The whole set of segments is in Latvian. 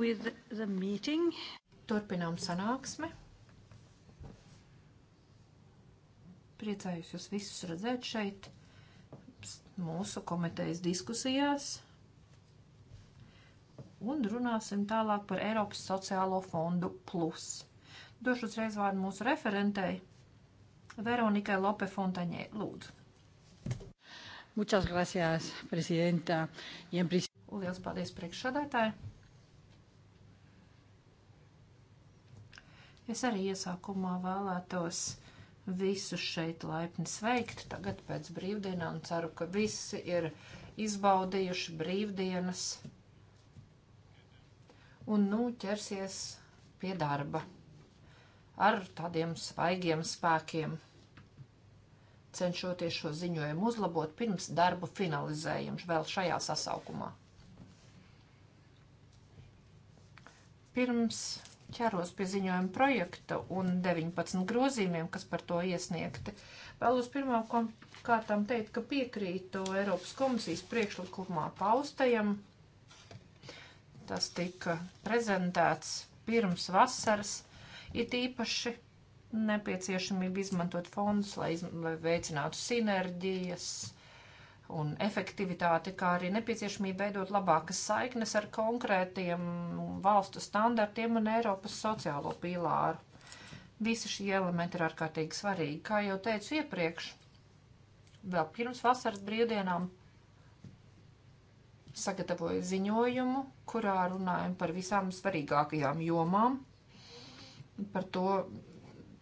with the meeting. Turpinām sanāksmi. Priecājos jūs visus redzēt šeit mūsu komitejas diskusijās. Un runāsim tālāk par Eiropas sociālo fondu plus. Došu uzreiz vārdu mūsu referentei Veronikai Lope Fontaņē. Lūdzu. Muchas gracias, presidenta. Liels paldies priekšsādātāji. Es arī iesākumā vēlētos visus šeit laipni sveikt tagad pēc brīvdienām. Ceru, ka visi ir izbaudījuši brīvdienas un nu ķersies pie darba ar tādiem svaigiem spēkiem cenšoties šo ziņojumu uzlabot pirms darbu finalizējam vēl šajā sasaukumā. Pirms ķeros pie ziņojuma projekta un 19 grozījumiem, kas par to iesniegti. Vēlos pirmām kārtām teikt, ka piekrītu Eiropas komisijas priekšlikumā paustajam. Tas tika prezentēts pirms vasaras, it īpaši nepieciešamība izmantot fondus, lai, iz, lai veicinātu sinerģijas un efektivitāti, kā arī nepieciešamība veidot labākas saiknes ar konkrētiem valstu standartiem un Eiropas sociālo pīlāru. Visi šie elementi ir ārkārtīgi svarīgi. Kā jau teicu iepriekš, vēl pirms vasaras brīvdienām sagatavoju ziņojumu, kurā runājam par visām svarīgākajām jomām. Par to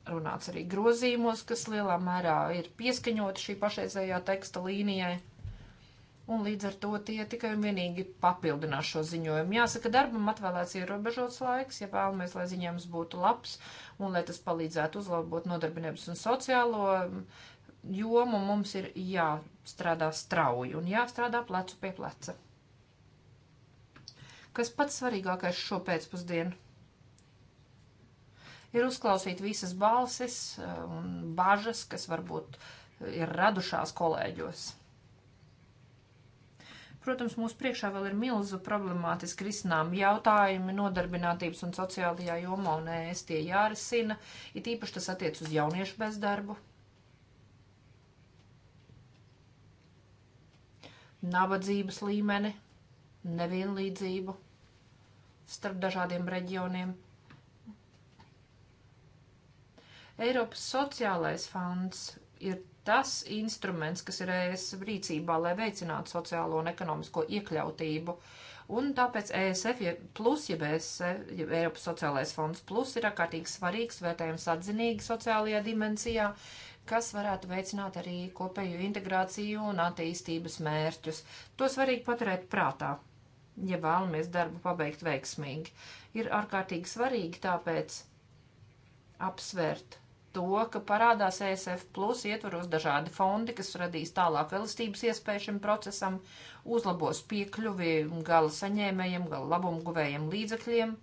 runāts arī grozījumos, kas lielā mērā ir pieskaņoti šī pašreizējā teksta līnijai un līdz ar to tie tikai un vienīgi papildinās šo ziņojumu. Jāsaka, darbam atvēlēts ierobežots laiks, ja vēlamies, lai ziņojums būtu labs un lai tas palīdzētu uzlabot nodarbinības un sociālo mm, jomu, mums ir jāstrādā strauji un jāstrādā plecu pie pleca. Kas pats svarīgākais šo pēcpusdienu? Ir uzklausīt visas balsis eh, un bažas, kas varbūt ir radušās kolēģos. Protams, mūsu priekšā vēl ir milzu problemātiski risinām jautājumi nodarbinātības un sociālajā jomā, un es tie jārisina, it īpaši tas attiec uz jauniešu bezdarbu. Nabadzības līmeni, nevienlīdzību starp dažādiem reģioniem. Eiropas sociālais fonds ir tas instruments, kas ir ES rīcībā, lai veicinātu sociālo un ekonomisko iekļautību. Un tāpēc ESF plus, jeb ESF, jeb Eiropas sociālais fonds plus ir ārkārtīgi svarīgs, vērtējums atzinīgi sociālajā dimensijā, kas varētu veicināt arī kopēju integrāciju un attīstības mērķus. To svarīgi paturēt prātā, ja vēlamies darbu pabeigt veiksmīgi. Ir ārkārtīgi svarīgi tāpēc apsvērt to, ka parādās ESF plus ietvaros dažādi fondi, kas radīs tālāk elastības iespēju šim procesam, uzlabos piekļuvi gala saņēmējiem, gala labumguvējiem līdzekļiem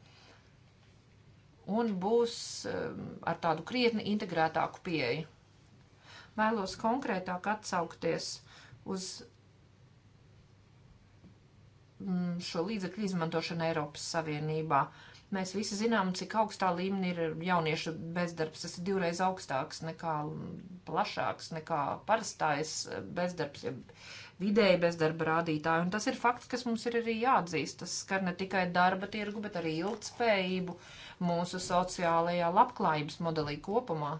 un būs um, ar tādu krietni integrētāku pieeju. Vēlos konkrētāk atsaukties uz Mm, šo līdzekļu izmantošanu Eiropas Savienībā. Mēs visi zinām, cik augstā līmenī ir jauniešu bezdarbs. Tas ir divreiz augstāks nekā plašāks nekā parastais bezdarbs, ja vidēji bezdarba rādītāji. Un tas ir fakts, kas mums ir arī jāatzīst. Tas skar ne tikai darba tirgu, bet arī ilgtspējību mūsu sociālajā labklājības modelī kopumā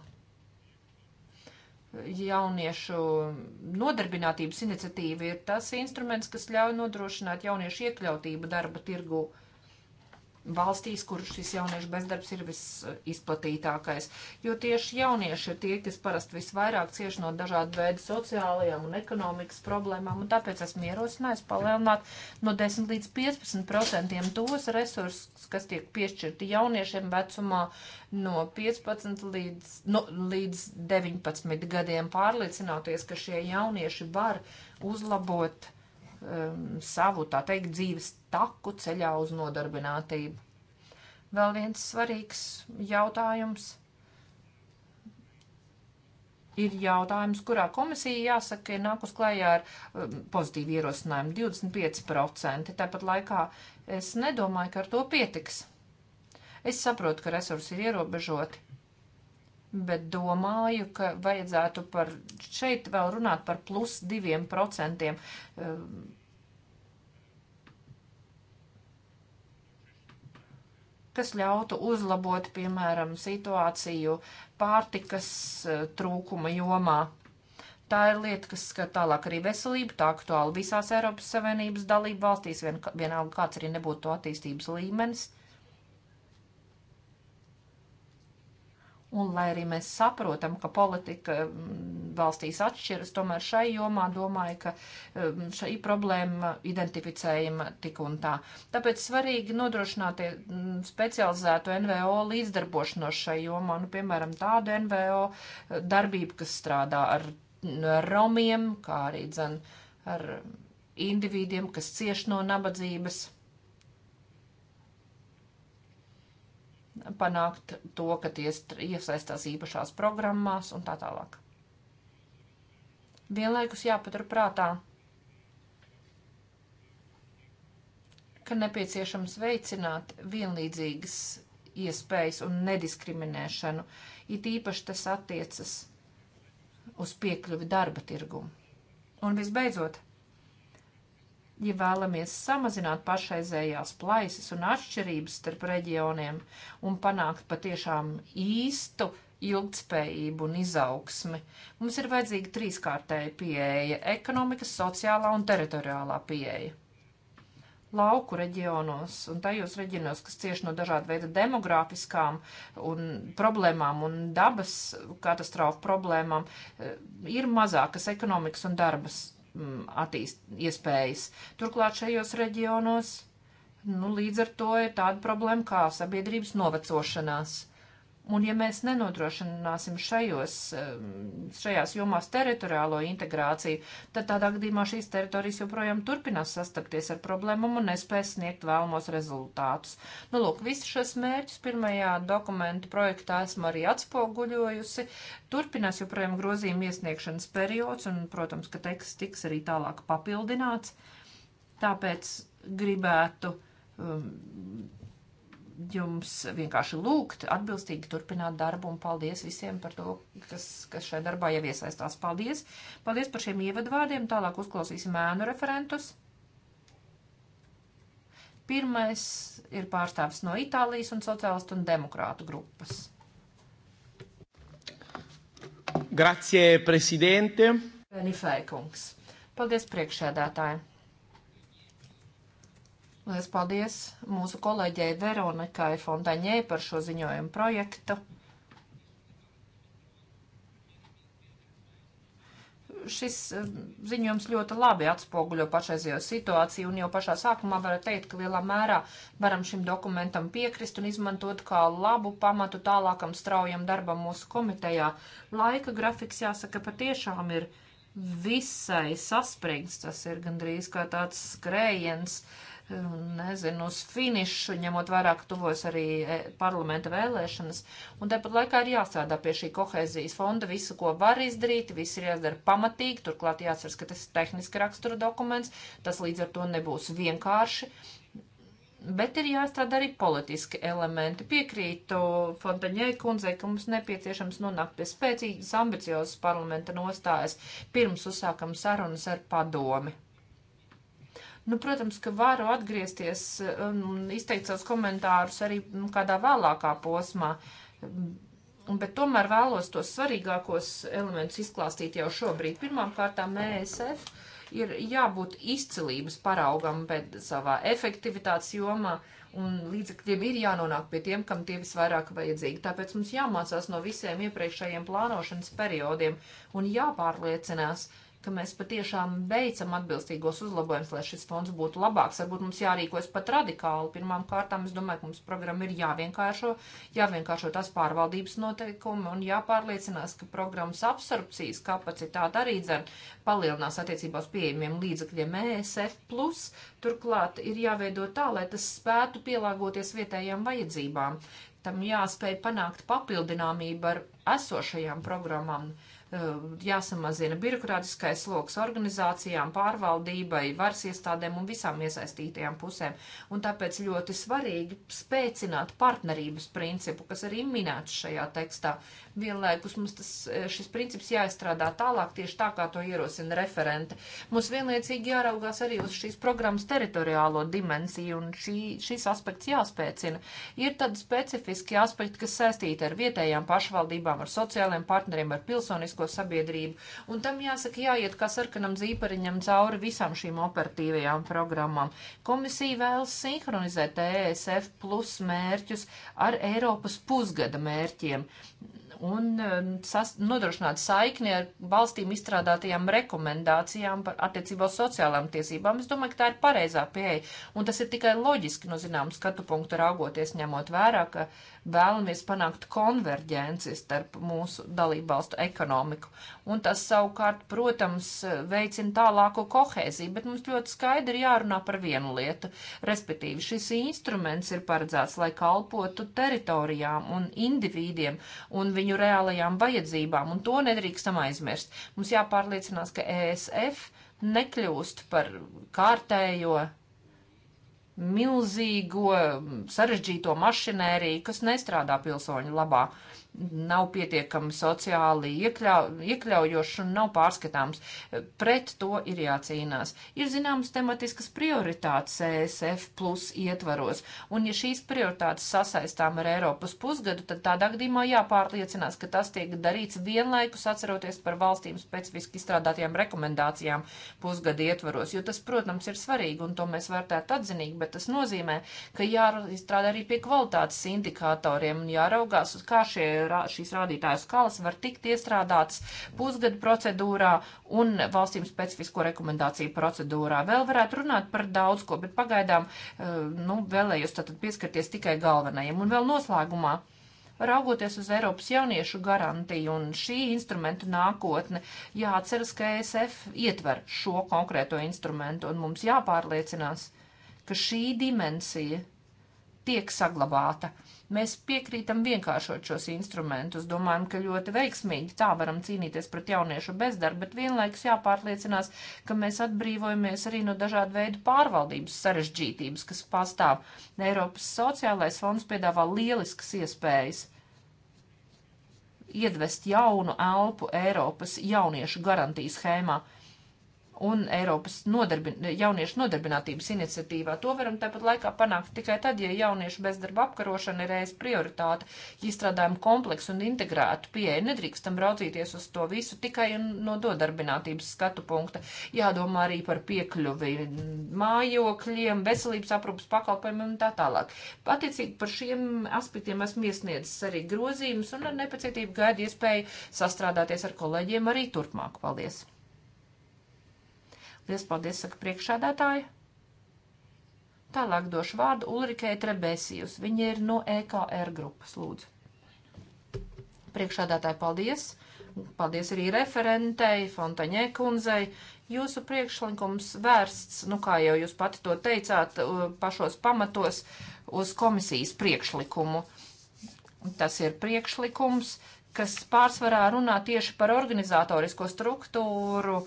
jauniešu nodarbinātības iniciatīva ir tas instruments, kas ļauj nodrošināt jauniešu iekļautību darba tirgu. Uh, valstīs, kur šis jauniešu bezdarbs ir visizplatītākais. Jo tieši jaunieši ir tie, kas parasti visvairāk cieši no dažādu veidu sociālajām un ekonomikas problēmām, un tāpēc esmu ierosinājis palielināt no 10 līdz 15 procentiem tos resursus, kas tiek piešķirti jauniešiem vecumā no 15 līdz, no, līdz 19 gadiem, pārliecinoties, ka šie jaunieši var uzlabot um, savu, tā teikt, dzīves taku ceļā uz nodarbinātību. Vēl viens svarīgs jautājums ir jautājums, kurā komisija jāsaka, ir nākus klajā ar um, pozitīvu ierosinājumu 25%. Tāpat laikā es nedomāju, ka ar to pietiks. Es saprotu, ka resursi ir ierobežoti, bet domāju, ka vajadzētu par šeit vēl runāt par plus diviem procentiem. kas ļautu uzlabot, piemēram, situāciju pārtikas eh, trūkuma jomā. Tā ir lieta, kas skar tālāk arī veselību, tā aktuāli visās Eiropas Savienības dalību valstīs, vien, vienalga kāds arī nebūtu to attīstības līmenis. Un lai arī mēs saprotam, ka politika mm, valstīs atšķiras, tomēr šai jomā domāju, ka mm, šī problēma identificējama tik un tā. Tāpēc svarīgi nodrošināt mm, specializēto NVO līdzdarbošanos šai jomā, nu, piemēram, tādu NVO eh, darbību, kas strādā ar, ar romiem, kā arī dzen ar individiem, kas cieš no nabadzības panākt to, ka tie iesaistās īpašās programmās un tā tālāk. Vienlaikus jāpatur prātā, ka nepieciešams veicināt vienlīdzīgas iespējas un nediskriminēšanu, it īpaši tas attiecas uz piekļuvi darba tirgumu. Un visbeidzot, ja vēlamies samazināt pašreizējās plaisas un atšķirības starp reģioniem un panākt patiešām īstu ilgtspējību un izaugsmi, mums ir vajadzīga trīskārtēja pieeja - ekonomikas, sociālā un teritoriālā pieeja. Lauku reģionos un tajos reģionos, kas cieši no dažāda veida demografiskām un problēmām un dabas katastrofu problēmām, eh, ir mazākas ekonomikas un darbas Mm, attīst iespējas. Turklāt šajos reģionos, nu, līdz ar to ir tāda problēma kā sabiedrības novecošanās Un ja mēs nenodrošināsim šajos, šajās jomās teritoriālo integrāciju, tad tādā gadījumā šīs teritorijas joprojām turpinās sastapties ar problēmām un nespēs sniegt vēlamos rezultātus. Nu, lūk, visus šos mērķus pirmajā dokumentu projektā esmu arī atspoguļojusi. Turpinās joprojām grozījuma iesniegšanas periods un, protams, ka teksts tiks arī tālāk papildināts. Tāpēc gribētu um, jums vienkārši lūgt, atbilstīgi turpināt darbu un paldies visiem par to, kas, kas šai darbā jau iesaistās. Paldies! Paldies par šiem ievadvārdiem. Tālāk uzklausīsim ēnu referentus. Pirmais ir pārstāvis no Itālijas un sociālistu un demokrātu grupas. Grazie, prezidente! Benifēkungs. Paldies priekšēdētājiem! Lielas paldies mūsu kolēģei Veronikai Fontaņē par šo ziņojumu projektu. šis eh, ziņojums ļoti labi atspoguļo pašreizējo situāciju, un jau pašā sākumā var teikt, ka lielā mērā varam šim dokumentam piekrist un izmantot kā labu pamatu tālākam straujam darbam mūsu komitejā. Laika grafiks, jāsaka, patiešām ir visai saspringts, tas ir gandrīz kā tāds skrējiens. Uh, Nu, nezinu, uz finišu, ņemot vairāk tuvojas arī e, parlamenta vēlēšanas. Un tāpat laikā ir jāsādā pie šī kohēzijas fonda visu, ko var izdarīt, viss ir jāizdara pamatīgi, turklāt jāceras, ka tas ir tehniski rakstura dokuments, tas līdz ar to nebūs vienkārši. Bet ir jāstrādā arī politiski elementi. Piekrītu Fontaņai kundzei, ka mums nepieciešams nonākt pie spēcīgas, ambiciozas parlamenta nostājas pirms uzsākam sarunas ar padomi. Nu, protams, ka varu atgriezties eh, un izteikt savus komentārus arī nu, kādā vēlākā posmā, mm, bet tomēr vēlos tos svarīgākos elementus izklāstīt jau šobrīd. Pirmkārt, MSF e ir jābūt izcilības paraugam pēc savā efektivitātes jomā, un līdzekļiem ir jānonāk pie tiem, kam tie visvairāk vajadzīgi. Tāpēc mums jāmācās no visiem iepriekšējiem plānošanas periodiem un jāpārliecinās, ka ka mēs patiešām veicam atbilstīgos uzlabojumus, lai šis fonds būtu labāks. Varbūt mums jārīkojas pat radikāli. Pirmām kārtām, es domāju, ka mums programma ir jāvienkāršo, jāvienkāršo tās pārvaldības noteikumi un jāpārliecinās, ka programmas absorpcijas kapacitāte arī dzen palielinās attiecībā uz pieejamiem līdzakļiem ESF. Turklāt ir jāveido tā, lai tas spētu pielāgoties vietējām vajadzībām. Tam jāspēj panākt papildināmību ar esošajām programmām. Uh, jāsamazina birokrātiskais sloks organizācijām, pārvaldībai, varas iestādēm un visām iesaistītajām pusēm. Un tāpēc ļoti svarīgi spēcināt partnerības principu, kas arī minēts šajā tekstā. Vienlaikus mums tas, šis princips jāizstrādā tālāk tieši tā, kā to ierosina referente. Mums vienlaicīgi jāraugās arī uz šīs programmas teritoriālo dimensiju un šī, šis aspekts jāspēcina. Ir tādi specifiski aspekti, kas saistīti ar vietējām pašvaldībām, ar sociālajiem partneriem, ar pilsonisku pilsonisko sabiedrību. Un tam jāsaka, jāiet kā sarkanam zīpariņam cauri visām šīm operatīvajām programmām. Komisija vēlas sinhronizēt ESF plus mērķus ar Eiropas pusgada mērķiem un um, sas, nodrošināt saikni ar valstīm izstrādātajām rekomendācijām par attiecībā uz sociālām tiesībām. Es domāju, ka tā ir pareizā pieeja, un tas ir tikai loģiski no zinām skatu punktu raugoties, ņemot vērā, ka uh, vēlamies panākt konverģenci starp mūsu dalībvalstu ekonomiku. Un tas savukārt, protams, veicina tālāko kohēziju, bet mums ļoti skaidri jārunā par vienu lietu. Respektīvi, šis instruments ir paredzēts, lai kalpotu teritorijām un individiem un viņu reālajām vajadzībām, un to nedrīkstam aizmirst. Mums jāpārliecinās, ka ESF nekļūst par kārtējo milzīgo sarežģīto mašinēriju, kas nestrādā pilsoņu labā nav pietiekami sociāli iekļau, iekļaujošs un nav pārskatāms. Pret to ir jācīnās. Ir zināmas tematiskas prioritātes ESF plus ietvaros, un ja šīs prioritātes sasaistām ar Eiropas pusgadu, tad tādā gadījumā jāpārliecinās, ka tas tiek darīts vienlaikus atceroties par valstīm specifiski izstrādātajām rekomendācijām pusgada ietvaros, jo tas, protams, ir svarīgi, un to mēs vērtētu atzinīgi, bet tas nozīmē, ka jāizstrādā arī pie kvalitātes indikatoriem un jāraugās, kā šie šīs rādītāju skalas var tikt iestrādātas pusgadu procedūrā un valstīm specifisko rekomendāciju procedūrā. Vēl varētu runāt par daudz ko, bet pagaidām eh, nu, vēlējos tātad pieskarties tikai galvenajiem. Un vēl noslēgumā raugoties uz Eiropas jauniešu garantiju un šī instrumenta nākotne, jāatceras, ka ESF ietver šo konkrēto instrumentu, un mums jāpārliecinās, ka šī dimensija tiek saglabāta. Mēs piekrītam vienkāršot šos instrumentus, domājam, ka ļoti veiksmīgi tā varam cīnīties pret jauniešu bezdarbu, bet vienlaikus jāpārliecinās, ka mēs atbrīvojamies arī no dažādu veidu pārvaldības sarežģītības, kas pastāv. Eiropas sociālais fonds piedāvā lieliskas iespējas iedvest jaunu elpu Eiropas jauniešu garantijas schēmā un Eiropas nodarbin jauniešu nodarbinātības iniciatīvā. To varam tāpat laikā panākt tikai tad, ja jauniešu bezdarba apkarošana ir ēs prioritāte, ja izstrādājam kompleksu un integrētu pieeju. Nedrīkstam raudzīties uz to visu tikai no dodarbinātības skatu punkta. Jādomā arī par piekļuvi mājokļiem, veselības aprūpas pakalpojumiem un tā tālāk. Attiecīgi par šiem aspektiem esmu iesniedzis arī grozījumus un ar nepacietību gaidu iespēju sastrādāties ar kolēģiem arī turpmāk. Paldies! Liels paldies, saka priekšādātāji. Tālāk došu vārdu Ulrikai Trebēsijus. Viņa ir no EKR grupas, lūdzu. Priekšādātāji, paldies! Paldies arī referentei, Fontaņē kundzei. Jūsu priekšlikums vērsts, nu kā jau jūs pati to teicāt, pašos pamatos uz komisijas priekšlikumu. Tas ir priekšlikums, kas pārsvarā runā tieši par organizatorisko struktūru.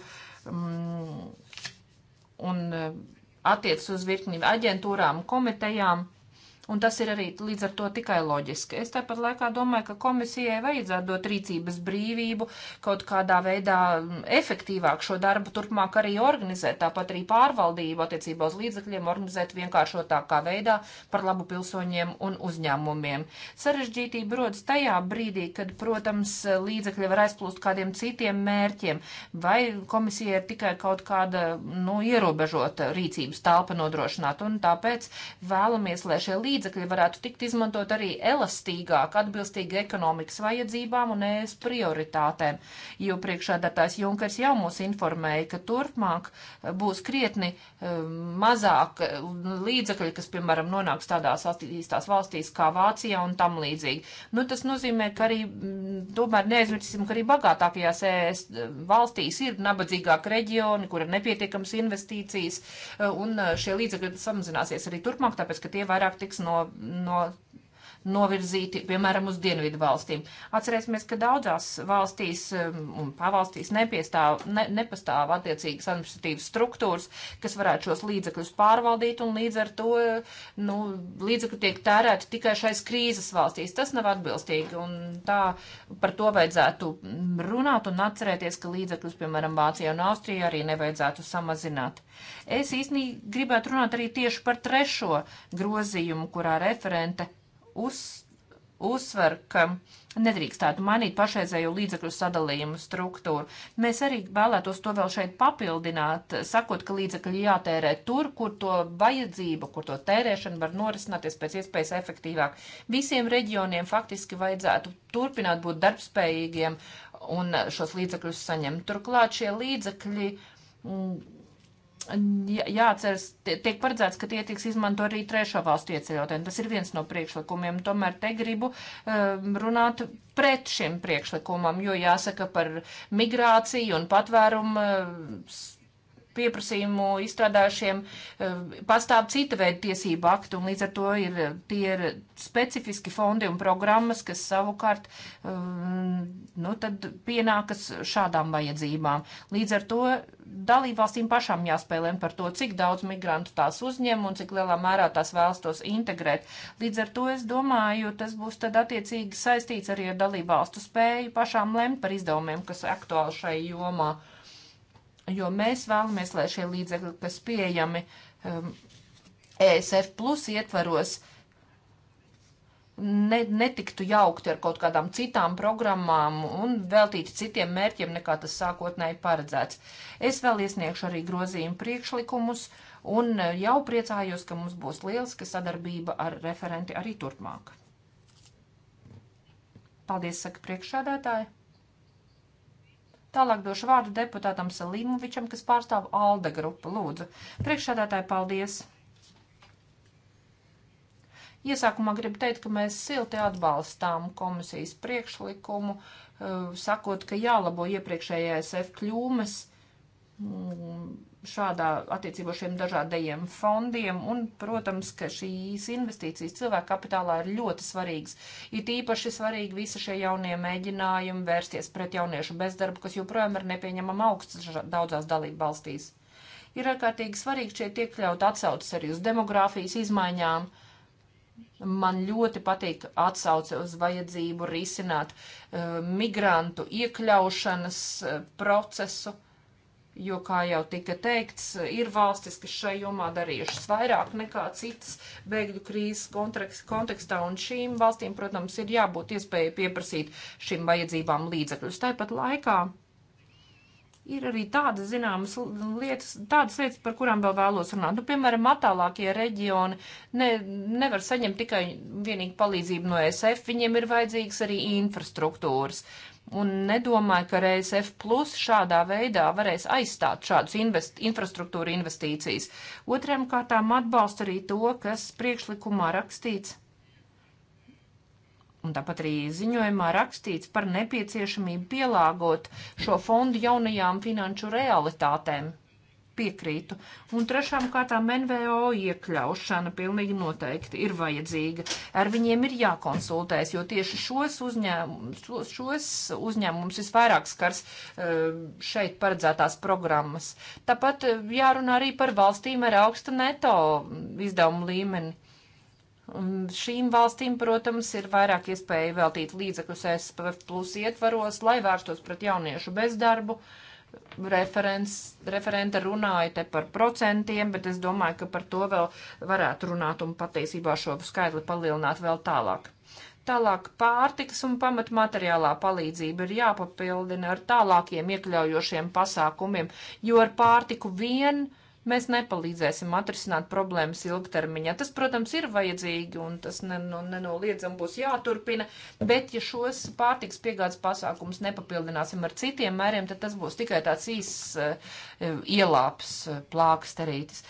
Mm, un eh, attiec uz virkni aģentūrām, komitejām. Un tas ir arī līdz ar to tikai loģiski. Es tāpat laikā domāju, ka komisijai vajadzētu dot rīcības brīvību, kaut kādā veidā mm, efektīvāk šo darbu turpmāk arī organizēt, tāpat arī pārvaldību attiecībā uz līdzekļiem organizēt vienkāršotākā veidā par labu pilsoņiem un uzņēmumiem. Sarežģītība rodas tajā brīdī, kad, protams, līdzekļi var aizplūst kādiem citiem mērķiem, vai komisija ir tikai kaut kāda, nu, ierobežota rīcības telpa nodrošināta, un tāpēc vēlamies, lai šie līdzekļi līdzekļi varētu tikt izmantot arī elastīgāk, atbilstīgi ekonomikas vajadzībām un ēs prioritātēm, jo priekšādātājs Junkers jau mūs informēja, ka turpmāk būs krietni um, mazāk um, līdzekļi, kas, piemēram, nonāks tādās attīstās valstīs kā Vācijā un tam līdzīgi. Nu, tas nozīmē, ka arī, mm, tomēr neaizmirsīsim, ka arī bagātākajās ēs um, valstīs ir nabadzīgāk reģioni, kur ir nepietiekams investīcijas, uh, un uh, šie līdzekļi samazināsies arī turpmāk, tāpēc, ka tie vairāk tiks no, no novirzīti, piemēram, uz dienvidu valstīm. Atcerēsimies, ka daudzās valstīs um, un pavalstīs nepiestāv, ne, nepastāv attiecīgas administratīvas struktūras, kas varētu šos līdzekļus pārvaldīt, un līdz ar to nu, līdzekļi tiek tērēti tikai šais krīzes valstīs. Tas nav atbilstīgi, un tā par to vajadzētu runāt un atcerēties, ka līdzekļus, piemēram, Vācijā un Austrijā arī nevajadzētu samazināt. Es īstenībā gribētu runāt arī tieši par trešo grozījumu, kurā referente uz, uzsver, ka nedrīkstētu mainīt pašreizējo līdzekļu sadalījumu struktūru. Mēs arī vēlētos to vēl šeit papildināt, sakot, ka līdzekļi jātērē tur, kur to vajadzību, kur to tērēšanu var norisināties pēc iespējas efektīvāk. Visiem reģioniem faktiski vajadzētu turpināt būt darbspējīgiem un šos līdzekļus saņemt. Turklāt šie līdzekļi. Mm, jāatceras, tiek paredzēts, ka tie tiks izmanto arī trešo valstu ieceļotājiem. Tas ir viens no priekšlikumiem. Tomēr te gribu um, runāt pret šim priekšlikumam, jo jāsaka par migrāciju un patvērumu. Uh, pieprasījumu izstrādājušiem eh, pastāv cita veida tiesību aktu, un līdz ar to ir tie ir specifiski fondi un programmas, kas savukārt, eh, nu, tad pienākas šādām vajadzībām. Līdz ar to dalībvalstīm pašām jāspēlē par to, cik daudz migrantu tās uzņem un cik lielā mērā tās vēlas tos integrēt. Līdz ar to es domāju, tas būs tad attiecīgi saistīts arī ar dalībvalstu spēju pašām lemt par izdevumiem, kas aktuāli šai jomā jo mēs vēlamies, lai šie līdzekļi, kas pieejami um, ESF plus ietvaros, ne, netiktu jaukti ar kaut kādām citām programmām un veltīti citiem mērķiem, nekā tas sākotnēji paredzēts. Es vēl iesniegšu arī grozījumu priekšlikumus un e, jau priecājos, ka mums būs lieliska sadarbība ar referenti arī turpmāk. Paldies, saka priekšsādātāji! Tālāk došu vārdu deputātam Salīmovičam, kas pārstāv ALDE grupu. Lūdzu, priekšsādātāji, paldies! Iesākumā gribu teikt, ka mēs silti atbalstām komisijas priekšlikumu, eh, sakot, ka jālabo iepriekšējais F kļūmes. Uh, Mm, šādā attiecībā šiem dažādajiem fondiem, un, protams, ka šīs investīcijas cilvēku kapitālā ir ļoti svarīgas. Ir tīpaši svarīgi visi šie jaunie mēģinājumi vērsties pret jauniešu bezdarbu, kas joprojām ir nepieņemama augsts daudzās dalību valstīs. Ir ārkārtīgi svarīgi šeit iekļaut atsaucas arī uz demogrāfijas izmaiņām. Man ļoti patīk atsauce uz vajadzību risināt uh, migrantu iekļaušanas uh, procesu. Uh, jo, kā jau tika teikts, ir valstis, kas šai jomā darījušas vairāk nekā citas bēgļu krīzes kontekstā, un šīm valstīm, protams, ir jābūt iespēja pieprasīt šīm vajadzībām līdzekļus. Tāpat laikā ir arī tādas zināmas lietas, tādas lietas, par kurām vēl vēlos runāt. Nu, piemēram, attālākie reģioni ne, nevar saņemt tikai vienīgi palīdzību no SF, viņiem ir vajadzīgas arī infrastruktūras. Uh, un nedomāju, ka RSF Plus šādā veidā varēs aizstāt šādus invest, infrastruktūra investīcijas. Otrām kārtām atbalstu arī to, kas priekšlikumā rakstīts, un tāpat arī ziņojumā rakstīts par nepieciešamību pielāgot šo fondu jaunajām finanšu realitātēm piekrītu. Un trešām kārtām NVO iekļaušana pilnīgi noteikti ir vajadzīga. Ar viņiem ir jākonsultēs, jo tieši šos, uzņēmum, šos uzņēmumus visvairāk skars e, šeit paredzētās programmas. Tāpat e, jārunā arī par valstīm ar augstu neto izdevumu līmeni. Un šīm valstīm, protams, ir vairāk iespēja veltīt līdzekļus SPF plus ietvaros, lai vērstos pret jauniešu bezdarbu. Uh, referents, referente runāja te par procentiem, bet es domāju, ka par to vēl varētu runāt un patiesībā šo skaitli palielināt vēl tālāk. Tālāk pārtikas un pamatmateriālā palīdzība ir jāpapildina ar tālākiem iekļaujošiem pasākumiem, jo ar pārtiku vien mēs nepalīdzēsim atrisināt problēmas ilgtermiņā. Tas, protams, ir vajadzīgi un tas nu, nenoliedzami būs jāturpina, bet ja šos pārtiks piegādes pasākumus nepapildināsim ar citiem mēriem, tad tas būs tikai tāds īss eh, ielāps eh, plāksterītis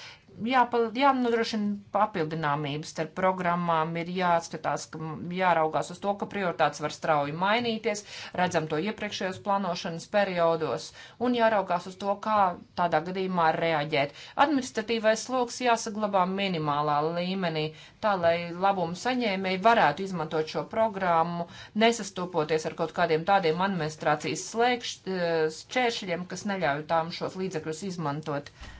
jāpa, jānodrošina papildināmība starp programmām, ir jāskatās, ka jāraugās uz to, ka prioritātes var strauji mainīties, redzam to iepriekšējos plānošanas periodos, un jāraugās uz to, kā tādā gadījumā reaģēt. Administratīvais sloks jāsaglabā minimālā līmenī, tā lai labumu saņēmēji varētu izmantot šo programmu, nesastopoties ar kaut kādiem tādiem administrācijas slēgš, eh, šķēršļiem, kas neļauj tām šos līdzekļus izmantot. Thank you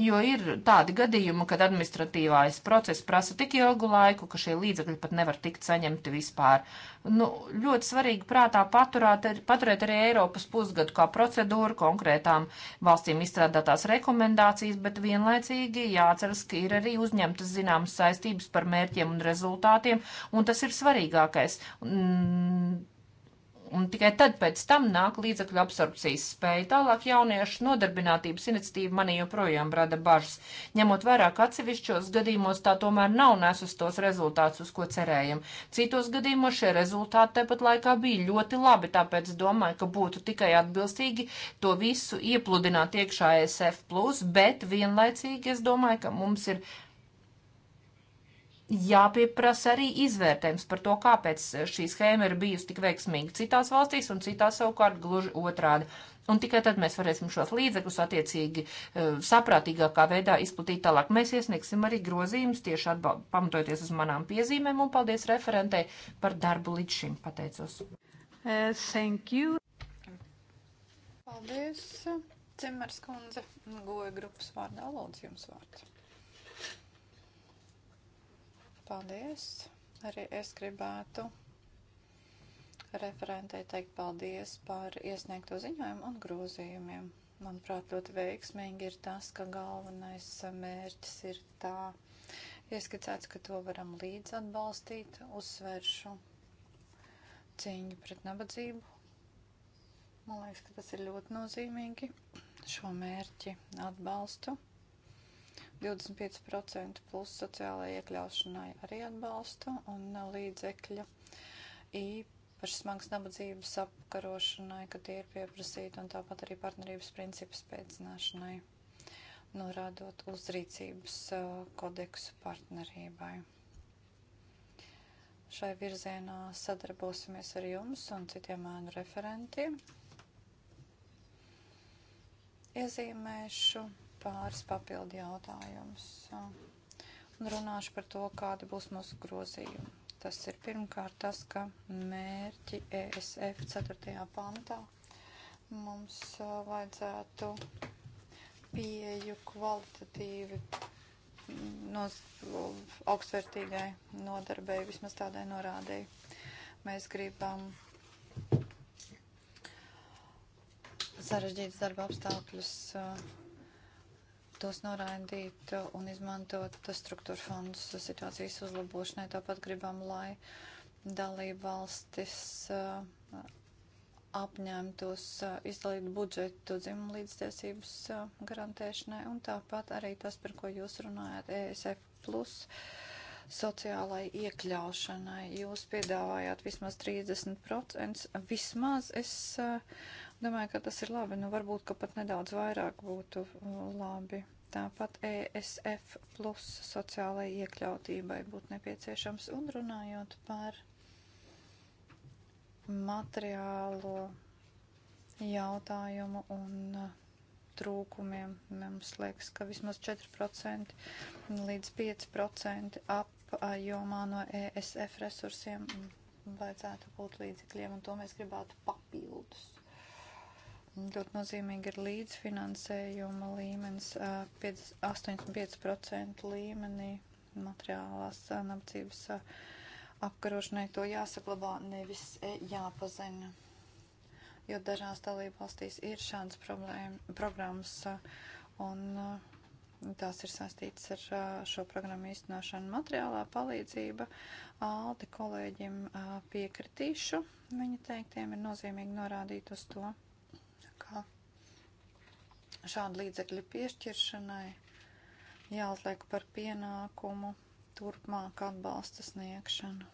Jo ir tādi gadījumi, kad administratīvais process prasa tik ilgu laiku, ka šie līdzekļi pat nevar tikt saņemti vispār. Nu, ļoti svarīgi prātā paturāt, paturēt arī Eiropas pusgadu kā procedūru konkrētām valstīm izstrādātās rekomendācijas, bet vienlaicīgi jāatceras, ka ir arī uzņemtas zināmas saistības par mērķiem un rezultātiem, un tas ir svarīgākais. Mm, un tikai tad pēc tam nāk līdzekļu absorpcijas spēja. Tālāk jauniešu nodarbinātības iniciatīva man joprojām rada bažas, ņemot vērā, ka atsevišķos gadījumos tā tomēr nav nesus tos rezultātus, uz ko cerējam. Citos gadījumos šie rezultāti tepat laikā bija ļoti labi, tāpēc domāju, ka būtu tikai atbilstīgi to visu iepludināt iekšā e SF, bet vienlaicīgi es domāju, ka mums ir jāpieprasa arī izvērtējums par to, kāpēc šī schēma ir bijusi tik veiksmīga citās valstīs un citās savukārt gluži otrādi. Un tikai tad mēs varēsim šos līdzekļus attiecīgi e, saprātīgākā veidā izplatīt tālāk. Mēs iesniegsim arī grozījumus tieši atbal, pamatojoties uz manām piezīmēm un paldies referentē par darbu līdz šim. Pateicos. Uh, thank you. Paldies, Cimers kundze, goja grupas vārdā, lūdzu jums vārdu. Paldies! Arī es gribētu referentei teikt paldies par iesniegto ziņojumu un grozījumiem. Manuprāt, ļoti veiksmīgi ir tas, ka galvenais mērķis ir tā ieskicēts, ka to varam līdz atbalstīt, uzsveršu cīņu pret nabadzību. Man liekas, ka tas ir ļoti nozīmīgi. Šo mērķi atbalstu. 25% plus sociālajai iekļaušanai arī atbalsta un līdzekļa īpaši smags nabadzības apkarošanai, ka tie ir pieprasīti un tāpat arī partnerības principu spēcināšanai, norādot uz rīcības uh, kodeksu partnerībai. Šai virzienā sadarbosimies ar jums un citiem ēnu referentiem. Iezīmēšu pāris papildu jautājumus. Un runāšu par to, kādi būs mūsu grozījumi. Tas ir pirmkārt tas, ka mērķi ESF 4. pantā mums vajadzētu pieju kvalitatīvi no augstvērtīgai nodarbei, vismaz tādai norādēji. Mēs gribam sarežģītas darba apstākļus uh, tos noraidīt un izmantot struktūra fondus situācijas uzlabošanai. Tāpat gribam, lai dalība valstis uh, apņemtos uh, izdalīt budžetu dzimumu līdztiesības uh, garantēšanai un tāpat arī tas, par ko jūs runājat, ESF plus sociālai iekļaušanai. Jūs piedāvājāt vismaz 30%, vismaz es Domāju, ka tas ir labi. Nu, varbūt, ka pat nedaudz vairāk būtu uh, labi. Tāpat ESF plus sociālajai iekļautībai būtu nepieciešams. Un runājot par materiālo jautājumu un uh, trūkumiem, mums liekas, ka vismaz 4% līdz 5% apjomā no ESF resursiem vajadzētu būt līdzekļiem, un to mēs gribētu papildus. Ļoti nozīmīgi ir līdzfinansējuma līmenis 85% līmenī materiālās nabadzības apkarošanai. To jāsaglabā, nevis jāpazina. Jo dažās dalībvalstīs ir šādas programmas un tās ir saistītas ar šo programmu īstenošanu. Materiālā palīdzība Aldi kolēģim piekritīšu. Viņa teiktiem ir nozīmīgi norādīt uz to šādu līdzekļu piešķiršanai jāuzliek par pienākumu turpmāk atbalsta sniegšanu.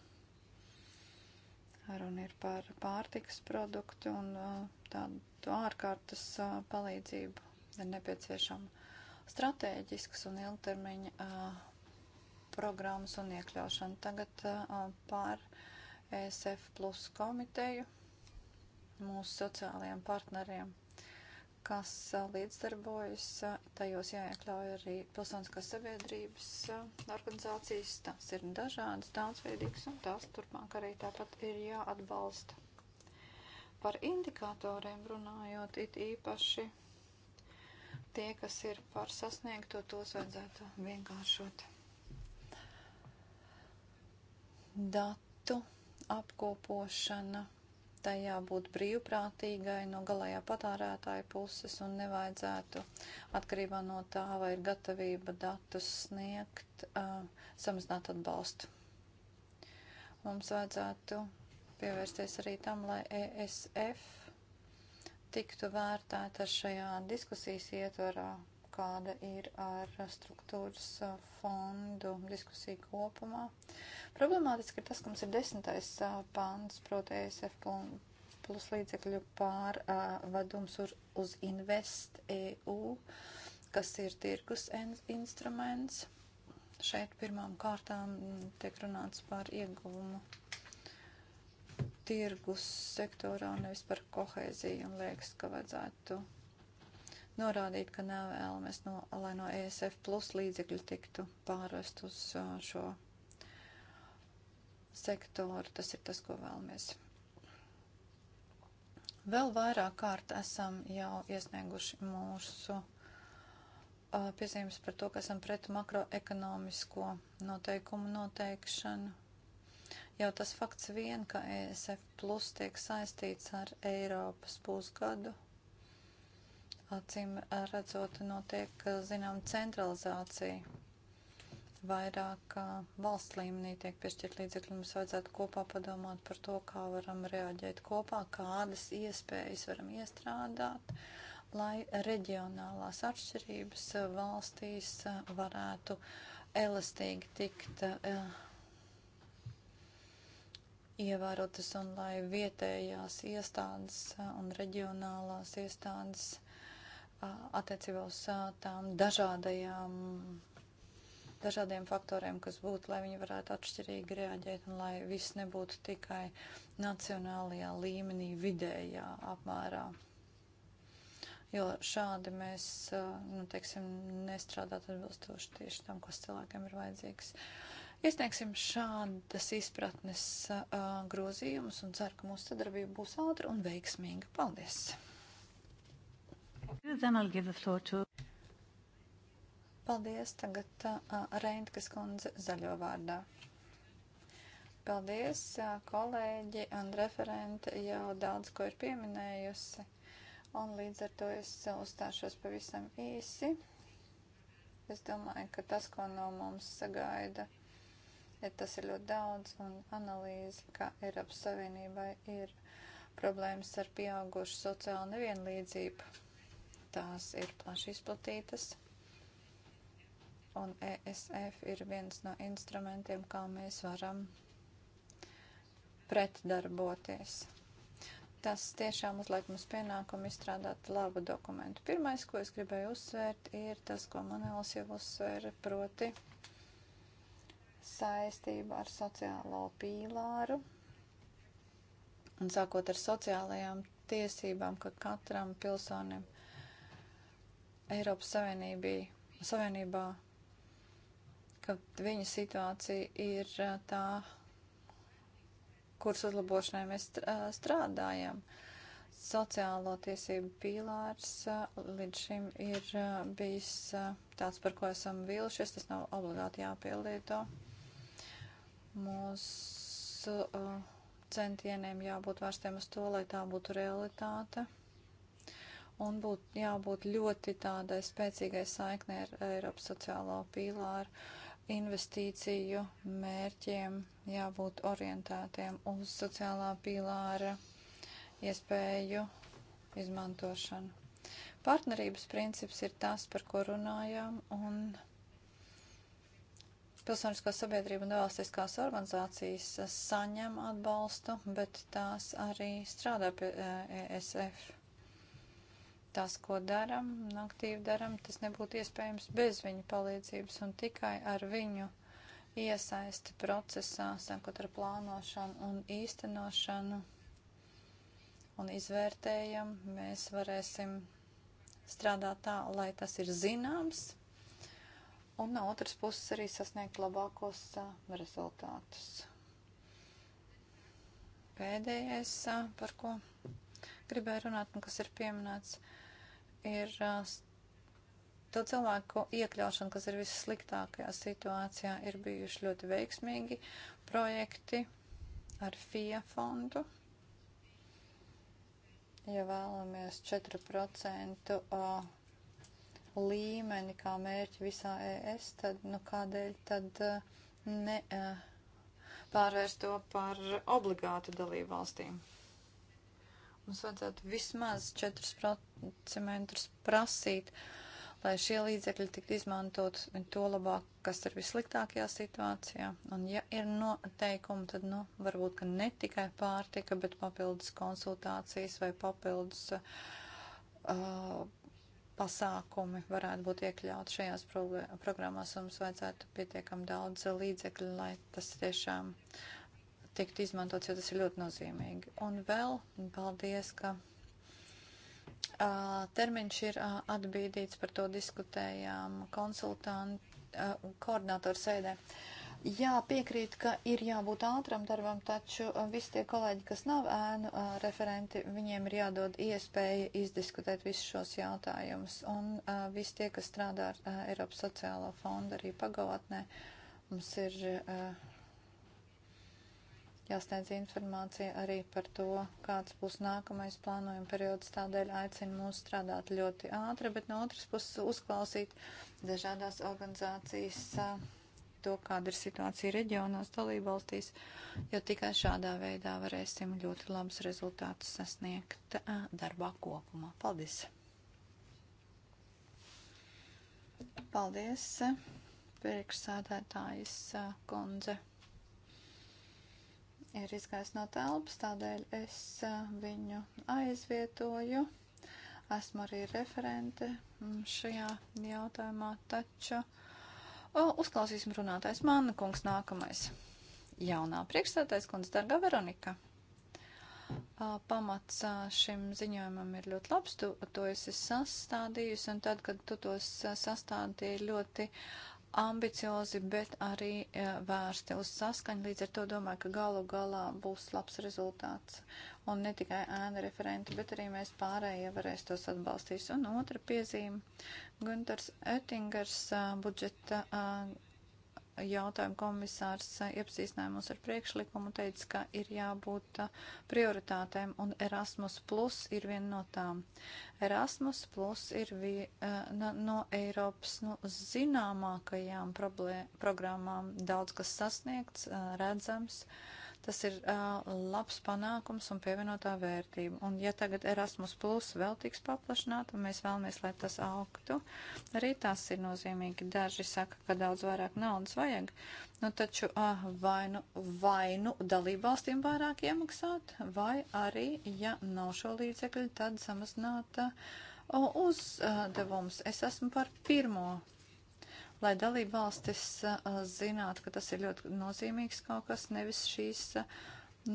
Runa ir par pārtikas produktu un tādu ārkārtas palīdzību ir nepieciešama stratēģisks un ilgtermiņa programmas un iekļaušana. Tagad pār ESF plus komiteju mūsu sociālajiem partneriem kas līdzdarbojas, tajos jāiekļauj arī pilsoniskās sabiedrības organizācijas. Tās ir dažādas, daudzveidīgas, un tās turpmāk arī tāpat ir jāatbalsta. Par indikatoriem runājot, it īpaši tie, kas ir par sasniegto, tos vajadzētu vienkāršot. Datu apkopošana tajā būtu brīvprātīgai no galējā patārētāja puses un nevajadzētu atkarībā no tā, vai ir gatavība datus sniegt, uh, samazināt atbalstu. Mums vajadzētu pievērsties arī tam, lai ESF tiktu vērtēta šajā diskusijas ietvarā kāda ir ar struktūras uh, fondu diskusiju kopumā. Problemātiski ir tas, ka mums ir desmitais uh, pāns, proti ESF plus līdzekļu pārvadums uh, uz Invest EU, kas ir tirgus instruments. Šeit pirmām kārtām mm, tiek runāts par ieguvumu tirgus sektorā, nevis par kohēziju, un liekas, ka vajadzētu norādīt, ka nav vēlamies, no, lai no ESF plus līdzekļu tiktu pārvest uz šo sektoru. Tas ir tas, ko vēlamies. Vēl vairāk kārt esam jau iesnieguši mūsu piezīmes par to, ka esam pret makroekonomisko noteikumu noteikšanu. Jau tas fakts vien, ka ESF plus tiek saistīts ar Eiropas pusgadu acīm redzot, notiek eh, zinām centralizācija. Vairāk eh, valsts līmenī tiek piešķirt līdzekļi, mums vajadzētu kopā padomāt par to, kā varam reaģēt kopā, kādas iespējas varam iestrādāt, lai reģionālās atšķirības eh, valstīs varētu elastīgi tikt uh, ievērotas un lai vietējās iestādes un reģionālās iestādes attiecībā uz tām dažādajām, dažādiem faktoriem, kas būtu, lai viņi varētu atšķirīgi reaģēt un lai viss nebūtu tikai nacionālajā līmenī, vidējā apmērā. Jo šādi mēs, nu, teiksim, nestrādātu atbilstoši tieši tam, kas cilvēkiem ir vajadzīgs. Iesniegsim šādas izpratnes uh, grozījumus un ceru, ka mūsu sadarbība būs ātra un veiksmīga. Paldies! To... Paldies tagad uh, Reintkas kundze zaļo vārdā. Paldies, uh, kolēģi un referente jau daudz ko ir pieminējusi, un līdz ar to es uzstāšos pavisam īsi. Es domāju, ka tas, ko no mums sagaida, ir tas ir ļoti daudz un analīze, ka Eiropas Savienībai ir problēmas ar pieaugušu sociālu nevienlīdzību tās ir plaši izplatītas. Un ESF ir viens no instrumentiem, kā mēs varam pretdarboties. Tas tiešām uzliek mums pienākumu izstrādāt labu dokumentu. Pirmais, ko es gribēju uzsvērt, ir tas, ko Manēls jau uzsvēra, proti saistība ar sociālo pīlāru un sākot ar sociālajām tiesībām, ka katram pilsonim Eiropas Savienībā, Savienībā ka viņa situācija ir tā, kuras uzlabošanai mēs strādājam. Sociālo tiesību pīlārs līdz šim ir bijis tāds, par ko esam vīlušies, tas nav obligāti jāpielieto. Mūsu centieniem jābūt vērstiem uz to, lai tā būtu realitāte un būtu jābūt ļoti tādai spēcīgai saiknē ar Eiropas sociālo pīlāru investīciju mērķiem, jābūt orientētiem uz sociālā pīlāra iespēju izmantošanu. Partnerības princips ir tas, par ko runājām, un pilsoniskā sabiedrība un valstiskās organizācijas saņem atbalstu, bet tās arī strādā pie ESF. Eh, e tas, ko daram un aktīvi daram, tas nebūtu iespējams bez viņa palīdzības un tikai ar viņu iesaisti procesā, sākot ar plānošanu un īstenošanu un izvērtējam, mēs varēsim strādāt tā, lai tas ir zināms, un no otras puses arī sasniegt labākos a, rezultātus. Pēdējais, a, par ko gribēju runāt un kas ir pieminēts, ir to cilvēku iekļaušana, kas ir vissliktākajā situācijā, ir bijuši ļoti veiksmīgi projekti ar FIA fondu. Ja vēlamies 4% līmeni kā mērķi visā ES, tad nu, kādēļ tad ne pārvērst to par obligātu dalību valstīm? Mums vajadzētu vismaz 4% prasīt, lai šie līdzekļi tiktu izmantot to labāk, kas ir vissliktākajā situācijā. Un ja ir noteikumi, tad, nu, varbūt, ka ne tikai pārtika, bet papildus konsultācijas vai papildus. Uh, pasākumi varētu būt iekļauti šajās programmās, un mums vajadzētu pietiekami daudz līdzekļu, lai tas tiešām uh, tiktu izmantots, jo tas ir ļoti nozīmīgi. Un vēl paldies, ka uh, termiņš ir uh, atbīdīts, par to diskutējām konsultantu uh, koordinātoru sēdē. Jā, piekrīt, ka ir jābūt ātram darbam, taču visi tie kolēģi, kas nav ēnu referenti, viņiem ir jādod iespēja izdiskutēt visus šos jautājumus. Un uh, visi tie, kas strādā ar uh, Eiropas sociālo fondu arī pagātnē, mums ir uh, jāsniedz informācija arī par to, kāds būs nākamais plānojuma periods. Tādēļ aicinu mūs strādāt ļoti ātri, bet no otras puses uzklausīt dažādās organizācijas to, kāda ir situācija reģionos, dalībvalstīs, jo tikai šādā veidā varēsim ļoti labus rezultātus sasniegt darbā kopumā. Paldies! Paldies, priekšsādētājas kundze! ir izgājis no telpas, tādēļ es viņu aizvietoju. Esmu arī referente mm, šajā jautājumā, taču o, uzklausīsim runātais Manna kungs nākamais. Jaunā priekšstādātais kundze, darga Veronika. Pamats šim ziņojumam ir ļoti labs, tu to esi sastādījusi, un tad, kad tu tos sastādīji ļoti uh, ambiciozi, bet arī e, vērsti uz saskaņu. Līdz ar to domāju, ka galu galā būs labs rezultāts. Un ne tikai ēna referenti, bet arī mēs pārējie varēs tos atbalstīs. Un otra piezīme - Gunters Ettingers e, budžeta e, jautājumu komisārs iepazīstināja mūs ar priekšlikumu un teica, ka ir jābūt uh, prioritātēm, un Erasmus Plus ir viena no tām. Erasmus Plus ir viena uh, no Eiropas nu, zināmākajām problē, programmām, daudz kas sasniegts, uh, redzams. Uh, Tas ir uh, labs panākums un pievienotā vērtība. Un ja tagad Erasmus Plus vēl tiks paplašināta, un mēs vēlamies, lai tas augtu, arī tas ir nozīmīgi. Daži saka, ka daudz vairāk naudas vajag. Nu, taču uh, vainu, vainu dalībvalstīm vairāk iemaksāt, vai arī, ja nav šo līdzekļu, tad samazināt uh, uzdevums. Es esmu par pirmo lai dalība valstis zinātu, ka tas ir ļoti nozīmīgs kaut kas, nevis šīs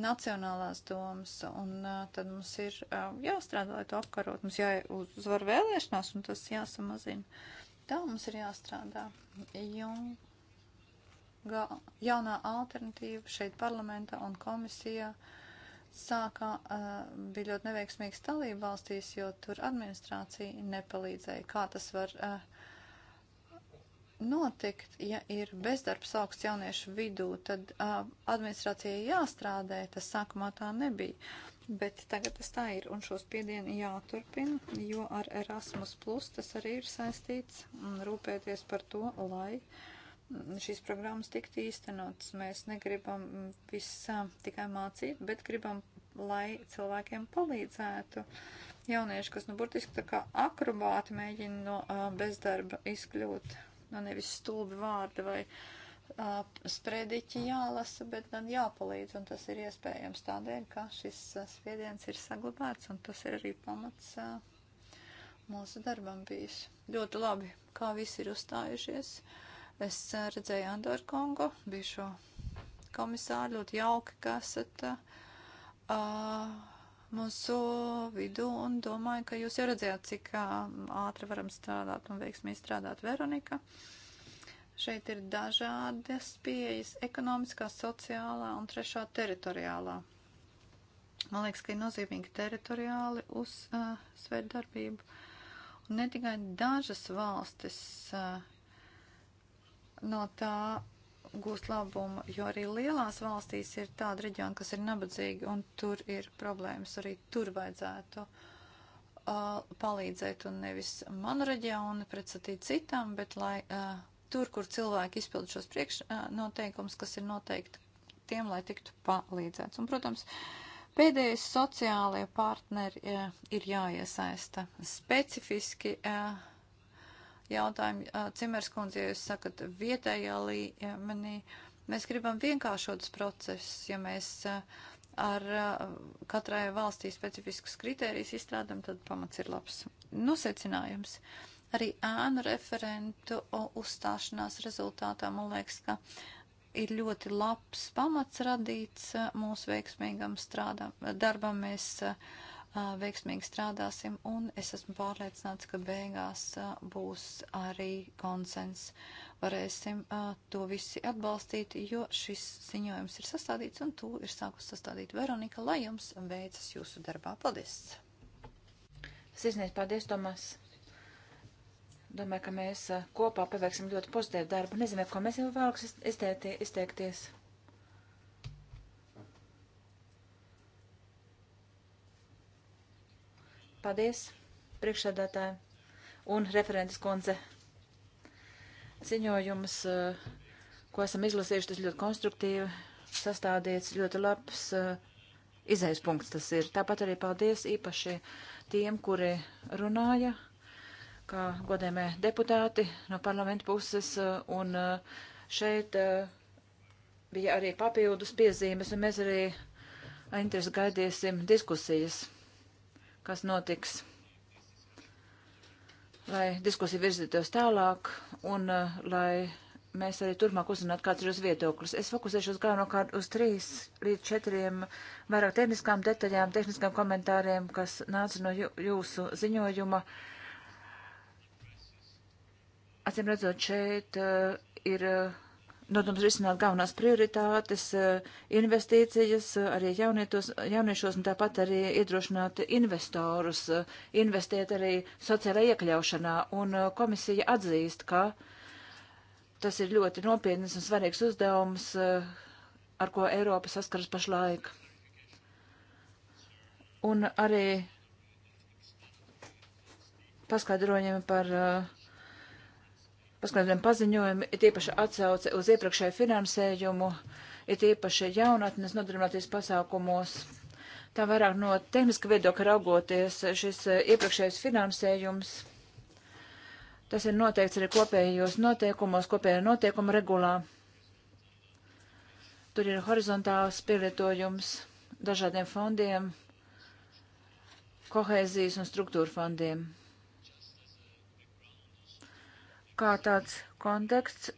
nacionālās domas. Un tad mums ir jāstrādā, lai to apkarot. Mums jāuzvar vēlēšanās, un tas jāsamazina. Tā mums ir jāstrādā. Junga, jaunā alternatīva šeit parlamentā un komisijā sākā uh, bija ļoti neveiksmīgs dalība valstīs, jo tur administrācija nepalīdzēja. Kā tas var uh, notikt, ja ir bezdarbs augsts jauniešu vidū, tad uh, administrācijai jāstrādē, tas sākumā tā nebija. Bet tagad tas tā ir, un šo spiedienu jāturpina, jo ar Erasmus Plus tas arī ir saistīts un rūpēties par to, lai mm, šīs programmas tiktu īstenotas. Mēs negribam mm, visā tikai mācīt, bet gribam, lai cilvēkiem palīdzētu. Jaunieši, kas nu burtiski tā kā akrobāti mēģina no uh, bezdarba izkļūt, nu nevis stulbi vārdi vai uh, sprediķi jālasa, bet gan jāpalīdz, un tas ir iespējams tādēļ, ka šis uh, spiediens ir saglabāts, un tas ir arī pamats uh, mūsu darbam bijis. Ļoti labi, kā visi ir uzstājušies. Es uh, redzēju Andoru Kongo, biju šo komisāru, ļoti jauki, ka esat. Uh, mūsu vidū un domāju, ka jūs jau redzējāt, cik ātri varam strādāt un veiksmīgi strādāt Veronika. Šeit ir dažādas pieejas - ekonomiskā, sociālā un trešā teritoriālā. Man liekas, ka ir nozīmīgi teritoriāli uzsvērt uh, darbību. Un ne tikai dažas valstis uh, no tā gūst labumu, jo arī lielās valstīs ir tāda reģiona, kas ir nabadzīgi, un tur ir problēmas. Arī tur vajadzētu uh, palīdzēt, un nevis manu reģionu pretstatīt citam, bet lai uh, tur, kur cilvēki izpild šos priekšnoteikumus, uh, kas ir noteikti tiem, lai tiktu palīdzēts. Un, protams, pēdējais sociālajie partneri uh, ir jāiesaista specifiski. Uh, jautājumu. Cimers kundze, ja jūs sakat vietējā līmenī, mēs gribam vienkāršotas procesus, ja mēs ar katrai valstī specifiskus kritērijus izstrādam, tad pamats ir labs. Nosecinājums. Arī ēnu referentu uzstāšanās rezultātā, man liekas, ka ir ļoti labs pamats radīts mūsu veiksmīgam strādam, darbam. Mēs uh, veiksmīgi strādāsim, un es esmu pārliecināts, ka beigās būs arī konsens. Varēsim to visi atbalstīt, jo šis ziņojums ir sastādīts, un to ir sākus sastādīt Veronika, lai jums veicas jūsu darbā. Paldies! Sirsnieks, paldies, Tomas! Domāju, ka mēs kopā paveiksim ļoti pozitīvu darbu. Nezinu, ko mēs jau vēlamies izteikties. Paldies, priekšsēdētāji un referentes kundze. Ziņojums, eh, ko esam izlasījuši, tas ļoti konstruktīvi sastādīts, ļoti labs eh, izējas punkts tas ir. Tāpat arī paldies īpaši tiem, kuri runāja, kā godēmē deputāti no parlamenta puses, eh, un šeit bija arī papildus piezīmes, un mēs arī interesi gaidīsim diskusijas kas notiks, lai diskusija virzītos tālāk un uh, lai mēs arī turpmāk uzzinātu, kāds ir jūsu viedoklis. Es fokusēšos galvenokārt uz trīs līdz četriem vairāk tehniskām detaļām, tehniskām komentāriem, kas nāca no jūsu ziņojuma. Acīm redzot, šeit uh, ir. Uh, Protams, risināt galvenās prioritātes, eh, investīcijas, eh, arī jaunietos, jauniešos un tāpat arī iedrošināt investorus, eh, investēt arī sociālā iekļaušanā. Un komisija atzīst, ka tas ir ļoti nopietnas un svarīgs uzdevums, ar ko Eiropa saskaras pašlaik. Un arī paskaidrojumi par uh, paskatām paziņojumi, ir īpaši atsauce uz iepriekšēju finansējumu, ir īpaši jaunatnes nodarbināties pasākumos. Tā vairāk no tehniska viedokļa raugoties, šis eh, iepriekšējais finansējums, tas ir noteikts arī kopējos noteikumos, kopējā noteikuma regulā. Tur ir horizontāls pielietojums dažādiem fondiem, kohēzijas un struktūra fondiem kā tāds konteksts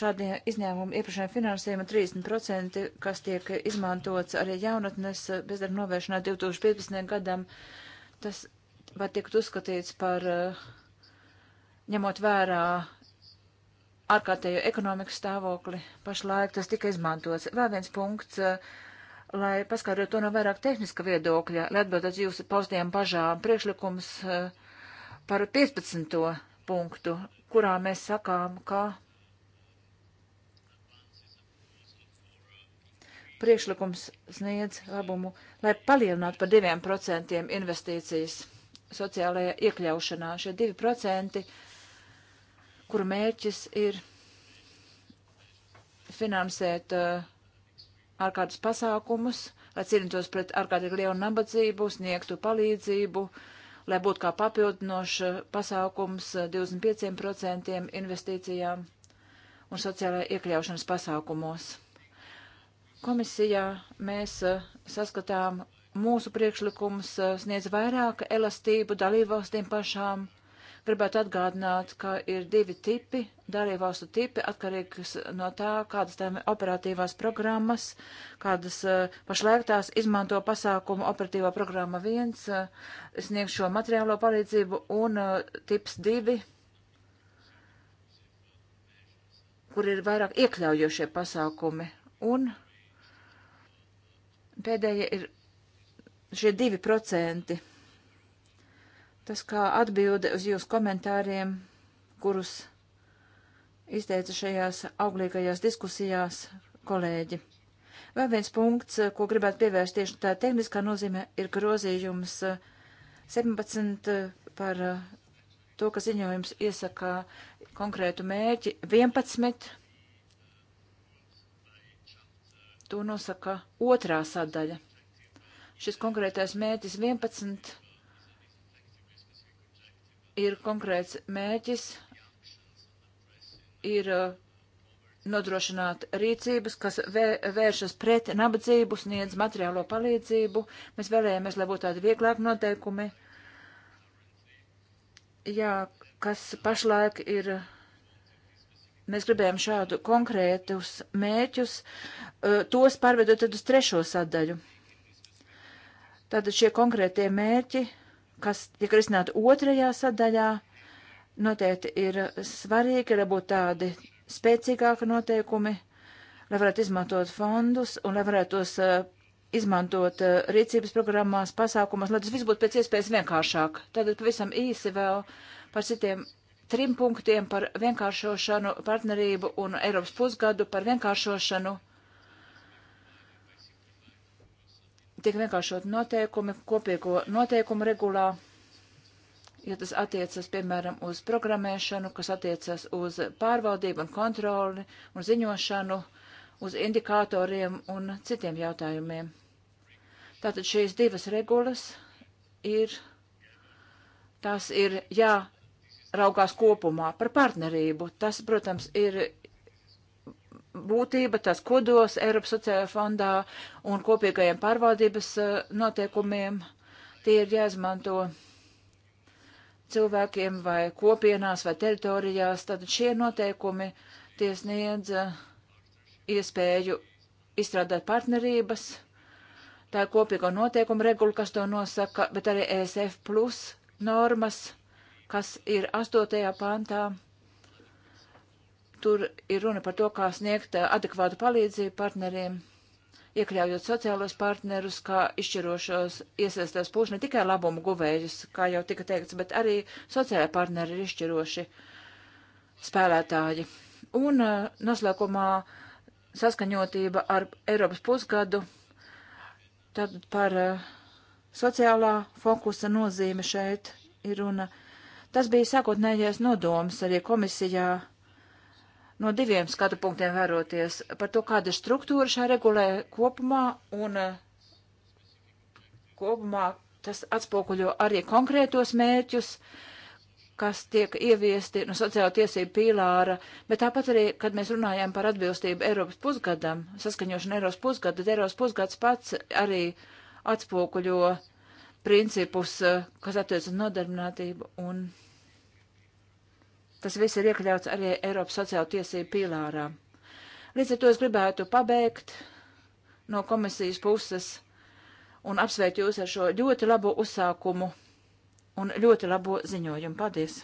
šādiem izņēmumu iepriekšējiem finansējumam 30%, kas tiek izmantots arī jaunatnes bezdarba novēršanā 2015. gadam, tas var tikt uzskatīts par ņemot vērā ārkārtējo ekonomikas stāvokli. Pašlaik tas tika izmantots. Vēl viens punkts, lai paskaidrotu to no vairāk tehniska viedokļa, lai atbildētu jūsu paustiem bažām priekšlikums par 15 punktu kurā mēs sakām, ka priekšlikums sniedz labumu, lai palielinātu par 2% investīcijas sociālajā iekļaušanā. Šie 2%, kuru mērķis ir finansēt uh, ārkārtas pasākumus, lai cīnītos pret ārkārtīgi lielu nabadzību, sniegtu palīdzību, uh, lai būtu kā papildinoša eh, pasākums 25% eh, investīcijām un sociālajā iekļaušanas pasākumos. Komisijā mēs eh, saskatām mūsu priekšlikums sniedz vairāk elastību dalībvalstīm pašām Gribētu atgādināt, ka ir divi tipi, darījvalstu tipi, atkarīgs no tā, kādas tām operatīvās programmas, kādas eh, pašlaik tās izmanto pasākumu operatīvā programma viens, eh, sniegš šo materiālo palīdzību, un eh, tips divi, kur ir vairāk iekļaujošie pasākumi. Un pēdējie ir šie divi procenti Tas kā atbilde uz jūsu komentāriem, kurus izteica šajās auglīgajās diskusijās kolēģi. Vēl viens punkts, ko gribētu pievērst tieši tā tehniskā nozīme, ir grozījums 17 eh, eh, par eh, to, ka ziņojums iesaka konkrētu mērķi 11. To nosaka otrā sadaļa. Šis konkrētais mērķis 11 ir konkrēts mēķis, ir uh, nodrošināt rīcības, kas vē, vēršas pret nabadzību, sniedz materiālo palīdzību. Mēs vēlējāmies, lai būtu tādi vieglāki noteikumi. Jā, kas pašlaik ir. Mēs gribējām šādu konkrētus mēķus, uh, tos pārvedot tad uz trešo sadaļu. Tātad šie konkrētie mērķi kas tiek risināta otrajā sadaļā, noteikti ir svarīgi, lai būtu tādi spēcīgāki noteikumi, lai varētu izmantot fondus un lai varētu tos uh, izmantot uh, rīcības programmās, pasākumos, lai tas viss būtu pēc iespējas vienkāršāk. Tātad pavisam īsi vēl par citiem trim punktiem par vienkāršošanu, partnerību un Eiropas pusgadu par vienkāršošanu. tiek vienkāršot noteikumi, kopīgo noteikumu regulā, ja tas attiecas, piemēram, uz programmēšanu, kas attiecas uz pārvaldību un kontroli un ziņošanu, uz indikatoriem un citiem jautājumiem. Tātad šīs divas regulas ir, tās ir jāraugās kopumā par partnerību. Tas, protams, ir būtība, tās kodos Eiropas sociālajā fondā un kopīgajiem pārvaldības eh, noteikumiem, tie ir jāizmanto cilvēkiem vai kopienās vai teritorijās. Tad šie noteikumi tie sniedz eh, iespēju izstrādāt partnerības. Tā ir kopīga noteikuma regula, kas to nosaka, bet arī ESF plus normas, kas ir 8. pāntā Tur ir runa par to, kā sniegt eh, adekvātu palīdzību partneriem, iekļaujot sociālos partnerus, kā izšķirošos iesaistās pušu ne tikai labumu guvējus, kā jau tika teikts, bet arī sociālai partneri ir izšķiroši spēlētāji. Un eh, noslēgumā saskaņotība ar Eiropas pusgadu, tad par eh, sociālā fokusa nozīme šeit ir runa. Tas bija sākotnējais nodoms arī komisijā no diviem skatu punktiem vēroties par to, kāda ir struktūra šā regulē kopumā un eh, kopumā tas atspoguļo arī konkrētos mērķus, kas tiek ieviesti no sociāla tiesība pīlāra, bet tāpat arī, kad mēs runājām par atbilstību Eiropas pusgadam, saskaņošanu Eiropas pusgadu, tad Eiropas pusgads pats arī atspoguļo principus, eh, kas attiecas uz nodarbinātību un Tas viss ir iekļauts arī Eiropas sociālo tiesību pīlārā. Līdz ar to es gribētu pabeigt no komisijas puses un apsveikt jūs ar šo ļoti labo uzsākumu un ļoti labo ziņojumu. Paldies!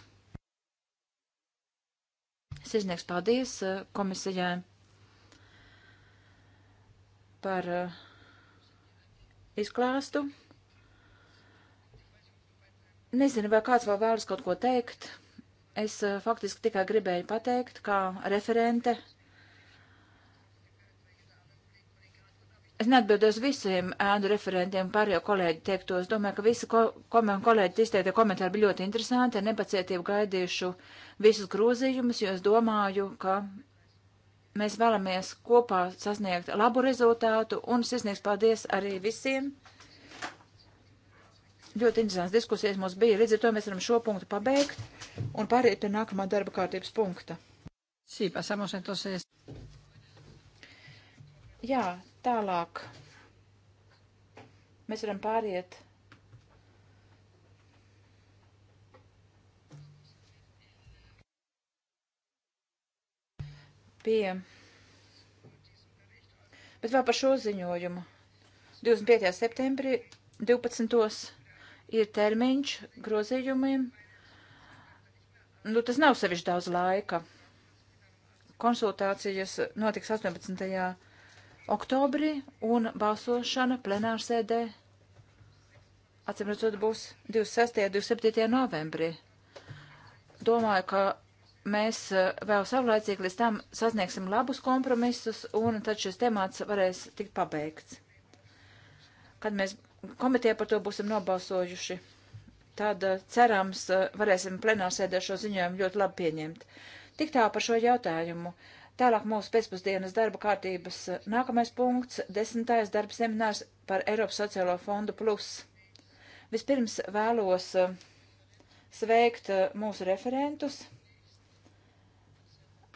Sirsnieks paldies eh, komisijai par eh, izklāstu. Nezinu, vai kāds vēl vēlas kaut ko teikt. Es eh, faktiski tikai gribēju pateikt, kā referente. Es neatbildēju uz visiem ēnu referentiem, pārējo kolēģi teikto. Es domāju, ka visi ko, kom kolēģi izteiktie komentāri bija ļoti interesanti. Ar nepacietību gaidīšu visus grozījumus, jo es domāju, ka mēs vēlamies kopā sasniegt labu rezultātu. Un es izniegs paldies arī visiem. Ļoti interesants diskusijas mums bija, līdz ar to mēs varam šo punktu pabeigt un pāriet pie nākamā darba kārtības punkta. Sí, pasamos entonces. Jā, tālāk. Mēs varam pāriet. Pie. Bet vēl par šo ziņojumu. 25. septembrī 12 ir termiņš grozījumiem. Nu, tas nav sevišķi daudz laika. Konsultācijas notiks 18. oktobrī un balsošana plenārsēdē acīm redzot, būs 26. un 27. novembrī. Domāju, ka mēs eh, vēl savlaicīgi līdz tam sasniegsim labus kompromisus, un tad šis temats varēs tikt pabeigts. Kad mēs Komitē par to būsim nobalsojuši. Tad eh, cerams, eh, varēsim plenārsēdē šo ziņojumu ļoti labi pieņemt. Tik tā par šo jautājumu. Tālāk mūsu pēcpusdienas darba kārtības eh, nākamais punkts - desmitais darba seminārs par Eiropas sociālo fondu plus. Vispirms vēlos sveikt mūsu referentus.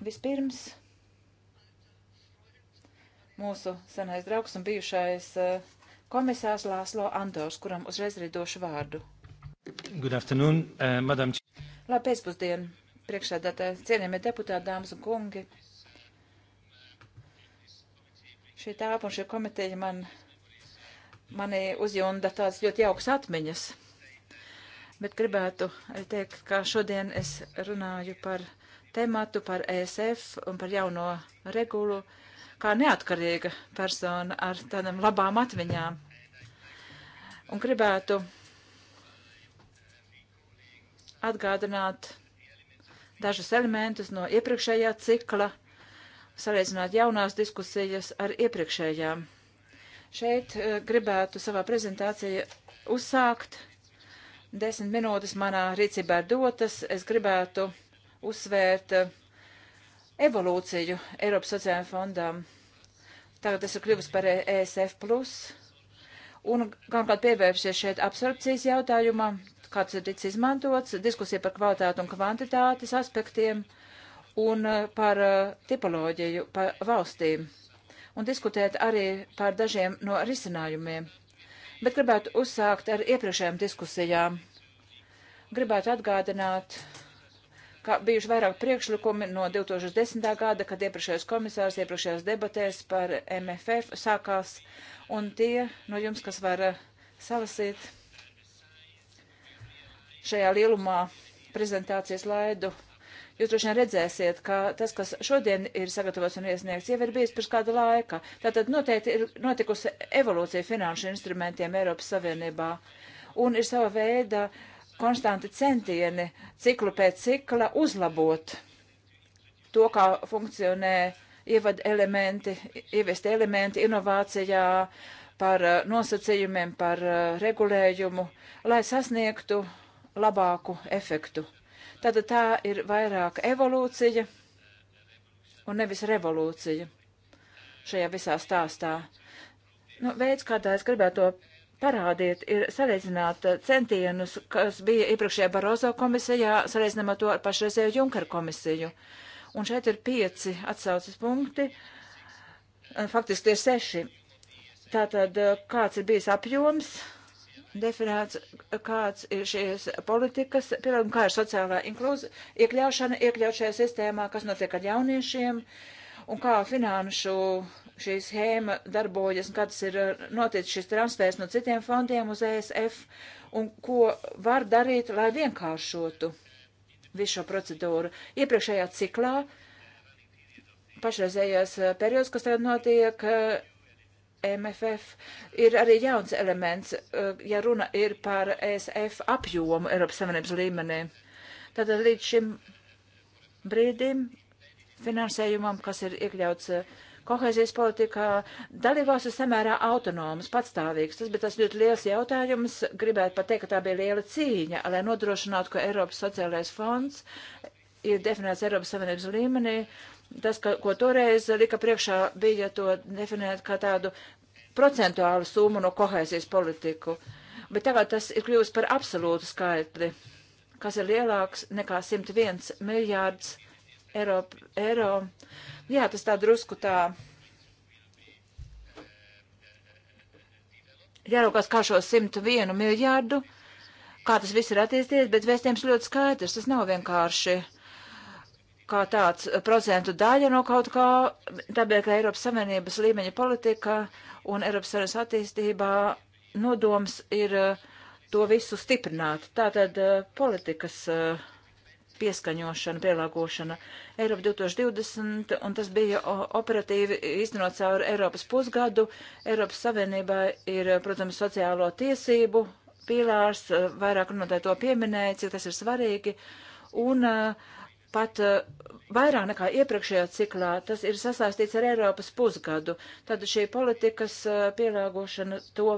Vispirms mūsu senais draugs un bijušais uh, komisārs Lāslo Andors, kuram uzreiz arī došu vārdu. Good afternoon, uh, madam. Labi pēcpusdienu, priekšsēdētāji, cienījamie deputāti, dāmas un kungi. Šī tāpa un šī komiteja man, mani uzjunda tādas ļoti jaukas atmiņas. Bet gribētu arī teikt, ka šodien es runāju par tematu, par ESF un par jauno regulu. Uh, kā neatkarīga persona ar tādām labām atmiņām. Un gribētu atgādināt dažus elementus no iepriekšējā cikla, salīdzināt jaunās diskusijas ar iepriekšējām. Šeit eh, gribētu savā prezentācijā uzsākt. Desmit minūtes manā rīcībā ir dotas. Es gribētu uzsvērt eh, evolūciju Eiropas sociālajiem fondam. Tagad tas ir kļuvis par ESF. Un galvenokārt pievēršies šeit absorpcijas jautājumam, kāds ir ticis izmantots, diskusija par kvalitāti un kvantitātes aspektiem un eh, par eh, tipoloģiju, par valstīm. Un diskutēt arī par dažiem no risinājumiem. Bet gribētu uzsākt ar iepriekšējām diskusijām. Gribētu atgādināt ka bijuši vairāk priekšlikumi no 2010. gada, kad iepriekšējais komisārs iepriekšējās debatēs par MFF sākās, un tie no jums, kas var eh, salasīt šajā lielumā prezentācijas laidu, Jūs droši vien redzēsiet, ka tas, kas šodien ir sagatavots un iesniegts, jau ir bijis pirms kāda laika. Tātad noteikti ir notikusi evolūcija finanšu instrumentiem Eiropas Savienībā. Un ir sava veida uh, konstanti centieni ciklu pēc cikla uzlabot to, kā funkcionē ievad elementi, ieviest elementi inovācijā, par uh, nosacījumiem, par uh, regulējumu, lai sasniegtu labāku efektu. Tātad tā ir vairāk evolūcija un nevis revolūcija šajā visā stāstā. Nu, veids, kādā es gribētu to parādiet, ir salīdzināt eh, centienus, kas bija iepriekšējā Barozo komisijā, salīdzinām to ar pašreizējo Junkara komisiju. Un šeit ir pieci atsaucas punkti, eh, faktiski tie ir seši. Tātad, eh, kāds ir bijis apjoms, definēts, kāds ir šīs politikas, piemēram, kā ir sociālā inklūza, iekļaušana, iekļaut šajā sistēmā, kas notiek ar jauniešiem un kā finanšu uh, šī schēma darbojas un kāds ir eh, noticis šis transfers no citiem fondiem uz ESF un ko var darīt, lai vienkāršotu visu šo procedūru. Iepriekšējā ciklā pašreizējās eh, periods, kas tagad notiek, eh, MFF, ir arī jauns elements, ja runa ir par ESF apjomu Eiropas Savienības līmenī. Tātad līdz šim brīdim finansējumam, kas ir iekļauts uh, kohēzijas politikā dalībvalstis samērā autonomas, patstāvīgs. Tas bija tas ļoti liels jautājums. Gribētu pateikt, ka tā bija liela cīņa, lai nodrošinātu, ka Eiropas sociālais fonds ir definēts Eiropas Savienības līmenī. Tas, ka, ko toreiz lika priekšā, bija to definēt kā tādu procentuālu summu no kohēzijas politiku. Bet tagad tas ir kļuvis par absolūtu skaitli, kas ir lielāks nekā 101 miljārds eiro eiro, eiro. Jā, tas tā drusku tā. Jāraukās, kā šo 101 miljārdu, kā tas viss ir attīstījies, bet vēstījums ļoti skaidrs. Tas nav vienkārši kā tāds procentu daļa no kaut kā, tāpēc, ka Eiropas Savienības līmeņa politika un Eiropas Savienības attīstībā nodoms ir uh, to visu stiprināt. Tātad uh, politikas uh, pieskaņošana, pielāgošana Eiropa 2020, un tas bija operatīvi īstenot caur Eiropas pusgadu. Eiropas Savienībā ir, protams, sociālo tiesību pīlārs, vairāk runātāji to pieminēja, cik tas ir svarīgi, un pat vairāk nekā iepriekšējā ciklā tas ir sasaistīts ar Eiropas pusgadu. Tad šī politikas pielāgošana to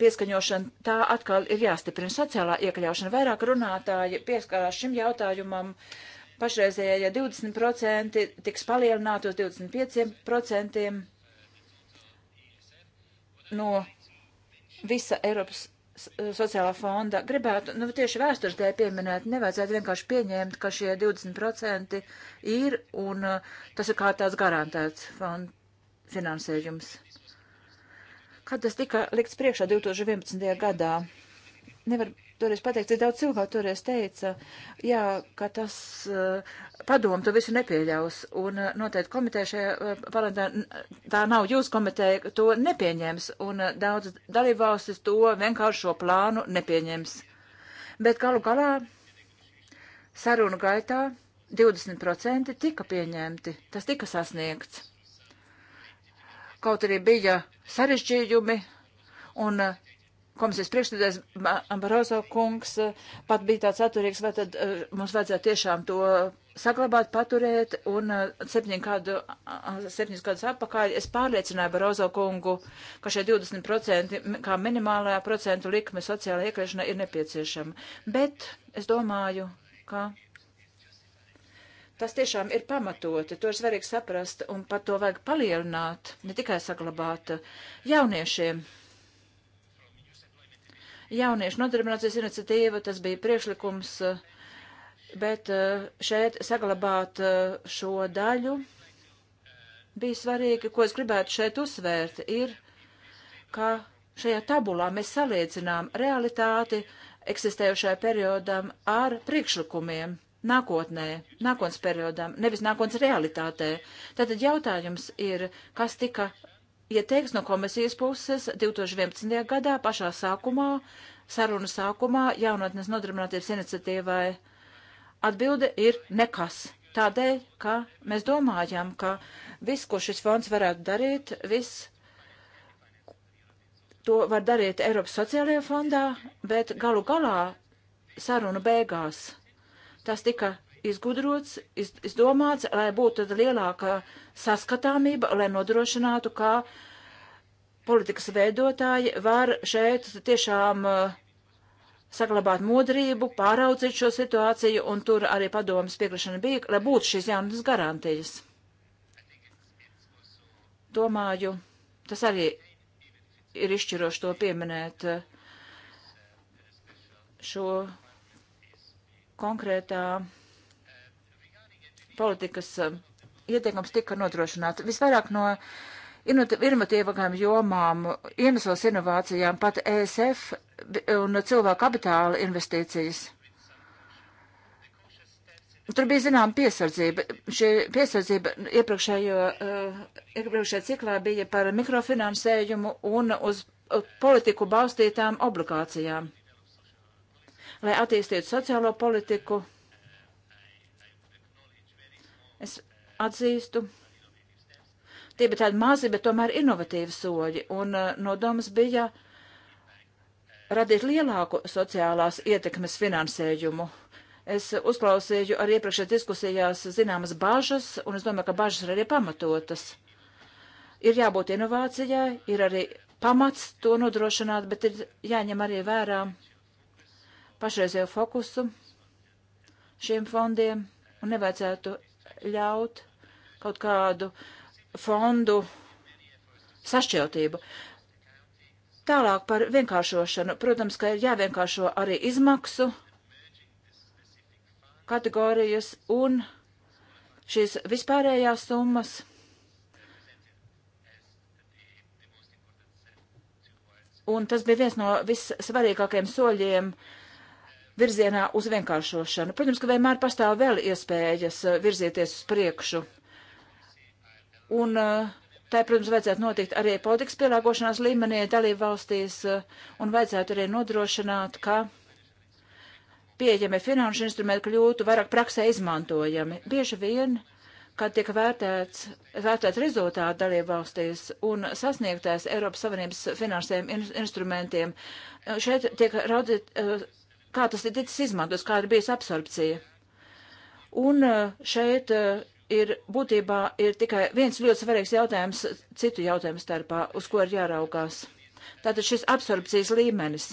pieskaņošana, tā atkal ir jāstiprina sociālā iekļaušana. Vairāk runātāji pieskārās šim jautājumam. Pašreizējie 20% tiks palielināti uz 25% no visa Eiropas sociālā fonda. Gribētu, nu, tieši vēstures dēļ pieminēt, nevajadzētu vienkārši pieņemt, ka šie 20% ir, un uh, tas ir kā tāds garantēts fonda finansējums. Kad tas tika likts priekšā 2011. gadā, nevar toreiz pateikt, cik daudz cilvēku toreiz teica, jā, ka tas uh, padomu to visu nepieļaus. Un uh, noteikti komiteja šajā uh, parlamentā, tā nav jūsu komiteja, to nepieņems. Un daudz dalībvalstis to vienkāršo plānu nepieņems. Bet galu galā sarunu gaitā 20% tika pieņemti. Tas tika sasniegts kaut arī bija sarežģījumi, un eh, komisijas priekšstādājs Ambarozo kungs eh, pat bija tāds atturīgs, vai tad eh, mums vajadzētu tiešām to saglabāt, paturēt, un septiņu kādu, septiņus gadus atpakaļ es pārliecināju Barozo kungu, ka šie 20% kā minimālajā procentu likme sociālajā iekļiešanā ir nepieciešama. Bet es domāju, ka Tas tiešām ir pamatoti, to ir svarīgi saprast, un pat to vajag palielināt, ne tikai saglabāt uh, jauniešiem. Jauniešu nodarbinācijas iniciatīva, tas bija priekšlikums, uh, bet uh, šeit saglabāt šo daļu bija svarīgi, ko es gribētu šeit uzsvērt, ir, ka šajā tabulā mēs salīdzinām realitāti eksistējušajā periodam ar priekšlikumiem nākotnē, nākotnes periodam, nevis nākotnes realitātē. Tātad jautājums ir, kas tika ieteikts ja no komisijas puses 2011. gadā pašā sākumā, sarunu sākumā jaunatnes nodarbinātības iniciatīvai. Atbilde ir nekas. Tādēļ, ka mēs domājam, ka viss, ko šis fonds varētu darīt, viss to var darīt Eiropas sociālajā fondā, bet galu galā sarunu beigās Tas tika izgudrots, iz, izdomāts, lai būtu lielāka saskatāmība, lai nodrošinātu, kā politikas veidotāji var šeit tiešām uh, saglabāt modrību, pāraudzīt šo situāciju, un tur arī padomas piekrišana bija, lai būtu šīs jaunas garantijas. Domāju, tas arī ir izšķiroši to pieminēt eh, šo konkrētā politikas eh, ieteikums tika nodrošināts. Visvairāk no inovatīvākajām jomām, iemesls inovācijām, pat ESF un cilvēku kapitāla investīcijas. Tur bija zinām piesardzība. Šī piesardzība iepriekšējo, uh, iepriekšējā ciklā bija par mikrofinansējumu un uz politiku balstītām obligācijām lai attīstītu sociālo politiku. Es atzīstu. Tie bija tādi mazi, bet tomēr inovatīvi soļi, un uh, eh, nodoms bija radīt lielāku sociālās ietekmes finansējumu. Es uzklausīju arī iepriekšējās diskusijās zināmas bažas, un es domāju, ka bažas ir arī pamatotas. Ir jābūt inovācijai, ir arī pamats to nodrošināt, bet ir jāņem arī vērā. Uh, pašreizējo fokusu šiem fondiem un nevajadzētu ļaut kaut kādu fondu sašķeltību. Tālāk par vienkāršošanu. Protams, ka ir jāvienkāršo arī izmaksu kategorijas un šīs vispārējās summas. Un tas bija viens no vissvarīgākajiem soļiem uh, virzienā uz vienkāršošanu. Protams, ka vienmēr pastāv vēl iespējas eh, virzīties uz priekšu. Un eh, tā, protams, vajadzētu notikt arī politikas pielāgošanās līmenī dalību valstīs eh, un vajadzētu arī nodrošināt, ka pieejamie finanšu instrumenti kļūtu vairāk praksē izmantojami. Bieži vien, kad tiek vērtēts, vērtēts rezultāti dalību valstīs un sasniegtais Eiropas Savienības finansējuma in instrumentiem, šeit tiek raudzīt, kā tas ir ticis izmantots, kāda ir bijusi absorpcija. Un eh, šeit eh, ir būtībā ir tikai viens ļoti svarīgs jautājums citu jautājumu starpā, uz ko ir jāraugās. Tātad šis absorpcijas līmenis.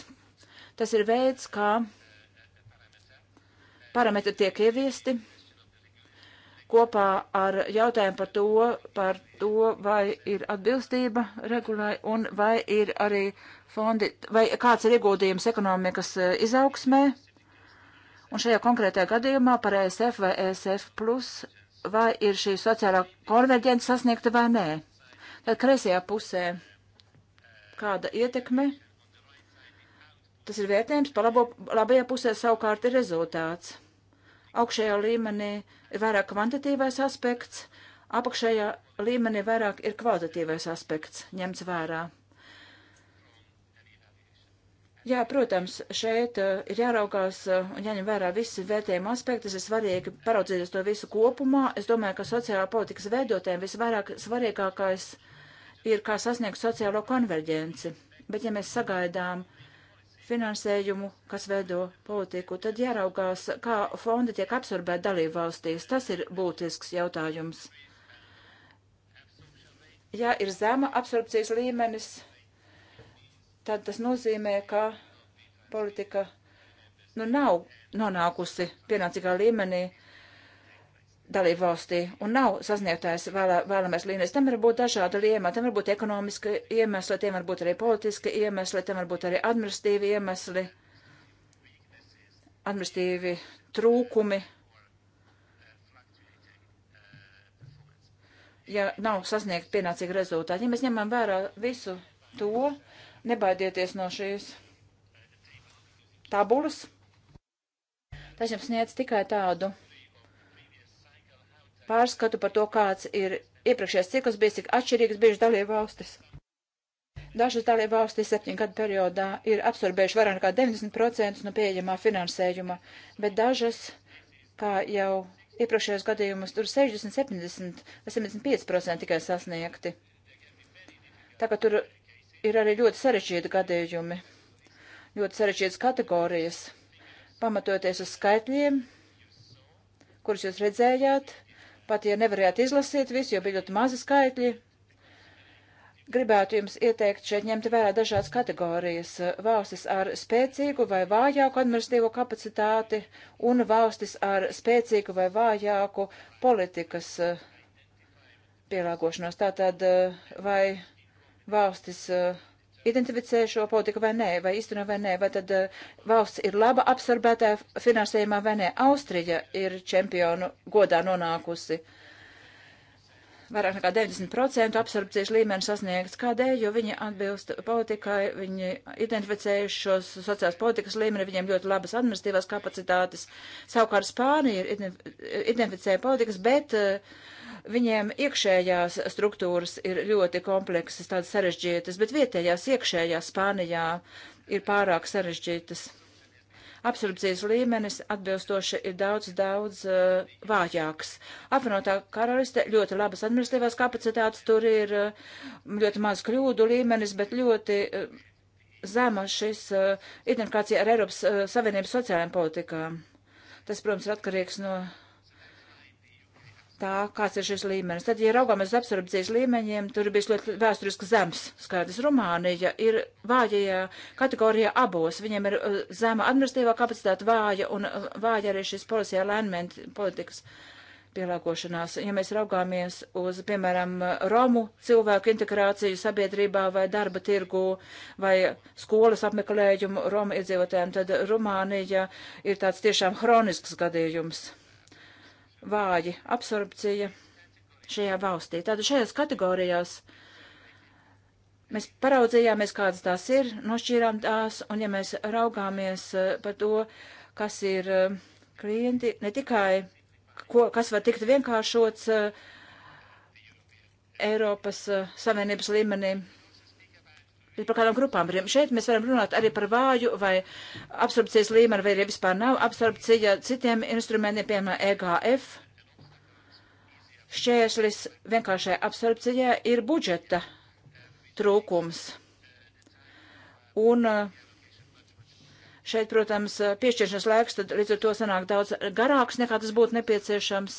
Tas ir veids, kā parametri tiek ieviesti kopā ar jautājumu par to, par to, vai ir atbilstība regulai un vai ir arī fondi, vai kāds ir ieguldījums ekonomikas e, izaugsmē, un šajā konkrētajā gadījumā par ESF vai ESF plus, vai ir šī sociālā konverģence sasniegta vai nē. Tad kreisajā pusē kāda ietekme, tas ir vērtējums, pa labo, labajā pusē savukārt ir rezultāts. Augšējā līmenī ir vairāk kvantitīvais aspekts, apakšējā līmenī vairāk ir kvalitatīvais aspekts ņemts vērā. Jā, protams, šeit uh, ir jāraugās uh, un jāņem vērā visi vērtējuma aspekti. Tas ir svarīgi paraudzīties to visu kopumā. Es domāju, ka sociālā politikas veidotēm visvairāk svarīgākais ir, kā sasniegt sociālo konverģenci. Bet, ja mēs sagaidām finansējumu, kas veido politiku, tad jāraugās, kā fondi tiek absorbēti dalībvalstīs. Tas ir būtisks jautājums. Ja ir zema absorpcijas līmenis, tad tas nozīmē, ka politika nu, nav nonākusi pienācīgā līmenī dalībvalstī un nav sasniegtājs vēlā, vēlamais līmenis. Tam var būt dažādi iemesli, tam var būt ekonomiski iemesli, tiem var būt arī politiski iemesli, tam var būt arī administratīvi iemesli, administratīvi trūkumi. Ja nav sasniegt pienācīgi rezultāti, ja mēs ņemam vērā visu to, Nebaidieties no šīs tabulas. Tas jums sniedz tikai tādu pārskatu par to, kāds ir iepriekšējais cikls bijis, cik atšķirīgs bijuši dalību valstis. Dažas dalību valstis septiņu gadu periodā ir absorbējuši vairāk nekā 90% no pieejamā finansējuma, bet dažas, kā jau iepriekšējos gadījumus, tur 60, 70 vai 75% tikai sasniegti. Tā kā tur Ir arī ļoti sarežģīti gadījumi, ļoti sarežģītas kategorijas, pamatoties uz skaitļiem, kurus jūs redzējāt, pat ja nevarējāt izlasīt visu, jo bija ļoti mazi skaitļi. Gribētu jums ieteikt šeit ņemt vērā dažādas kategorijas - valstis ar spēcīgu vai vājāku administratīvo kapacitāti un valstis ar spēcīgu vai vājāku politikas eh, pielāgošanos. Tātad, eh, vai valstis uh, identificē šo politiku vai nē, vai īstenībā vai nē, vai tad uh, valsts ir laba apsarbētāja finansējumā vai nē. Austrija ir čempionu godā nonākusi. Vairāk nekā 90% absorpcijas līmenis sasniegts. Kādēļ? Jo viņi atbilst politikai, viņi identificējuši šos sociālās politikas līmeni, viņiem ļoti labas administratīvās kapacitātes. Savukārt Spānija ir identificēja politikas, bet uh, Viņiem iekšējās struktūras ir ļoti kompleksas, tādas sarežģītas, bet vietējās iekšējās Spānijā ir pārāk sarežģītas. Absorpcijas līmenis atbilstoši ir daudz, daudz uh, vājāks. Apvienotā karaliste ļoti labas administratīvās kapacitātes, tur ir uh, ļoti maz kļūdu līmenis, bet ļoti uh, zema šis uh, identifikācija ar Eiropas uh, Savienības sociālajām politikām. Tas, protams, ir atkarīgs no tā, kāds ir šis līmenis. Tad, ja raugāmies uz absorpcijas līmeņiem, tur ir bijis ļoti vēsturiski zems skaidrs. Rumānija ir vājajā kategorijā abos. Viņiem ir uh, zema administratīvā kapacitāte vāja un uh, vāja arī šis policy alignment politikas pielāgošanās. Ja mēs raugāmies uz, piemēram, Romu cilvēku integrāciju sabiedrībā vai darba tirgu vai skolas apmeklējumu Romu iedzīvotājiem, tad Rumānija ir tāds tiešām hronisks gadījums vāja absorpcija šajā valstī. Tātad šajās kategorijās mēs paraudzījāmies, kādas tās ir, nošķīrām tās, un ja mēs raugāmies eh, par to, kas ir eh, klienti, ne tikai, ko, kas var tikt vienkāršots eh, Eiropas Savienības līmenī, Bet par kādām grupām brīviem. Šeit mēs varam runāt arī par vāju vai absorpcijas līmeni, vai arī vispār nav absorpcija citiem instrumentiem, piemēram, EGF. Šķērslis vienkāršai absorpcijai ir budžeta trūkums. Un uh, Šeit, protams, piešķiršanas laiks, tad līdz ar to sanāk daudz garāks, nekā tas būtu nepieciešams.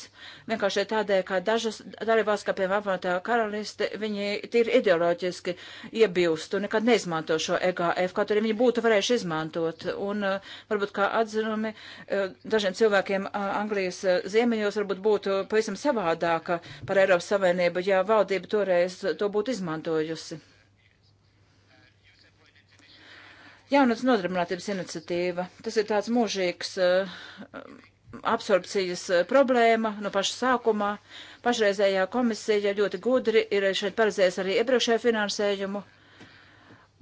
Vienkārši tādēļ, ka dažas dalībās, kā piemēram apvienotā karaliste, viņi tīri ideoloģiski iebilst un nekad neizmanto šo EGF, kaut arī viņi būtu varējuši izmantot. Un uh, varbūt kā atzinumi uh, dažiem cilvēkiem uh, Anglijas ziemeļos varbūt būtu pavisam savādāka par Eiropas Savienību, ja valdība toreiz to būtu izmantojusi. Jaunas nodarbinātības iniciatīva. Tas ir tāds mūžīgs uh, absorpcijas eh, problēma no paša sākumā. Pašreizējā komisija ļoti gudri ir šeit paredzējis arī iepriekšēju finansējumu,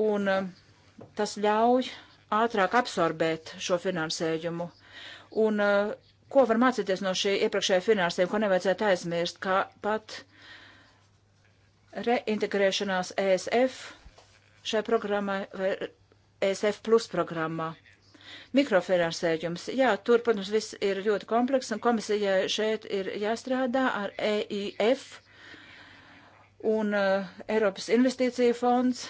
un uh, tas ļauj ātrāk absorbēt šo finansējumu. Un uh, ko var mācīties no šī iepriekšējā finansējuma, ko nevajadzētu aizmirst, kā pat reintegrēšanās ESF šai programmai vai ESF plus programmā. Mikrofinansējums. Jā, tur, protams, viss ir ļoti kompleks, un komisijai šeit ir jāstrādā ar EIF un uh, Eiropas investīcija fonds.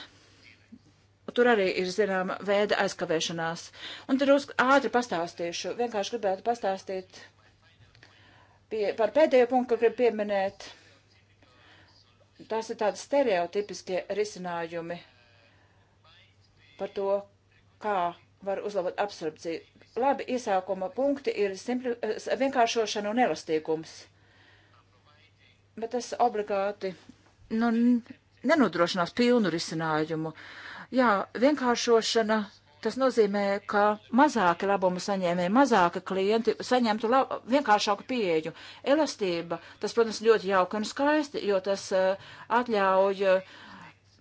Tur arī ir, zinām, veida aizkavēšanās. Un tur uz ātri pastāstīšu. Vienkārši gribētu pastāstīt pie, par pēdējo punktu, ko gribu pieminēt. Tās ir tādi stereotipiskie risinājumi par to, kā var uzlabot absorpciju. Labi, iesākuma punkti ir simpli, eh, vienkāršošana un elastīgums. Bet tas obligāti nu, nenodrošinās pilnu risinājumu. Jā, vienkāršošana Tas nozīmē, ka mazāki labumu saņēmēji, mazāki klienti saņemtu lab, vienkāršāku pieeju. Elastība, tas, protams, ļoti jauki un skaisti, jo tas uh, atļauj uh,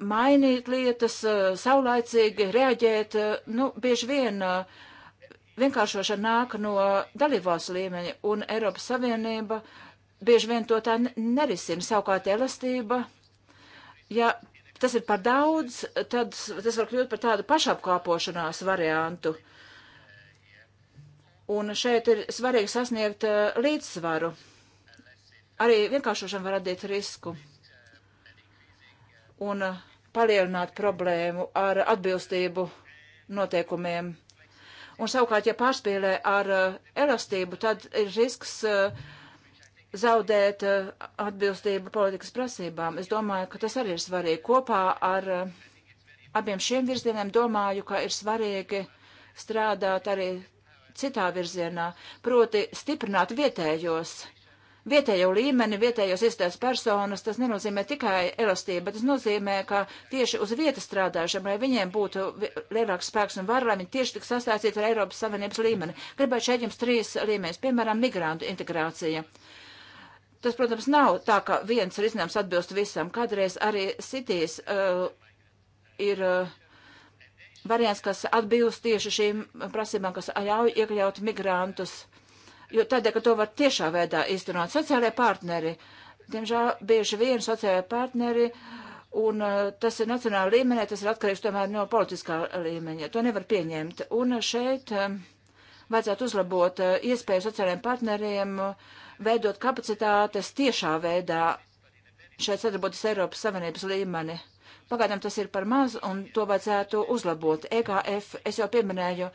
mainīt lietas, eh, saulaicīgi reaģēt. Eh, nu, bieži vien eh, vienkāršošana nāk no dalībvalsts līmeņa, un Eiropas Savienība bieži vien to tā nerisina. Savukārt elastība, ja tas ir par daudz, tad tas var kļūt par tādu pašapkāpošanās variantu. Un šeit ir svarīgi sasniegt līdzsvaru. Arī vienkāršošana var radīt risku un uh, palielināt problēmu ar atbilstību noteikumiem. Un savukārt, ja pārspīlē ar eh, elastību, tad ir risks eh, zaudēt eh, atbilstību politikas prasībām. Es domāju, ka tas arī ir svarīgi. Kopā ar abiem šiem virzieniem domāju, ka ir svarīgi strādāt arī citā virzienā, proti stiprināt vietējos vietējo līmeni, vietējos iestādes personas, tas nenozīmē tikai elastību, bet tas nozīmē, ka tieši uz vietas strādājušiem, lai viņiem būtu lielāks spēks un var, lai viņi tieši tik sastāstītu ar Eiropas Savienības līmeni. Gribētu šeit jums trīs līmeņus, piemēram, migrantu integrācija. Tas, protams, nav tā, ka viens risinājums atbilst visam. Kādreiz arī sitīs uh, ir. Uh, variants, kas atbilst tieši šīm prasībām, kas ļauj iekļaut migrantus jo tādēļ, ka to var tiešā veidā iztenot sociālajie partneri. Diemžēl bieži vien sociālajie partneri, un uh, tas ir nacionāla līmenī, tas ir atkarīgs tomēr no politiskā līmeņa. To nevar pieņemt. Un šeit um, vajadzētu uzlabot uh, iespēju sociālajiem partneriem uh, veidot kapacitātes tiešā veidā šeit sadarboties Eiropas Savienības līmeni. Pagaidām tas ir par maz, un to vajadzētu uzlabot. EKF, es jau pieminēju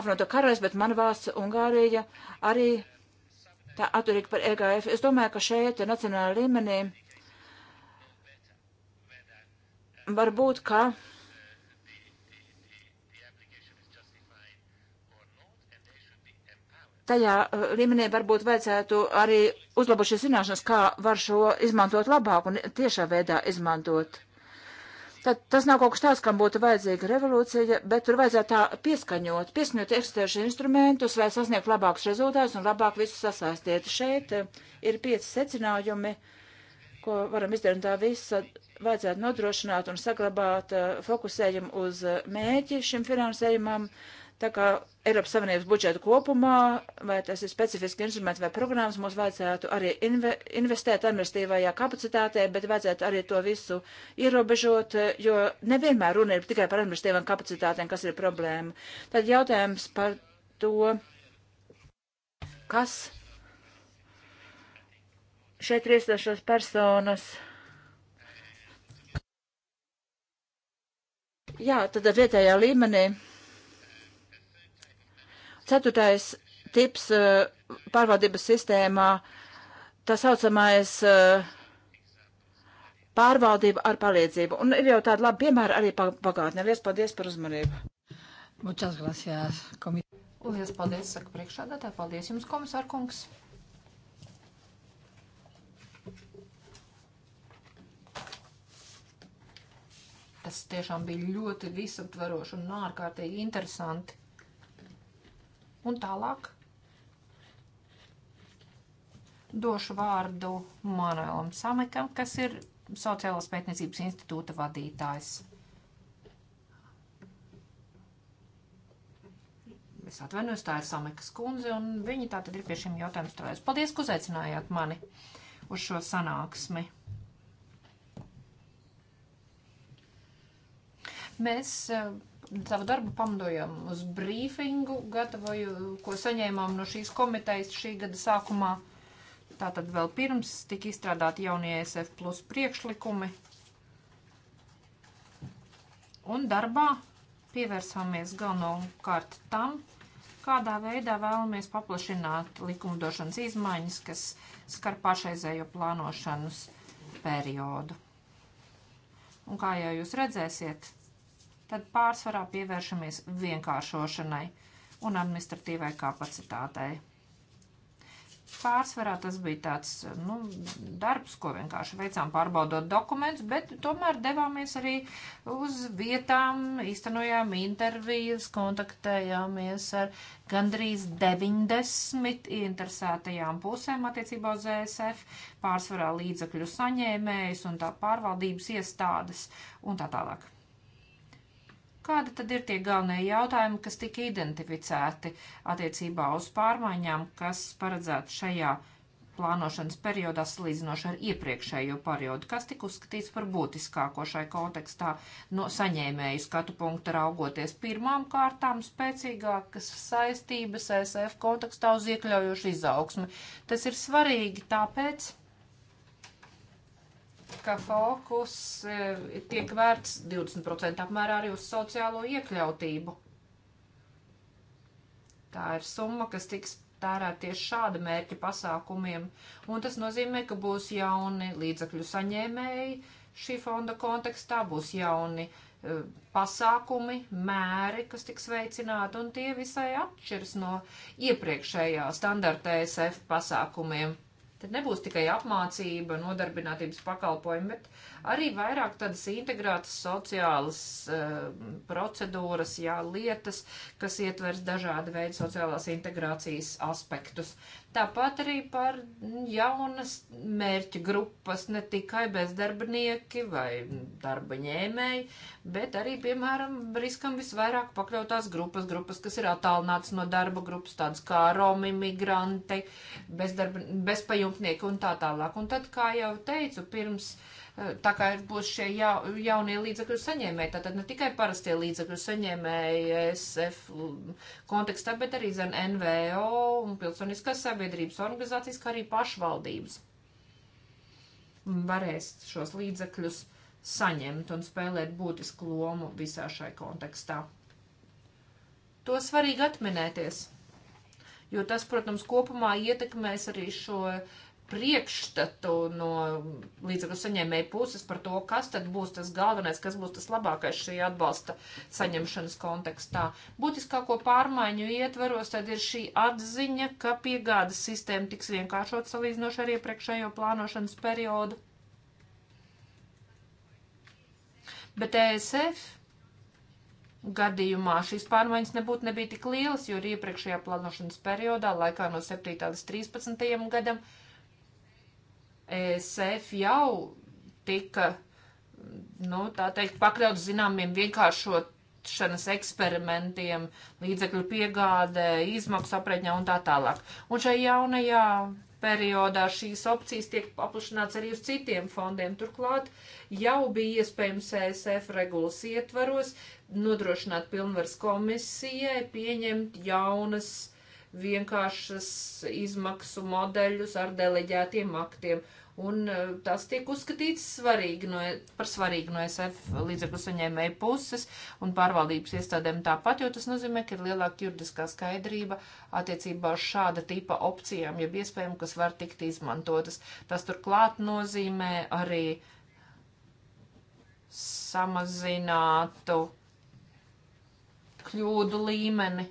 apvienoto karalistu, bet mana valsts Ungārija arī tā atturīga par EKF. Es domāju, ka šeit nacionālā līmenī varbūt, ka tajā uh, līmenī varbūt vajadzētu arī uzlabot šīs zināšanas, kā var šo izmantot labāk un tiešā veidā izmantot. Tad tas nav kaut kas tāds, kam būtu vajadzīga revolūcija, bet tur vajadzētu tā pieskaņot, pieskaņot eksistējušos instrumentus, lai sasniegtu labākus rezultātus un labāk visu sasaistīt. Šeit eh, ir pieci secinājumi, ko varam izdarīt tā visa. Vajadzētu nodrošināt un saglabāt eh, fokusējumu uz eh, mēķi šim finansējumam. Uh, Tā kā Eiropas Savienības budžeta kopumā, vai tas ir specifiski instruments vai programmas, mums vajadzētu arī inve investēt administratīvajā kapacitātē, bet vajadzētu arī to visu ierobežot, jo nevienmēr runa ir tikai par administratīvām kapacitātēm, kas ir problēma. Tad jautājums par to, kas šeit iestāšos personas. Jā, tad vietējā līmenī Ceturtais tips uh, pārvaldības sistēmā - tā saucamais uh, pārvaldība ar palīdzību. Un ir jau tāda laba piemēra arī pagātnē. Lies paldies par uzmanību. Muchas gracias, komisija. Lies paldies, saka priekšādātā. Paldies jums, komisārkungs. Tas tiešām bija ļoti visaptveroši un ārkārtīgi interesanti. Un tālāk došu vārdu Manuēlam Samekam, kas ir Sociālās pētniecības institūta vadītājs. Es atvainojos, tā ir Samekas kundze, un viņa tā tad ir pie šiem jautājumiem strādājusi. Paldies, ka uzaicinājāt mani uz šo sanāksmi. Mēs eh, savu darbu pamatojam uz brīfingu, gatavoju, ko saņēmām no šīs komitejas šī gada sākumā. Tātad vēl pirms tika izstrādāti jaunie SF plus priekšlikumi. Un darbā pievērsāmies galvenokārt tam, kādā veidā vēlamies paplašināt likumdošanas izmaiņas, kas skar pašreizējo plānošanas periodu. Un kā jau jūs redzēsiet, tad pārsvarā pievēršamies vienkāršošanai un administratīvai kapacitātei. Pārsvarā tas bija tāds nu, darbs, ko vienkārši veicām pārbaudot dokumentus, bet tomēr devāmies arī uz vietām, īstenojām intervijas, kontaktējāmies ar gandrīz 90 interesētajām pusēm attiecībā uz ESF, pārsvarā līdzakļu saņēmējus un tā pārvaldības iestādes un tā tālāk. Kāda tad ir tie galvenie jautājumi, kas tika identificēti attiecībā uz pārmaiņām, kas paredzētu šajā plānošanas periodā salīdzinoši ar iepriekšējo periodu, kas tika uzskatīts par būtiskāko šai kontekstā no saņēmēju skatu punkta raugoties pirmām kārtām spēcīgākas saistības SF kontekstā uz iekļaujošu izaugsmi. Tas ir svarīgi tāpēc, ka fokus eh, tiek vērts 20% apmērā arī uz sociālo iekļautību. Tā ir summa, kas tiks tērēt tieši šāda mērķa pasākumiem, un tas nozīmē, ka būs jauni līdzakļu saņēmēji šī fonda kontekstā, būs jauni uh, pasākumi, mēri, kas tiks veicināti, un tie visai atšķirs no iepriekšējā standarta ESF pasākumiem. Tad nebūs tikai apmācība, nodarbinātības pakalpojumi, bet arī vairāk tādas integrētas sociālas uh, procedūras, jā, lietas, kas ietvers dažādi veidi sociālās integrācijas aspektus. Tāpat arī par jaunas mērķa grupas, ne tikai bezdarbnieki vai darba ņēmēji, bet arī, piemēram, riskam visvairāk pakļautās grupas, grupas, kas ir attālināts no darba grupas, tādas kā romi, migranti, bezdarba, bezpajumtnieki un tā tālāk. Un tad, kā jau teicu, pirms uh, tā kā ir, būs šie ja, jaunie līdzekļu saņēmēji, tātad ne tikai parastie līdzekļu saņēmēji SF kontekstā, bet arī zem NVO un pilsoniskās sabiedrības organizācijas, kā arī pašvaldības varēs šos līdzekļus saņemt un spēlēt būtisku lomu visā šai kontekstā. To svarīgi atminēties, jo tas, protams, kopumā ietekmēs arī šo uh, priekšstatu no līdzekļu saņēmēju puses par to, kas tad būs tas galvenais, kas būs tas labākais šī atbalsta saņemšanas kontekstā. Būtiskāko pārmaiņu ietvaros tad ir šī atziņa, ka piegādes sistēma tiks vienkāršot salīdzinoši ar iepriekšējo plānošanas periodu. Bet ESF gadījumā šīs pārmaiņas nebūtu nebija tik lielas, jo iepriekšējā plānošanas periodā, laikā no 7. līdz 13. gadam, ESF jau tika, nu, tā teikt, pakļauts zināmiem vienkāršošanas eksperimentiem, līdzekļu piegādē, izmaksu aprēķinā un tā tālāk. Un šajā jaunajā periodā šīs opcijas tiek paplašināts arī uz citiem fondiem. Turklāt jau bija iespējams ESF regulas ietvaros nodrošināt pilnvaras komisijai pieņemt jaunas uh, vienkāršas izmaksu modeļus ar deleģētiem aktiem. Un e, tas tiek uzskatīts svarīgi no, e- par svarīgu no SF līdzekļu saņēmēju puses un pārvaldības iestādēm tāpat, jo tas nozīmē, ka ir lielāka juridiskā skaidrība attiecībā uz šāda tipa opcijām, jeb iespējām, kas var tikt izmantotas. Tas turklāt nozīmē arī samazinātu kļūdu līmeni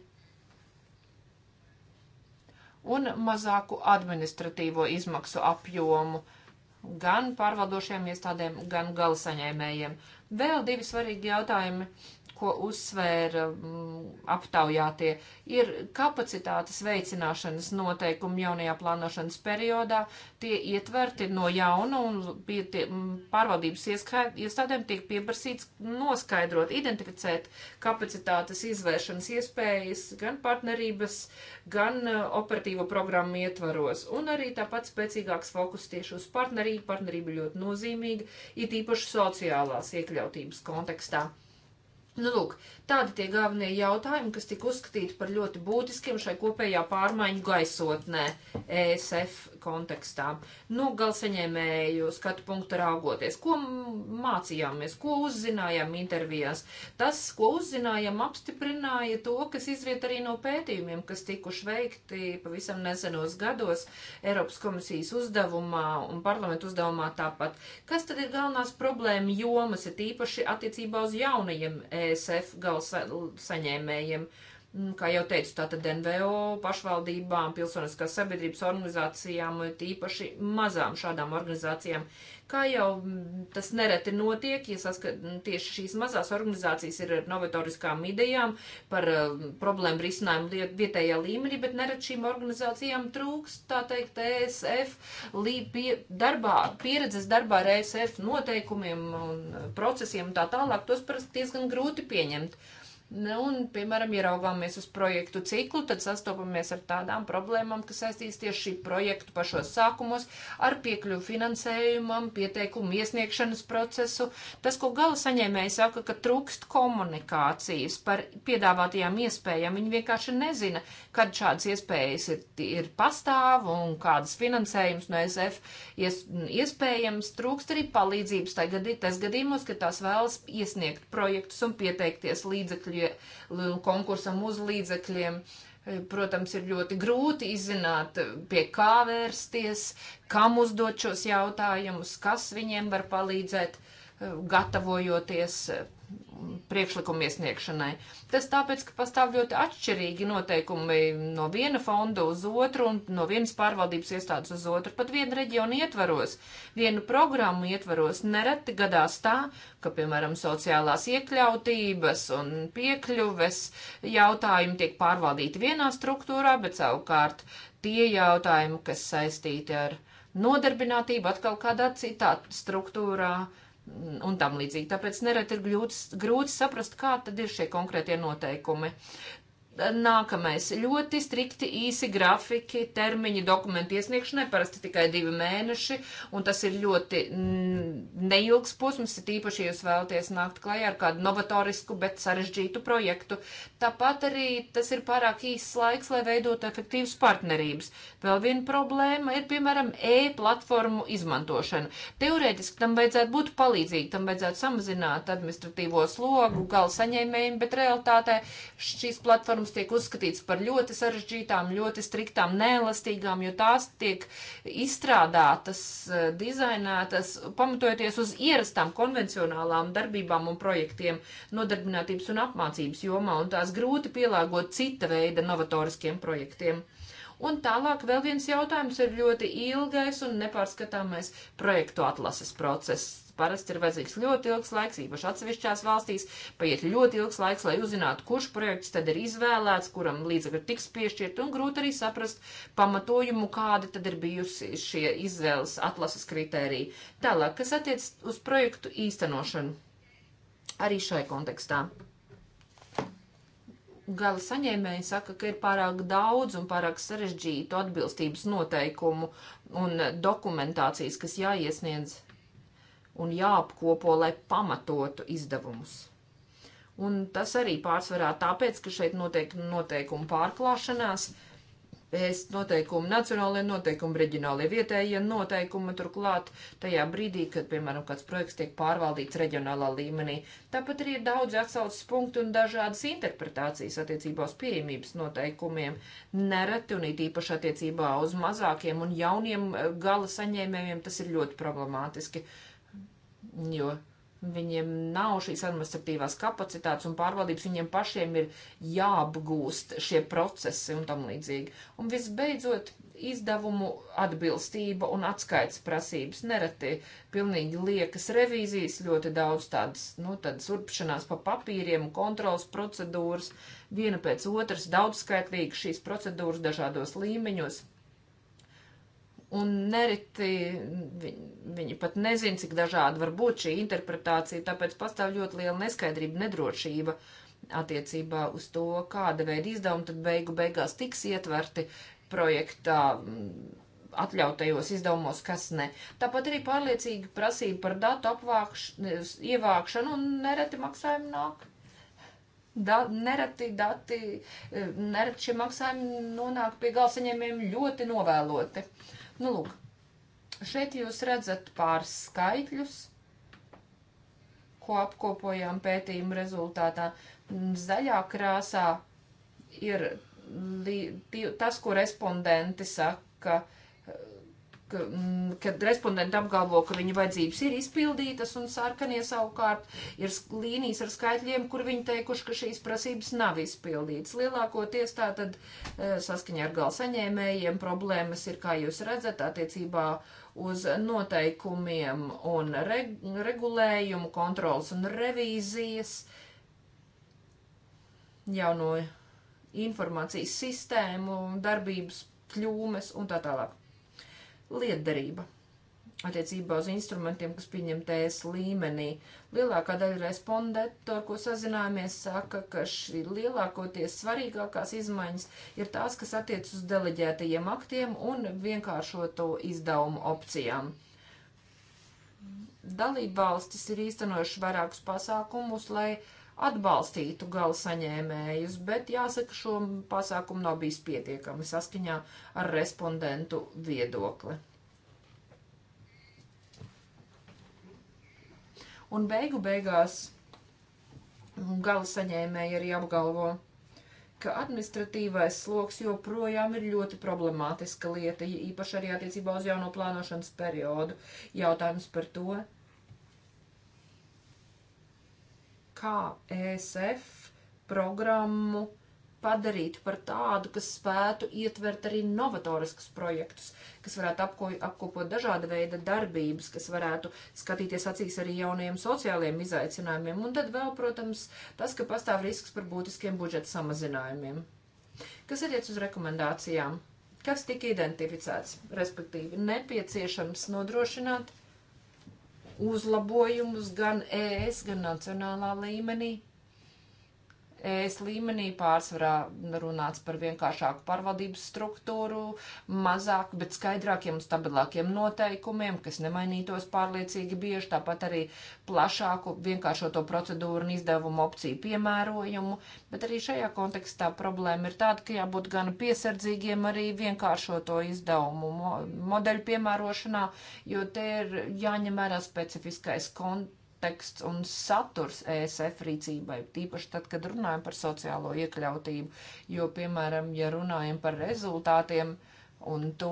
un mazāku administratīvo izmaksu apjomu gan pārvaldošajām iestādēm, gan galasaņēmējiem. Vēl divi svarīgi jautājumi ko uzsvēra mm, aptaujātie, ir kapacitātes veicināšanas noteikumi jaunajā plānošanas periodā. Tie ietverti no jauna un pie tie, mm, pārvaldības iestādēm tiek pieprasīts noskaidrot, identificēt kapacitātes izvēršanas iespējas gan partnerības, gan e, operatīvo programmu ietvaros. Un arī tāpat spēcīgāks fokus tieši uz partnerību. Partnerība ļoti nozīmīga, it īpaši sociālās iekļautības kontekstā. Nu, lūk, tādi tie galvenie jautājumi, kas tika uzskatīti par ļoti būtiskiem šai kopējā pārmaiņu gaisotnē ESF kontekstā. Nu, galsaņēmēju skatu punktu raugoties, ko mācījāmies, ko uzzinājām intervijās. Tas, ko uzzinājām, apstiprināja to, kas izriet arī no pētījumiem, kas tikuši veikti pavisam nesenos gados Eiropas komisijas uzdevumā un parlamentu uzdevumā tāpat. Kas tad ir galvenās problēma jomas, ir tīpaši attiecībā uz jaunajiem ESF? ESF gala saņēmējiem. Sa Mm, kā jau teicu, tātad NVO, pašvaldībām, pilsoniskās sabiedrības organizācijām, tīpaši mazām šādām organizācijām. Kā jau mm, tas nereti notiek, ja saskat, mm, tieši šīs mazās organizācijas ir ar novatoriskām idejām par problēmu risinājumu vietējā līmenī, bet nereti šīm organizācijām trūkst, tā teikt, ESF lī, pie, darbā, pieredzes darbā ar ESF noteikumiem un procesiem un tā tālāk. Tos parasti diezgan grūti pieņemt. Uh, Nu, un, piemēram, ieraugāmies uz projektu ciklu, tad sastopamies ar tādām problēmām, kas saistīts tieši šī projektu pašos sākumos, ar piekļuvu finansējumam, pieteikumu iesniegšanas procesu. Tas, ko gala saņēmēji saka, ka trūkst komunikācijas par piedāvātajām iespējām. Viņi vienkārši nezina, kad šādas iespējas ir, ir pastāv un kādas finansējums no SF ies, iespējams. Trūkst arī palīdzības tajā gadījumos, ka tās vēlas iesniegt projektus un pieteikties līdzekļu līdzekļi, konkursam uz līdzekļiem. Protams, ir ļoti grūti izzināt, pie kā vērsties, kam uzdot šos jautājumus, kas viņiem var palīdzēt, gatavojoties priekšlikumu iesniegšanai. Tas tāpēc, ka pastāv ļoti atšķirīgi noteikumi no viena fonda uz otru un no vienas pārvaldības iestādes uz otru. Pat vienu reģionu ietvaros, vienu programmu ietvaros nereti gadās tā, ka, piemēram, sociālās iekļautības un piekļuves jautājumi tiek pārvaldīti vienā struktūrā, bet savukārt tie jautājumi, kas saistīti ar nodarbinātību, atkal kādā citā struktūrā un tam līdzīgi. Tāpēc nereti ir grūti, grūti saprast, kā tad ir šie konkrētie noteikumi. Nākamais - ļoti strikti īsi grafiki, termiņi dokumentu iesniegšanai, parasti tikai divi mēneši, un tas ir ļoti neilgs posms, ir tīpaši, ja jūs vēlaties nākt klajā ar kādu novatorisku, bet sarežģītu projektu. Tāpat arī tas ir pārāk īss laiks, lai veidotu efektīvas partnerības. Vēl viena problēma ir, piemēram, e-platformu izmantošana. Teorētiski tam vajadzētu būt palīdzīgi, tam vajadzētu samazināt administratīvo slogu gala saņēmējiem, bet realtātē šīs platformas normas tiek uzskatītas par ļoti sarežģītām, ļoti striktām, neelastīgām, jo tās tiek izstrādātas, eh, dizainētas, pamatojoties uz ierastām konvencionālām darbībām un projektiem nodarbinātības un apmācības jomā, un tās grūti pielāgot cita veida novatoriskiem projektiem. Un tālāk vēl viens jautājums ir ļoti ilgais un nepārskatāmais projektu atlases process Parasti ir vajadzīgs ļoti ilgs laiks, īpaši atsevišķās valstīs, paiet ļoti ilgs laiks, lai uzzinātu, kurš projekts tad ir izvēlēts, kuram līdzekļi tiks piešķirt, un grūti arī saprast pamatojumu, kādi tad ir bijusi šie izvēles atlases kritēriji. Tālāk, kas attiec uz projektu īstenošanu arī šai kontekstā gala saņēmēji saka, ka ir pārāk daudz un pārāk sarežģītu atbilstības noteikumu un dokumentācijas, kas jāiesniedz un jāapkopo, lai pamatotu izdevumus. Un tas arī pārsvarā tāpēc, ka šeit notiek noteikumu pārklāšanās, es noteikumu nacionālajie noteikumi, reģionālie vietējie noteikumi turklāt tajā brīdī, kad, piemēram, kāds projekts tiek pārvaldīts reģionālā līmenī. Tāpat arī ir daudz atsaucas punktu un dažādas interpretācijas attiecībā uz pieejamības noteikumiem, nereti un it īpaši attiecībā uz mazākiem un jauniem eh, gala saņēmējiem tas ir ļoti problemātiski. Uh, jo viņiem nav šīs administratīvās kapacitātes un pārvaldības, viņiem pašiem ir jāapgūst šie procesi un tam līdzīgi. Un visbeidzot, izdevumu atbilstība un atskaits prasības. Nereti pilnīgi liekas revīzijas, ļoti daudz tādas, nu, tādas urpšanās pa papīriem, kontrols procedūras, viena pēc otras, daudzskaitlīgi šīs procedūras dažādos līmeņos. Un nereti viņi, viņi pat nezina, cik dažāda var būt šī interpretācija, tāpēc pastāv ļoti liela neskaidrība, nedrošība attiecībā uz to, kāda veida izdevumi tad beigu beigās tiks ietverti projektā mm, atļautajos izdevumos, kas ne. Tāpat arī pārliecīgi prasība par datu apvākšanu, ievākšanu un nereti maksājumi nāk. Da, nereti dati, eh, nereti šie maksājumi nonāk pie galsaņēmiem ļoti novēloti. Uh, Nu, lūk, šeit jūs redzat pāris skaitļus, ko apkopojām pētījuma rezultātā. Zaļā krāsā ir tas, ko respondenti saka ka, mm, kad respondenti apgalvo, ka viņu vajadzības ir izpildītas, un sarkanie savukārt ir līnijas ar skaitļiem, kur viņi teikuši, ka šīs prasības nav izpildītas. Lielākoties tā tad eh, saskaņā ar galsaņēmējiem problēmas ir, kā jūs redzat, attiecībā uz noteikumiem un reg regulējumu, kontrols un revīzijas jauno informācijas sistēmu, darbības kļūmes un tā tālāk lietderība attiecībā uz instrumentiem, kas pieņemta ES līmenī. Lielākā daļa respondentu, ar ko sazinājāmies, saka, ka šī lielākoties svarīgākās izmaiņas ir tās, kas attiec uz deleģētajiem aktiem un vienkāršoto izdevumu opcijām. Dalībvalstis ir īstenojuši vairākus pasākumus, lai uh, atbalstītu galsaņēmējus, bet jāsaka, šo pasākumu nav bijis pietiekami saskaņā ar respondentu viedokli. Un beigu beigās gala saņēmēji arī apgalvo, ka administratīvais sloks joprojām ir ļoti problemātiska lieta, īpaši arī attiecībā uz jauno plānošanas periodu. Jautājums par to, kā ESF programmu padarīt par tādu, kas spētu ietvert arī novatoriskus projektus, kas varētu apko, apkopot dažāda veida darbības, kas varētu skatīties acīs arī jaunajiem sociālajiem izaicinājumiem. Un tad vēl, protams, tas, ka pastāv risks par būtiskiem budžeta samazinājumiem. Kas attiec uz rekomendācijām? Kas tika identificēts, respektīvi nepieciešams nodrošināt uzlabojumus gan ES, gan nacionālā līmenī. ES līmenī pārsvarā runāts par vienkāršāku pārvaldības struktūru, mazāk, bet skaidrākiem un stabilākiem noteikumiem, kas nemainītos pārliecīgi bieži, tāpat arī plašāku vienkāršoto procedūru un izdevumu opciju piemērojumu, bet arī šajā kontekstā problēma ir tāda, ka jābūt gan piesardzīgiem arī vienkāršoto izdevumu modeļu piemērošanā, jo te ir jāņem vērā specifiskais konteksts konteksts un saturs ESF rīcībai, tīpaši tad, kad runājam par sociālo iekļautību, jo, piemēram, ja runājam par rezultātiem un to,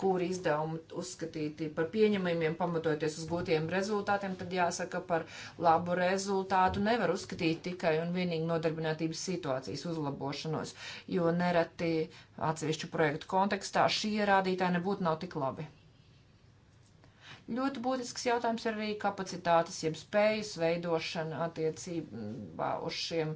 kur izdevumi uzskatīti par pieņemamiem, pamatojoties uz gūtiem rezultātiem, tad jāsaka, par labu rezultātu nevar uzskatīt tikai un vienīgi nodarbinātības situācijas uzlabošanos, jo nereti atsevišķu projektu kontekstā šie rādītāji nebūtu nav tik labi. Ļoti būtisks jautājums ir arī kapacitātes, jeb spējas veidošana attiecībā uz šiem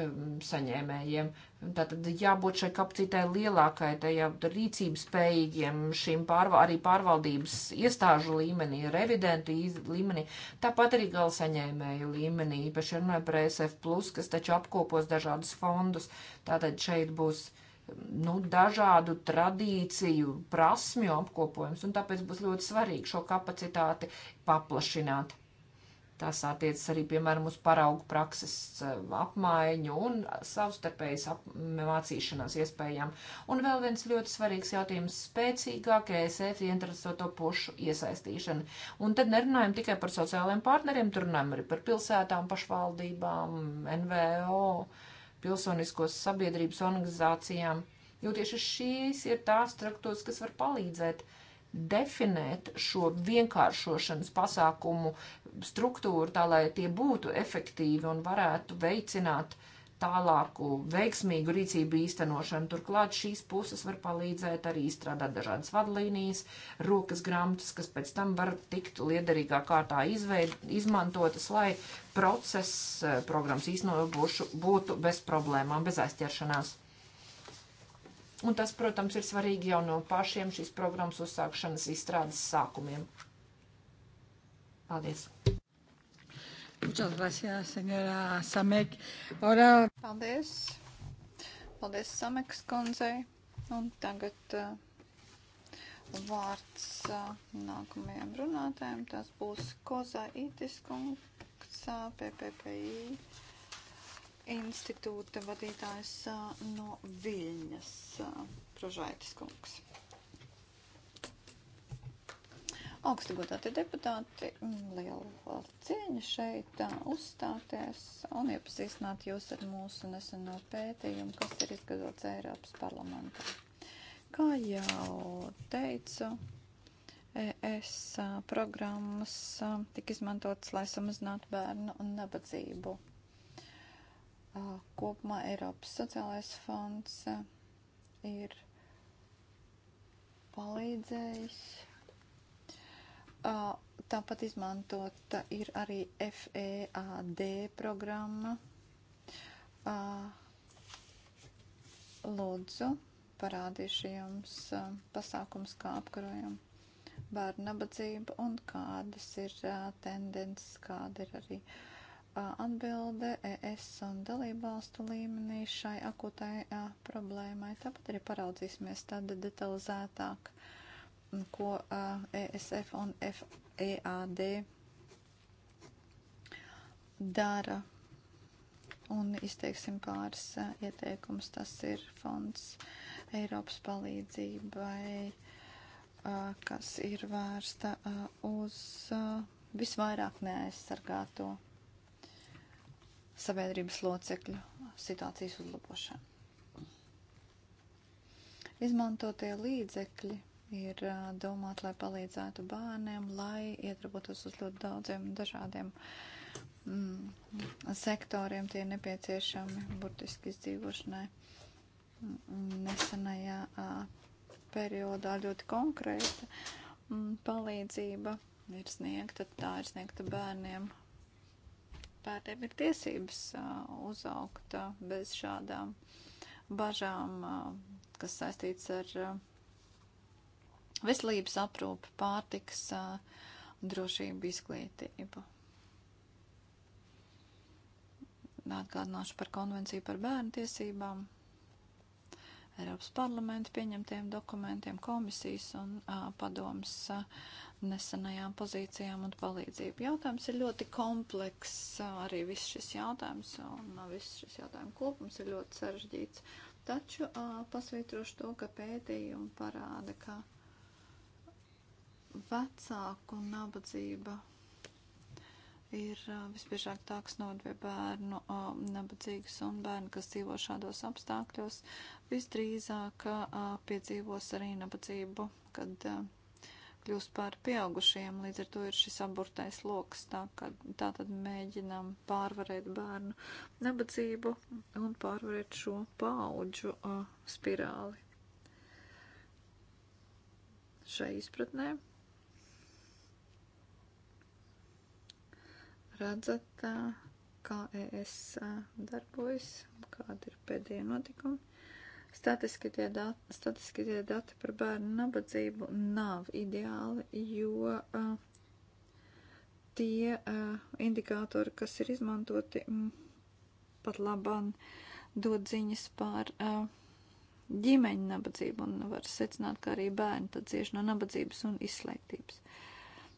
um, saņēmējiem. Tātad jābūt šai kapacitātei lielākai, tai jābūt rīcības spējīgiem, šīm pārval arī pārvaldības iestāžu līmenī, revidentu līmenī, tāpat arī gala saņēmēju līmenī, īpaši runājot par ESF, kas taču apkopos dažādus fondus. Tātad šeit būs uh, nu, dažādu tradīciju, prasmju apkopojums, un tāpēc būs ļoti svarīgi šo kapacitāti paplašināt. Tas attiecas arī, piemēram, uz paraugu prakses eh, apmaiņu un savstarpējas mācīšanās iespējām. Un vēl viens ļoti svarīgs jautājums - spēcīgāk ESF ieinteresēto pušu iesaistīšana. Un tad nerunājam tikai par sociālajiem partneriem, tur runājam arī par pilsētām, pašvaldībām, NVO. Uh, pilsoniskos sabiedrības organizācijām, jo tieši šīs ir tās traktos, kas var palīdzēt definēt šo vienkāršošanas pasākumu struktūru tā, lai tie būtu efektīvi un varētu veicināt uh, tālāku veiksmīgu rīcību īstenošanu. Turklāt šīs puses var palīdzēt arī izstrādāt dažādas vadlīnijas, rokas grāmatas, kas pēc tam var tikt liederīgā kārtā izveid, izmantotas, lai process eh, programmas īstenojumu būtu bez problēmām, bez aizķeršanās. Un tas, protams, ir svarīgi jau no pašiem šīs programmas uzsākšanas izstrādes sākumiem. Paldies! Muchas gracias, senora Samek. Ora... Paldies. Paldies Sameks kundzei. Un tagad uh, vārds uh, nākamajam runātājiem. Tas būs Koza Itis kungs, uh, PPPI institūta vadītājs uh, no Viļņas, uh, Prožaitis kungs augstgadotie deputāti, mm, liela cieņa šeit uzstāties un iepazīstināt jūs ar mūsu neseno pētījumu, kas ir izgadots Eiropas parlamentā. Kā jau teicu, ES programmas tika izmantotas, lai samazinātu bērnu un nabadzību. Kopumā Eiropas sociālais fonds ir palīdzējis Tāpat izmantota ir arī FEAD programma. Lūdzu, parādīšu jums pasākums, kā apkarojam bērnu nabadzību un kādas ir tendences, kāda ir arī atbilde ES un dalībvalstu līmenī šai akūtai problēmai. Tāpat arī paraudzīsimies tad detalizētāk ko ESF un FEAD dara. Un izteiksim pāris ieteikums. Tas ir fonds Eiropas palīdzībai, kas ir vērsta uz visvairāk neaizsargāto sabiedrības locekļu situācijas uzlabošanu. Izmantotie līdzekļi ir domāta, lai palīdzētu bērniem, lai iedarbotos uz ļoti daudziem dažādiem mm, sektoriem. Tie ir nepieciešami burtiski izdzīvošanai mm, nesenajā a, periodā ļoti konkrēta m, mm, palīdzība ir sniegta, tā ir sniegta bērniem. Bērniem ir tiesības a, uzaugt a, bez šādām bažām, kas saistīts ar veselības aprūpe, pārtiks, drošība, izglītība. Atgādināšu par konvenciju par bērnu tiesībām, Eiropas parlamenta pieņemtiem dokumentiem, komisijas un a, padomas a, nesenajām pozīcijām un palīdzību. Jautājums ir ļoti komplekss, arī viss šis jautājums un a, viss šis jautājums kopums ir ļoti sarežģīts. Taču a, pasvītrošu to, ka pētījumi parāda, ka. A, Vecāku nabadzība ir visbiežāk tāks nodvie bērnu nabadzīgas un bērni, kas dzīvo šādos apstākļos, visdrīzāk piedzīvos arī nabadzību, kad kļūst par pieaugušiem, līdz ar to ir šis aburtais lokus, tā, ka, tā tad mēģinām pārvarēt bērnu nabadzību un pārvarēt šo paudžu uh, spirāli. Šai izpratnē redzat, kā ES darbojas, kāda ir pēdējā notikuma. Statiski tie, dati, statiski tie dati par bērnu nabadzību nav ideāli, jo tie indikātori, kas ir izmantoti, pat labāk dod ziņas par ģimeņu nabadzību un var secināt, ka arī bērni tad cieši no nabadzības un izslēgtības. Uh,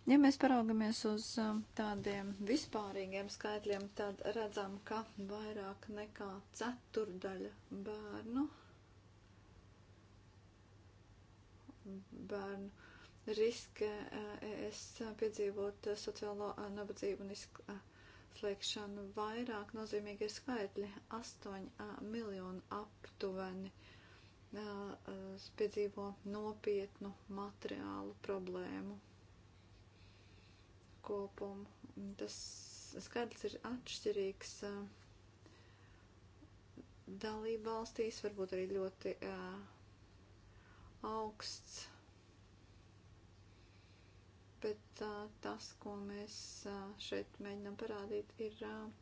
Ja mēs paraugamies uz um, tādiem vispārīgiem skaitļiem, tad redzam, ka vairāk nekā ceturdaļa bērnu, bērnu riskē eh, es piedzīvot eh, sociālo eh, nabadzību un izslēgšanu. Vairāk nozīmīgie skaitļi - 8 miljonu aptuveni piedzīvo nopietnu materiālu problēmu apkopumu. Tas skaidrs ir atšķirīgs dalība valstīs, varbūt arī ļoti augsts. Bet tas, ko mēs šeit mēģinām parādīt, ir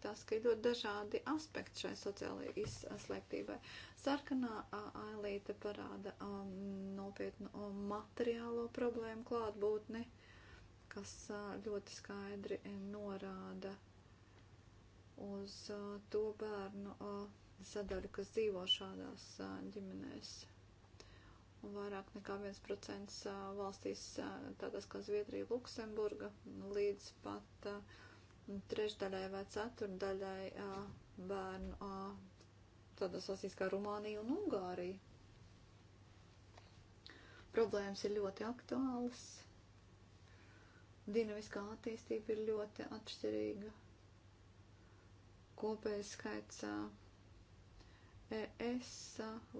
tas, ka ir ļoti dažādi aspekti šai sociālajai izslēgtībai. Sarkanā ailīte parāda nopietnu materiālo problēmu klātbūtni kas ļoti skaidri norāda uz to bērnu sadaļu, kas dzīvo šādās ģimenēs. Un vairāk nekā 1% valstīs, tādās kā Zviedrija, Luksemburga, līdz pat trešdaļai vai ceturdaļai bērnu tādās valstīs kā Rumānija un Ungārija. Problēmas ir ļoti aktuālas Dinamiskā attīstība ir ļoti atšķirīga. Kopējais skaits ES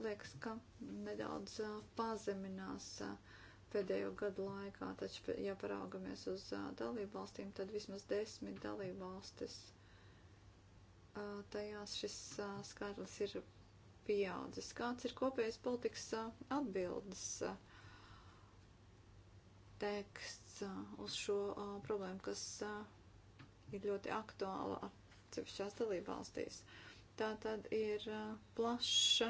liekas, ka nedaudz pazeminās pēdējo gadu laikā, taču, ja paraugamies uz dalību valstīm, tad vismaz desmit dalību valstis tajās šis skaitlis ir pieaudzis. Kāds ir kopējais politikas atbildes? teksts uh, uz šo uh, problēmu, kas uh, ir ļoti aktuāla atsevišķās dalībvalstīs. Tā tad ir plaša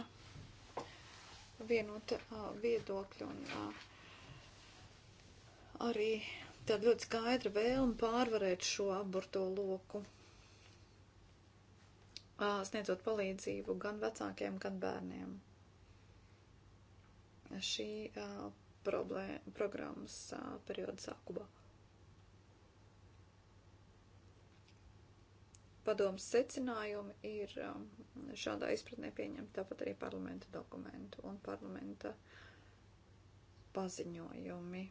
vienota viedokļa un arī tāda ļoti skaidra vēlme pārvarēt šo aborto loku, sniedzot palīdzību gan vecākiem, gan bērniem. Šī problē, programmas perioda sākumā. Padomas secinājumi ir šādā izpratnē pieņemti tāpat arī parlamenta dokumentu un parlamenta paziņojumi.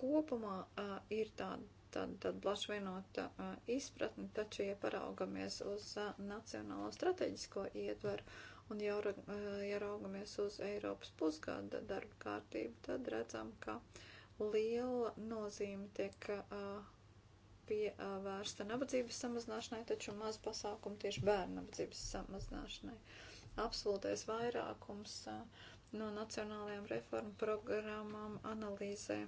Kopumā uh, ir tāda tāda, tāda plaša vienota uh, izpratne, taču, ja paraugamies uz uh, nacionālo strateģisko ietveru Un jau, eh, ja raugamies uz Eiropas pusgada darba kārtību, tad redzam, ka liela nozīme tiek eh, pievērsta nabadzības samazināšanai, taču maz pasākumu tieši bērnu nabadzības samazināšanai. Absolūtais vairākums eh, no nacionālajām reformu programmām analīzē,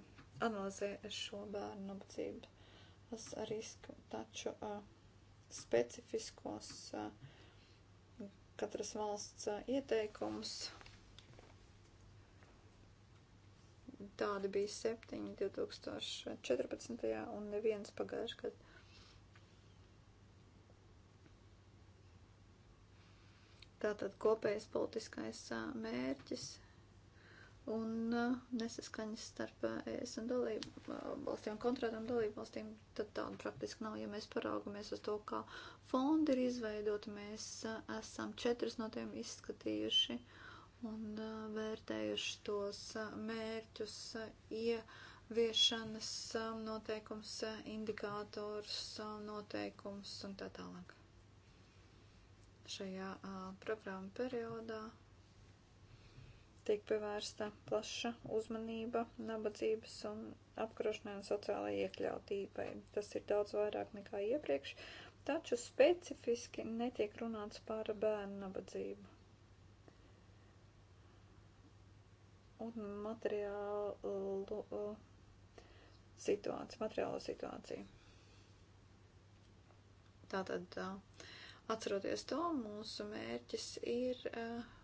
analizē šo bērnu nabadzības risku, taču specifiskos uh, katras valsts ieteikums. Tādi bija septiņi 2014. un neviens pagājuši gadu. Tātad kopējais politiskais mērķis un uh, nesaskaņas starp uh, ES un dalību uh, valstīm un kontrādām dalību valstīm, tad tāda praktiski nav. Ja mēs paraugamies uz to, kā fondi ir izveidoti, mēs esam četras no tiem izskatījuši un vērtējuši tos mērķus, ieviešanas noteikums, indikātors, noteikums un tā tālāk. Šajā programma periodā tiek pievērsta plaša uzmanība nabadzības un apkarošanai un sociālajai iekļautībai. Tas ir daudz vairāk nekā iepriekš, taču specifiski netiek runāts par bērnu nabadzību. Un materiālu uh, situāciju, materiālo situāciju. Tātad, uh, atceroties to, mūsu mērķis ir uh,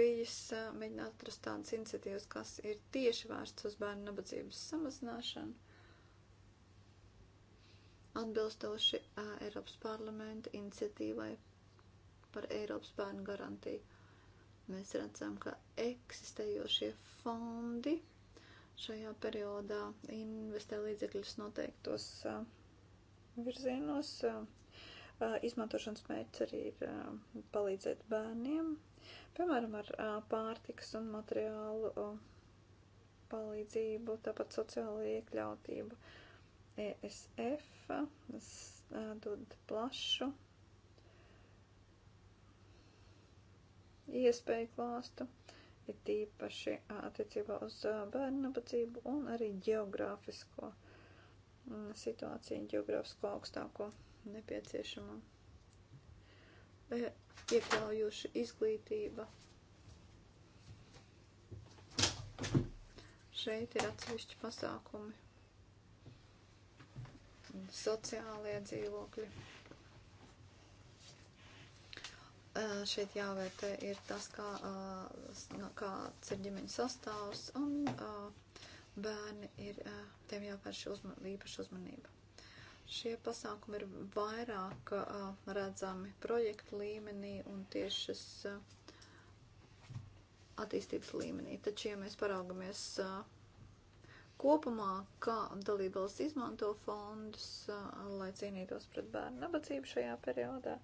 bijis mēģināt atrast tādas iniciatīvas, kas ir tieši vērstas uz bērnu nabadzības samazināšanu, atbilstoši Eiropas parlamenta iniciatīvai par Eiropas bērnu garantiju. Mēs redzam, ka eksistējošie fondi šajā periodā investē līdzekļus noteiktos virzienos. Izmantošanas mērķis arī ir palīdzēt bērniem piemēram, ar pārtikas un materiālu palīdzību, tāpat sociālo iekļautību. ESF dod plašu iespēju klāstu, ir tīpaši attiecībā uz bērnu nabadzību un arī geogrāfisko situāciju, geogrāfisko augstāko nepieciešamo. E, iekļaujoša izglītība. Šeit ir atsevišķi pasākumi, sociālie dzīvokļi. E, šeit jāvērtē ir tas, kā, kāds ir ģimeņa sastāvs, un bērni ir, tiem jāvērš uzman, īpaši uzmanība. Šie pasākumi ir vairāk uh, redzami projektu līmenī un tiešas uh, attīstības līmenī. Taču, ja mēs paraugamies uh, kopumā, kā dalībvalsts izmanto fondus, lai cīnītos pret bērnu nabadzību šajā periodā,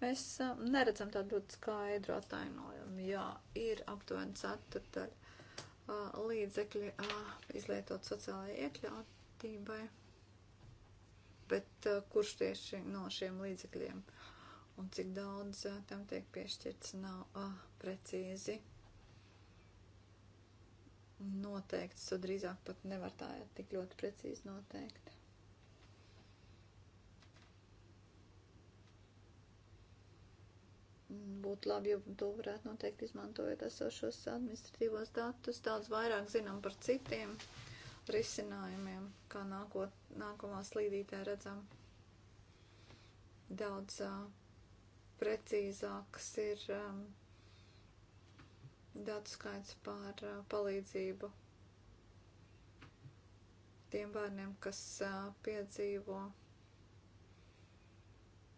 mēs neredzam tādu ļoti skaidru attainojumu. Jā, ir aptuveni ceturtaļa līdzekļi izlietot sociālajai iekļautībai bet uh, kurš tieši no šiem līdzekļiem un cik daudz uh, tam tiek piešķirts nav uh, precīzi noteikts, to drīzāk pat nevar tā tik ļoti precīzi noteikt. Mm, būtu labi, ja to varētu noteikti izmantojot esošos administratīvos datus, daudz vairāk zinām par citiem. Uh, risinājumiem, kā nākot, nākamā slīdītē redzam. Daudz uh, precīzāks ir um, datu skaits par uh, palīdzību tiem bērniem, kas uh, piedzīvo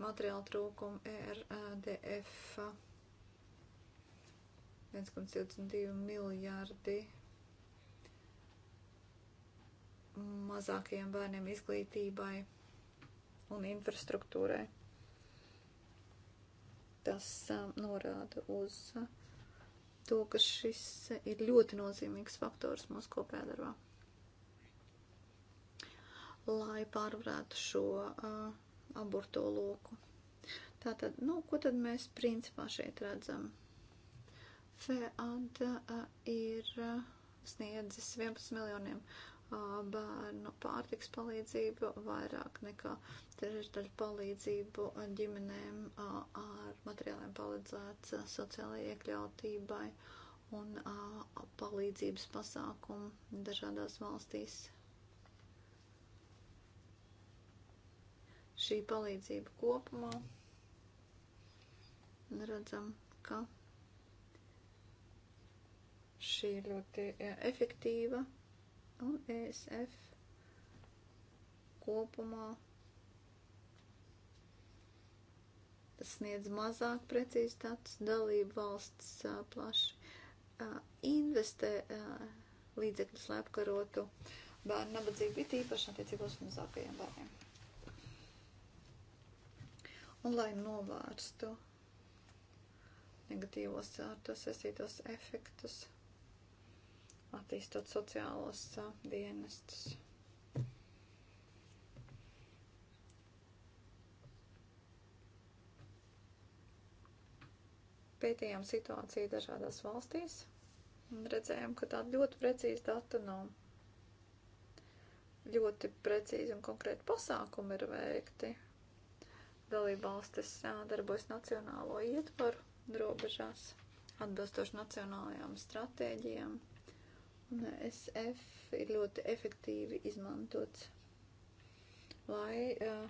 materiālu trūkumu ERDF 1,22 miljārdi mazākajiem bērniem izglītībai un infrastruktūrai. Tas norāda uz to, ka šis ir ļoti nozīmīgs faktors mūsu kopējā darbā. Lai pārvarētu šo uh, aburto loku. Tātad, nu, ko tad mēs principā šeit redzam? FEAD uh, ir uh, sniedzis 11 miljoniem uh, bērnu pārtiks palīdzību, vairāk nekā trešdaļu palīdzību ģimenēm ar materiāliem palīdzēts sociālajai iekļautībai un palīdzības pasākumu dažādās valstīs. Šī palīdzība kopumā redzam, ka šī ir ļoti efektīva. Ja, un nu, ESF kopumā sniedz mazāk precīzi datus, dalību valsts plaši investē līdzekļus, lai apkarotu bērnu nabadzību, it īpaši attiecībos mazākajiem bērniem. Un lai novērstu negatīvos ar to saistītos efektus attīstot sociālos dienestus. Pētījām situāciju dažādās valstīs un redzējām, ka tāda ļoti precīza data nav. Ļoti precīzi un konkrēti pasākumi ir veikti. Dalībvalstis darbojas nacionālo ietvaru robežās, atbilstoši nacionālajām stratēģijām. Un SF ir ļoti efektīvi izmantots, lai uh,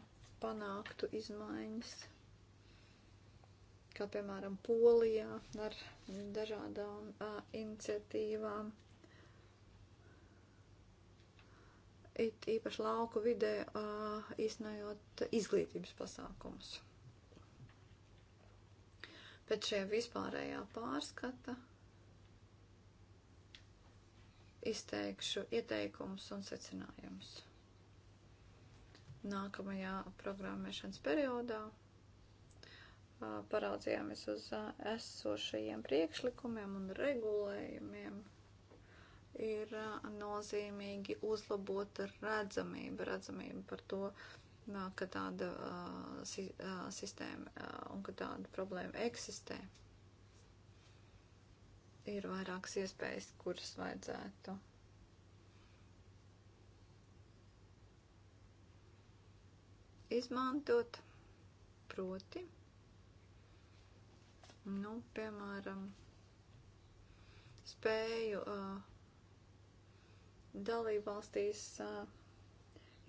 panāktu izmaiņas, kā piemēram Polijā ar dažādām uh, iniciatīvām. It īpaši lauku vidē uh, eh, iznājot izglītības pasākumus. Pēc šiem vispārējā pārskata izteikšu ieteikumus un secinājumus. Nākamajā programmēšanas periodā paraudzījāmies uz esošajiem priekšlikumiem un regulējumiem. Ir nozīmīgi uzlabota redzamība, redzamība par to, ka tāda sistēma un ka tāda problēma eksistē ir vairākas iespējas, kuras vajadzētu. Izmantot proti, nu, piemēram, spēju uh, dalībvalstīs uh,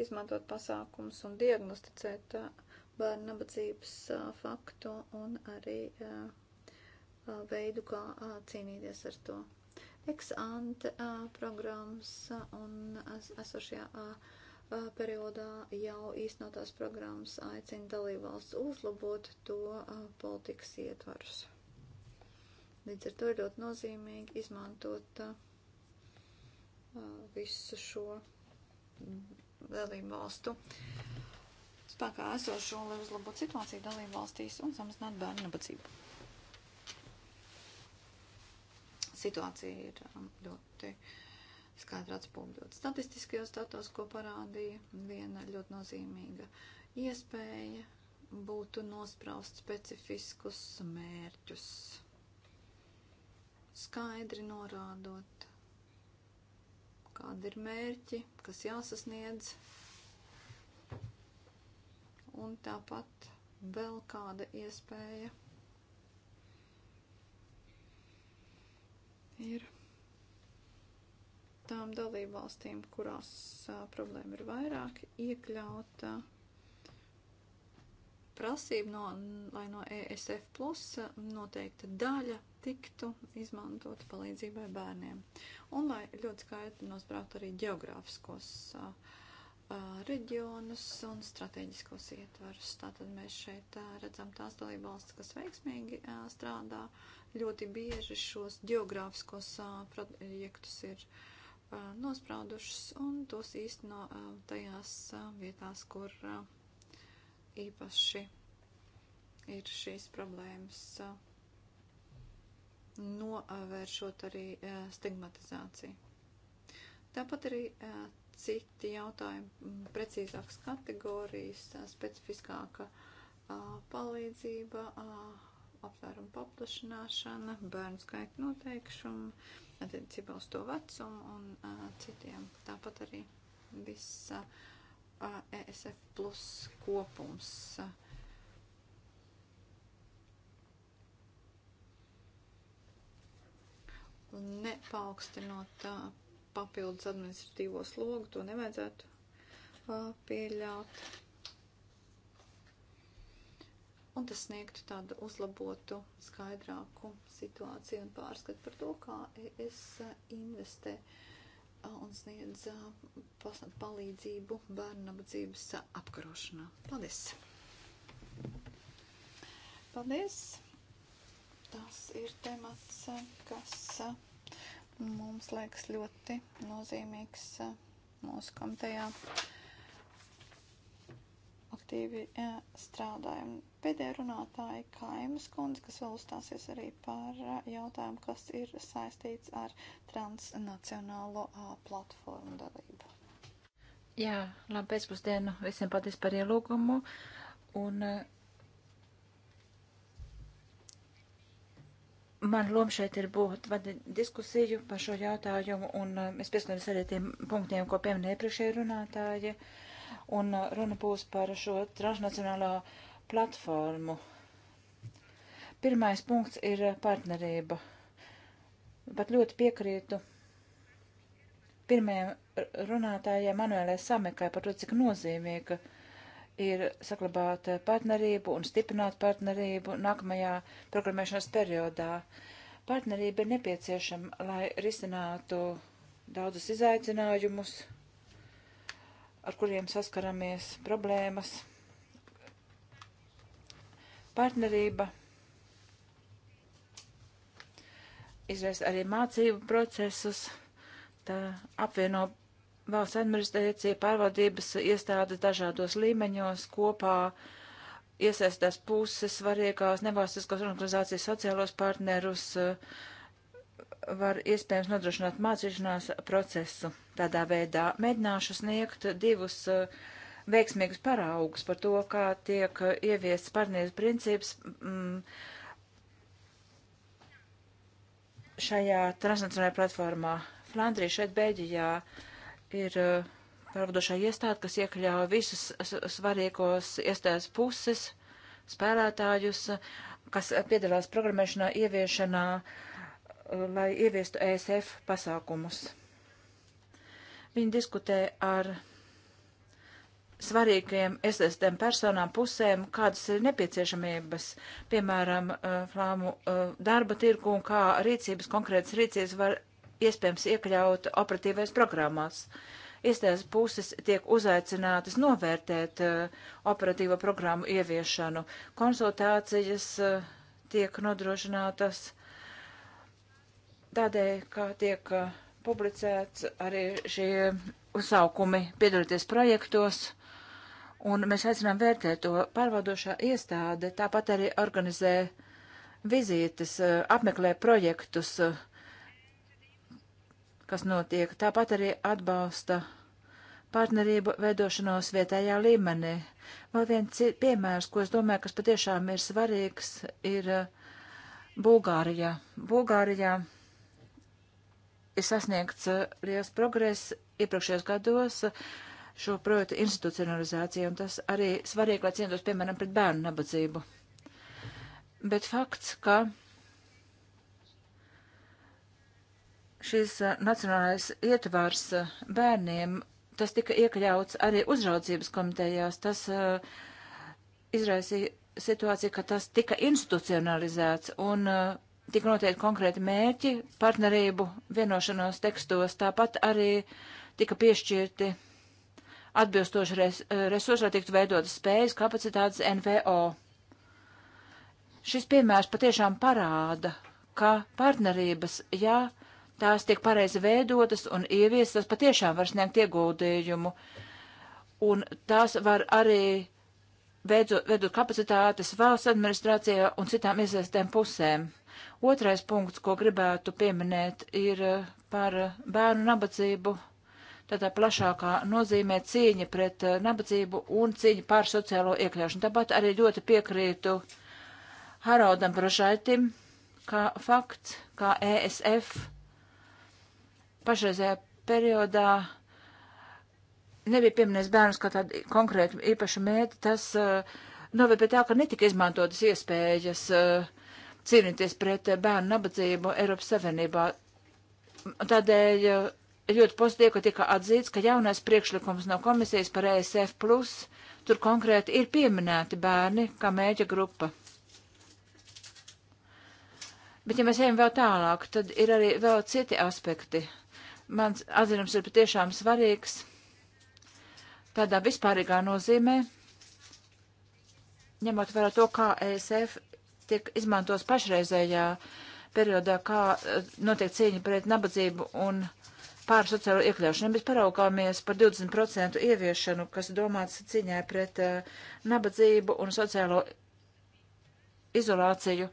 izmantot pasākums un diagnosticēt uh, bērnu nabadzības uh, faktu un arī uh, veidu, kā cīnīties ar to. Ex-ante programmas un esošajā periodā jau īstenotās programmas aicina dalībvalsts uzlabot to politikas ietvarus. Līdz ar to ir ļoti nozīmīgi izmantot visu šo dalībvalstu spēkā esošo, lai uzlabotu situāciju dalībvalstīs un samazinātu bērnu nabadzību. situācija ir um, ļoti skaidri atspūgļot statistiskajos datos, ko parādīja viena ļoti nozīmīga iespēja būtu nospraust specifiskus mērķus, skaidri norādot, kādi ir mērķi, kas jāsasniedz, un tāpat vēl kāda iespēja ir tām dalībvalstīm, kurās a, problēma ir vairāk, iekļaut a, prasību, no, lai no ESF plus a, noteikta daļa tiktu izmantota palīdzībai bērniem. Un lai ļoti skaidri nosprākt arī geogrāfiskos reģionus un strateģiskos ietvarus. Tātad mēs šeit redzam tās dalībvalstis, kas veiksmīgi strādā ļoti bieži šos geogrāfiskos projektus ir nospraudušas un tos īsteno tajās vietās, kur īpaši ir šīs problēmas, novēršot arī stigmatizāciju. Tāpat arī citi jautājumi, precīzākas kategorijas, specifiskāka palīdzība apvērumu paplašināšana, bērnu skaitu noteikšana, attiecībā uz to vecumu un uh, citiem. Tāpat arī viss uh, ESF plus kopums. Nepaukstinot uh, papildus administratīvo slogu, to nevajadzētu uh, pieļaut un tas sniegtu tādu uzlabotu, skaidrāku situāciju un pārskatu par to, kā es investē un sniedz palīdzību bērnu nabadzības apkarošanā. Paldies! Paldies! Tas ir temats, kas mums liekas ļoti nozīmīgs mūsu komitejā aktīvi strādājam. Pēdējā runātāja Kaimas kundze, kas vēl uzstāsies arī par jautājumu, kas ir saistīts ar transnacionālo platformu dalību. Jā, labi pēcpusdienu. Visiem paties par ielūgumu. Un man loma šeit ir būt vadīt diskusiju par šo jautājumu, un mēs pieskatāmies arī tiem punktiem, ko pieminēja iepriekšēji runātāji. Uh, un uh, runa būs par šo transnacionālo platformu. Pirmais punkts ir uh, partnerība, bet ļoti piekrītu pirmajam runātājai Manuēlē Samekai par to, cik nozīmīga ir saglabāt uh, partnerību un stiprināt partnerību nākamajā programmēšanas periodā. Partnerība ir nepieciešama, lai risinātu daudzus izaicinājumus ar kuriem saskaramies problēmas. Partnerība izvērst arī mācību procesus, tā apvieno valsts administrācija, pārvaldības iestādes dažādos līmeņos kopā iesaistās puses, varīgās nevalstiskās organizācijas, sociālos partnerus, uh, var iespējams nodrošināt mācīšanās procesu. Tādā veidā mēģināšu sniegt divus uh, veiksmīgus paraugus par to, kā tiek uh, ieviests partneris princips mm, šajā transnacionālajā platformā. Flandrija šeit Beļģijā ir uh, pārvadošā iestāde, kas iekļāva visus svarīgos iestādes puses, spēlētājus, kas piedalās programmēšanā, ieviešanā, uh, Uh, lai ieviestu ESF pasākumus. Viņi diskutē ar svarīgiem SSDM personām pusēm, kādas ir nepieciešamības, piemēram, uh, flāmu uh, darba tirgu un kā rīcības, konkrētas rīcības var iespējams iekļaut operatīvais programmās. Iestādes puses tiek uzaicinātas novērtēt uh, operatīvo programmu ieviešanu. Konsultācijas uh, tiek nodrošinātas uh, tādēļ, ka tiek uh, publicēts arī šie uzsaukumi piedalīties projektos, un mēs aicinām vērtēt to pārvaldošā iestāde, tāpat arī organizē vizītes, uh, apmeklē projektus, uh, kas notiek, tāpat arī atbalsta partnerību veidošanos vietējā līmenī. Vēl viens piemērs, ko es domāju, kas patiešām ir svarīgs, ir Bulgārijā. Bulgārijā ir sasniegts uh, liels progress iepriekšējos gados uh, šo projektu institucionalizācija, un tas arī svarīgi, lai cienītos, piemēram, pret bērnu nabadzību. Bet fakts, ka šīs uh, nacionālais ietvars bērniem, tas tika iekļauts arī uzraudzības komitejās, tas uh, izraisīja situāciju, ka tas tika institucionalizēts, un uh, tik noteikti konkrēti mērķi partnerību vienošanos tekstos, tāpat arī tika piešķirti atbilstoši res, eh, resursi, lai tiktu veidotas spējas, kapacitātes NVO. Šis piemērs patiešām parāda, ka partnerības, ja tās tiek pareizi veidotas un ieviestas, patiešām var sniegt ieguldījumu, un tās var arī veidot kapacitātes valsts administrācijā un citām iesaistēm pusēm. Otrais punkts, ko gribētu pieminēt, ir eh, par eh, bērnu nabadzību. Tādā plašākā nozīmē cīņa pret eh, nabadzību un cīņa pār sociālo iekļaušanu. Tāpat arī ļoti piekrītu Haraudam Brošaitim, kā fakts, kā ESF pašreizējā periodā nebija pieminēts bērnus kā tādu konkrētu īpašu mērķi, tas uh, noved pie tā, ka netika izmantotas iespējas uh, cīnīties pret bērnu nabadzību Eiropas Savienībā. Tādēļ eh, ļoti pozitīvi, ka tika atzīts, ka jaunais priekšlikums no komisijas par ESF, plus, tur konkrēti ir pieminēti bērni kā mēģa grupa. Bet, ja mēs ejam vēl tālāk, tad ir arī vēl citi aspekti. Mans atzinums ir patiešām svarīgs tādā vispārīgā nozīmē, ņemot vērā to, kā ESF tiek izmantos pašreizējā periodā, kā eh, notiek cīņa pret nabadzību un pār sociālo iekļaušanu. Mēs paraugāmies par 20% ieviešanu, kas domāts cīņai pret uh, nabadzību un sociālo izolāciju.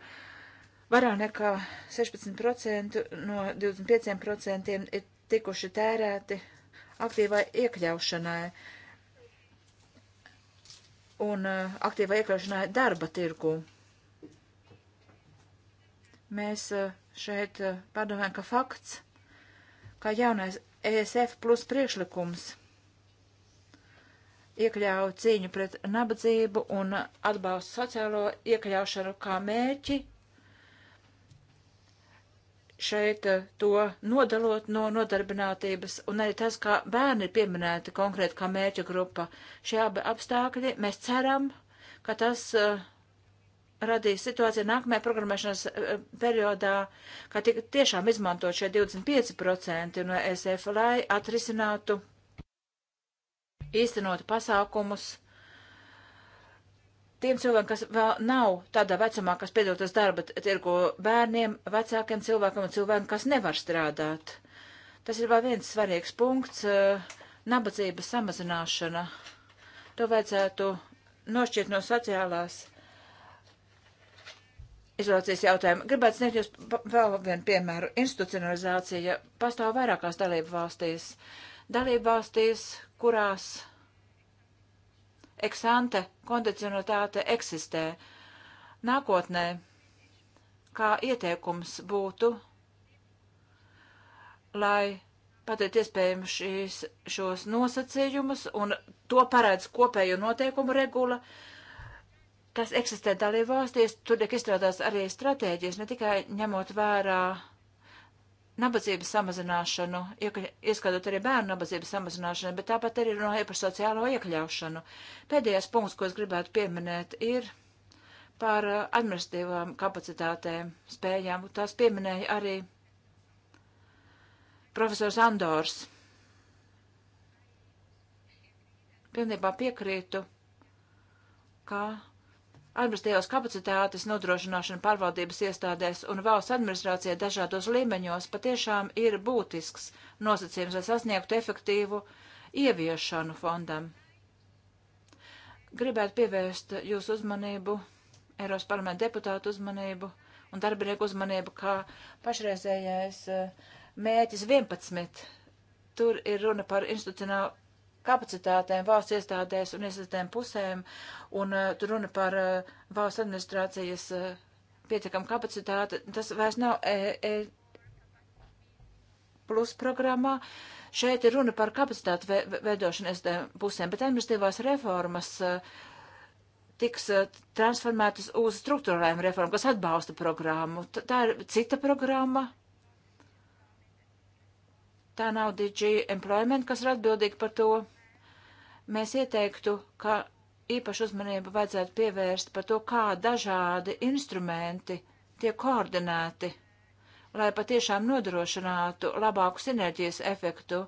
Vairāk nekā 16% no 25% ir tikuši tērēti aktīvai iekļaušanai un uh, aktīvai iekļaušanai darba tirgu. Mēs eh, šeit eh, padomājam, ka fakts, ka jaunais ESF plus priekšlikums iekļauj cīņu pret nabadzību un atbalstu sociālo iekļaušanu kā mērķi, šeit eh, to nodalot no nodarbinātības, un arī tas, kā bērni ir pieminēti konkrēti kā mērķa grupa. Šie abi apstākļi, mēs ceram, ka tas uh, radīs situācija nākamajā programmēšanas eh, periodā, ka tika tiešām izmantot šie 25% no SF, lai atrisinātu, īstenotu pasākumus tiem cilvēkiem, kas vēl nav tādā vecumā, kas piedotas darba tirgu bērniem, vecākiem cilvēkiem un cilvēkiem, kas nevar strādāt. Tas ir vēl viens svarīgs punkts eh, - nabadzības samazināšana. To vajadzētu nošķirt no sociālās izolācijas jautājumu. Gribētu sniegt jūs vēl vienu piemēru. Institucionalizācija pastāv vairākās dalību valstīs. Dalību valstīs, kurās eksante kondicionalitāte eksistē. Nākotnē, kā ieteikums būtu, lai pateikt iespējami šīs, šos nosacījumus un to parāds kopējo noteikumu regula, uh, kas eksistē dalībvalstīs, tur tiek izstrādās arī stratēģijas, ne tikai ņemot vērā nabadzības samazināšanu, ieskatot arī bērnu nabadzības samazināšanu, bet tāpat arī runāja par sociālo iekļaušanu. Pēdējais punkts, ko es gribētu pieminēt, ir par uh, administratīvām kapacitātēm, spējām. Tās pieminēja arī profesors Andors. Pilnībā piekrītu, ka Administratīvās kapacitātes nodrošināšana pārvaldības iestādēs un valsts administrācijā dažādos līmeņos patiešām ir būtisks nosacījums, lai sasniegtu efektīvu ieviešanu fondam. Gribētu pievērst jūsu uzmanību, Eiropas parlamenta deputātu uzmanību un darbinieku uzmanību, kā pašreizējais eh, mērķis 11. Tur ir runa par institucionālu kapacitātēm valsts iestādēs un iesaistēm pusēm, un uh, tur runa par uh, valsts administrācijas uh, pietiekam kapacitāti, tas vairs nav e, e plus programmā. Šeit ir runa par kapacitātu ve veidošanu iestādēm pusēm, bet administratīvās reformas uh, tiks uh, transformētas uz struktūrālajām reformām, kas atbalsta programmu. T tā ir cita programma, tā nav DG Employment, kas ir atbildīga par to. Mēs ieteiktu, ka īpašu uzmanību vajadzētu pievērst par to, kā dažādi instrumenti tiek koordinēti, lai patiešām nodrošinātu labāku sinerģijas efektu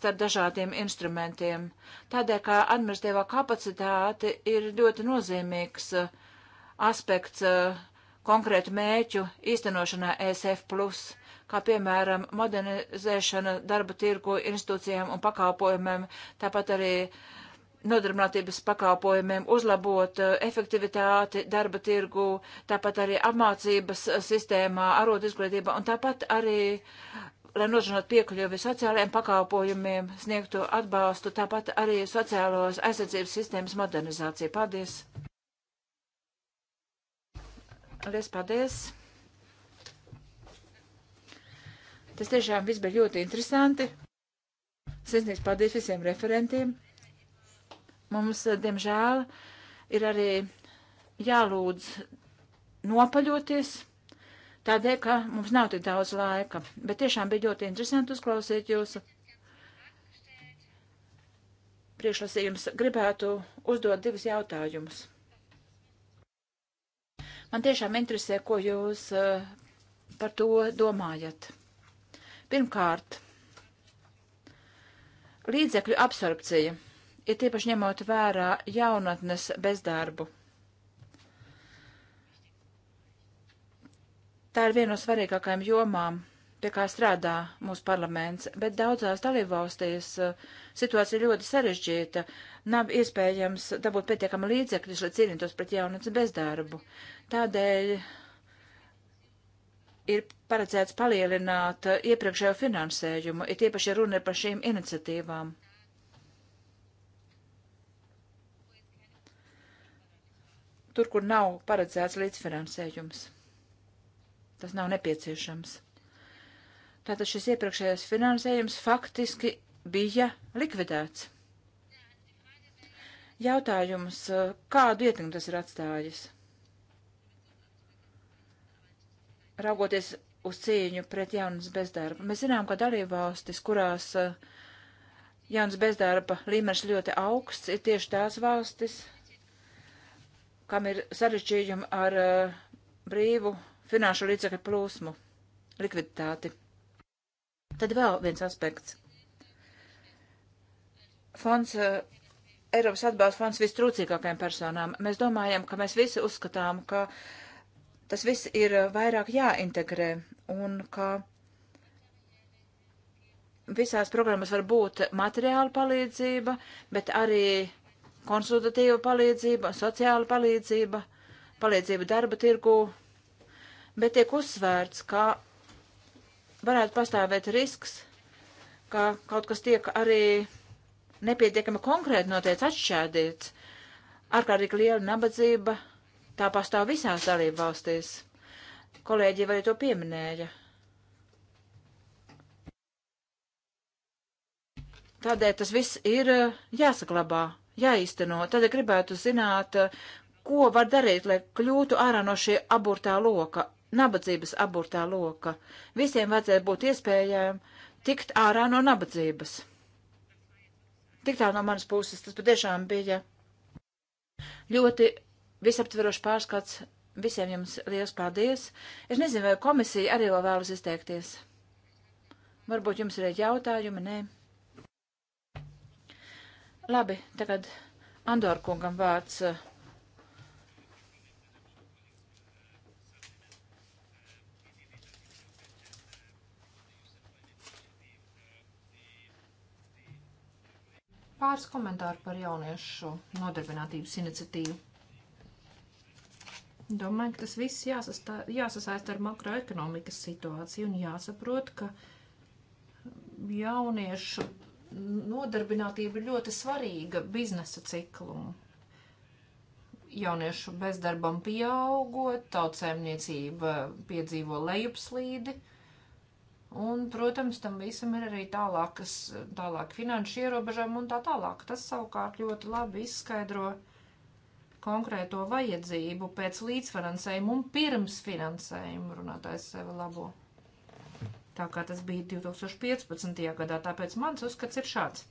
starp dažādiem instrumentiem. Tādēļ, kā administratīvā kapacitāte ir ļoti nozīmīgs uh, aspekts uh, konkrētu mēķu īstenošanā ESF kā piemēram modernizēšana darba tirgu institūcijām un pakalpojumiem, tāpat arī nodarbinātības pakalpojumiem, uzlabot eh, efektivitāti darba tirgu, tāpat arī apmācības sistēmā, arot izglītībā un tāpat arī lai nodrošinātu piekļuvi sociālajiem pakalpojumiem, sniegtu atbalstu, tāpat arī sociālos aizsardzības sistēmas modernizāciju. Paldies! Lies, paldies! Tas tiešām viss bija ļoti interesanti. Sirsnīgs paldies visiem referentiem. Mums, eh, diemžēl, ir arī jālūdz nopaļoties. Tādēļ, ka mums nav tik daudz laika, bet tiešām bija ļoti interesanti uzklausīt jūsu priekšlasījums. Gribētu uzdot divus jautājumus. Man tiešām interesē, ko jūs eh, par to domājat. Pirmkārt, līdzekļu absorpcija, ir tiepaši ņemot vērā jaunatnes bezdarbu. Tā ir viena no svarīgākajām jomām, pie kā strādā mūsu parlaments, bet daudzās dalībvalstīs uh, situācija ļoti sarežģīta. Nav iespējams dabūt pietiekami līdzekļus, lai cīnītos pret jaunatnes bezdarbu. Tādēļ ir paredzēts palielināt uh, iepriekšējo finansējumu, ir tiepaši runa par šīm iniciatīvām. Tur, kur nav paredzēts līdzfinansējums. Tas nav nepieciešams. Tātad šis iepriekšējais finansējums faktiski bija likvidēts. Jautājums, uh, kādu ietekmi tas ir atstājis? raugoties uz cīņu pret jaunas bezdarba. Mēs zinām, ka dalībvalstis, kurās eh, jaunas bezdarba līmenis ļoti augsts, ir tieši tās valstis, kam ir sarežģījumi ar eh, brīvu finanšu līdzekļu plūsmu, likviditāti. Tad vēl viens aspekts. Fonds, eh, Eiropas atbalsta fonds vistrūcīgākajām personām. Mēs domājam, ka mēs visi uzskatām, ka uh, tas viss ir eh, vairāk jāintegrē un ka visās programmas var būt materiāla palīdzība, bet arī konsultatīva palīdzība, sociāla palīdzība, palīdzība darba tirgu, bet tiek uzsvērts, ka varētu pastāvēt risks, ka kaut kas tiek arī nepietiekami konkrēti noteicis atšķēdīts, ārkārtīgi liela nabadzība, Tā pastāv visās dalību valstīs. Kolēģi vai to pieminēja? Tādēļ tas viss ir eh, jāsaglabā, jāīsteno. Tad gribētu zināt, eh, ko var darīt, lai kļūtu ārā no šī aburtā loka, nabadzības aburtā loka. Visiem vajadzētu būt iespējām tikt ārā no nabadzības. Tik tā no manas puses tas patiešām bija ļoti visaptverošs pārskats. Visiem jums liels paldies. Es nezinu, vai komisija arī vēl vēlas izteikties. Varbūt jums ir jautājumi, nē. Labi, tagad Andor kungam vārds. Pāris komentāru par jauniešu nodarbinātības iniciatīvu. Domāju, ka tas viss jāsastā, jāsasaista ar makroekonomikas situāciju un jāsaprot, ka jauniešu nodarbinātība ir ļoti svarīga biznesa ciklum. Jauniešu bezdarbam pieaugot, tautsēmniecība piedzīvo lejupslīdi, un, protams, tam visam ir arī tālākas, tālāk finanšu ierobežam un tā tālāk. Tas savukārt ļoti labi izskaidro uh, konkrēto vajadzību pēc līdzfinansējuma un pirms finansējuma runātājs sevi labo. Tā kā tas bija 2015. gadā, tāpēc mans uzskats ir šāds.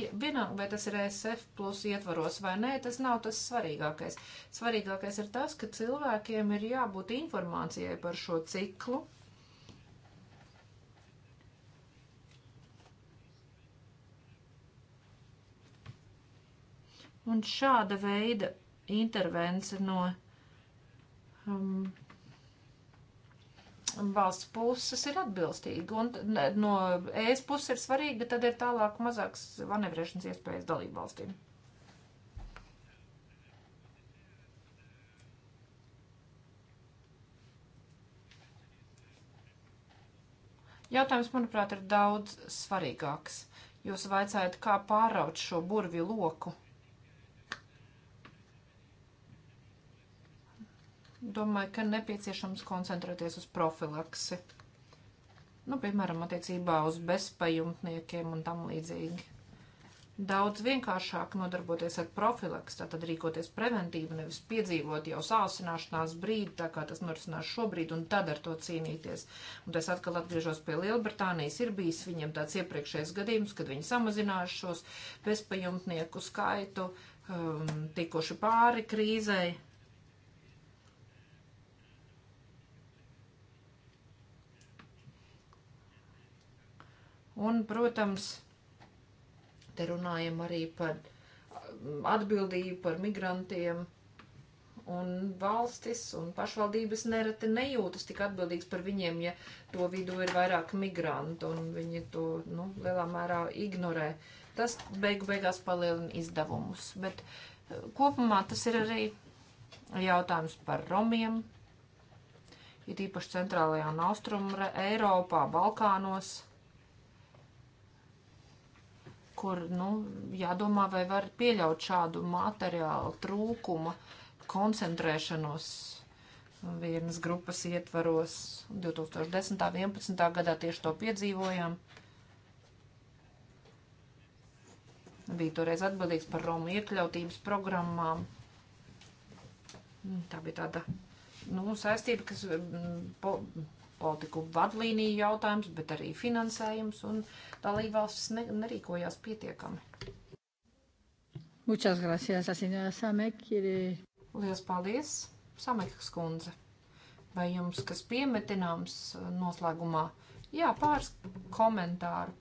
Ja, vienalga, vai tas ir e SF plus ietvaros vai nē, tas nav tas svarīgākais. Svarīgākais ir tas, ka cilvēkiem ir jābūt informācijai par šo ciklu, Un šāda veida intervence no um, valsts puses ir atbilstīga, un no ES puses ir svarīga, tad ir tālāk mazāks manevrēšanas iespējas dalību valstīm. Jautājums, manuprāt, ir daudz svarīgāks. Jūs vaicājat, kā pāraut šo burvju loku. domāju, ka nepieciešams koncentrēties uz profilaksi. Nu, piemēram, attiecībā uz bezpajumtniekiem un tam līdzīgi. Daudz vienkāršāk nodarboties ar profilaks, tātad rīkoties preventīvi, nevis piedzīvot jau sāsināšanās brīdi, tā kā tas norisinās šobrīd, un tad ar to cīnīties. Un es atkal atgriežos pie Lielbritānijas, ir bijis viņiem tāds iepriekšējais gadījums, kad viņi samazinājuši šos bezpajumtnieku skaitu, um, tikuši pāri krīzei Un, protams, te runājam arī par mm, atbildību par migrantiem. Un valstis un pašvaldības nereti nejūtas tik atbildīgs par viņiem, ja to vidū ir vairāk migrantu un viņi to nu, lielā mērā ignorē. Tas beigu beigās palielina izdevumus. Bet eh, kopumā tas ir arī jautājums par romiem. Ir īpaši centrālajā un austrumu Eiropā, Balkānos kur, nu, jādomā, vai var pieļaut šādu materiālu trūkumu, koncentrēšanos vienas grupas ietvaros. 2010. un 2011. gadā tieši to piedzīvojām. Bija toreiz atbildīgs par Romu iekļautības programmām. Tā bija tāda, nu, saistība, kas mm, po, politiku vadlīniju jautājums, bet arī finansējums, un dalībvalstis ne, nerīkojās pietiekami. Muchas gracias, senora Samek. Quiere... Lielas paldies, Samekas kundze. Vai jums kas piemetināms eh, noslēgumā? Jā, pāris komentāru.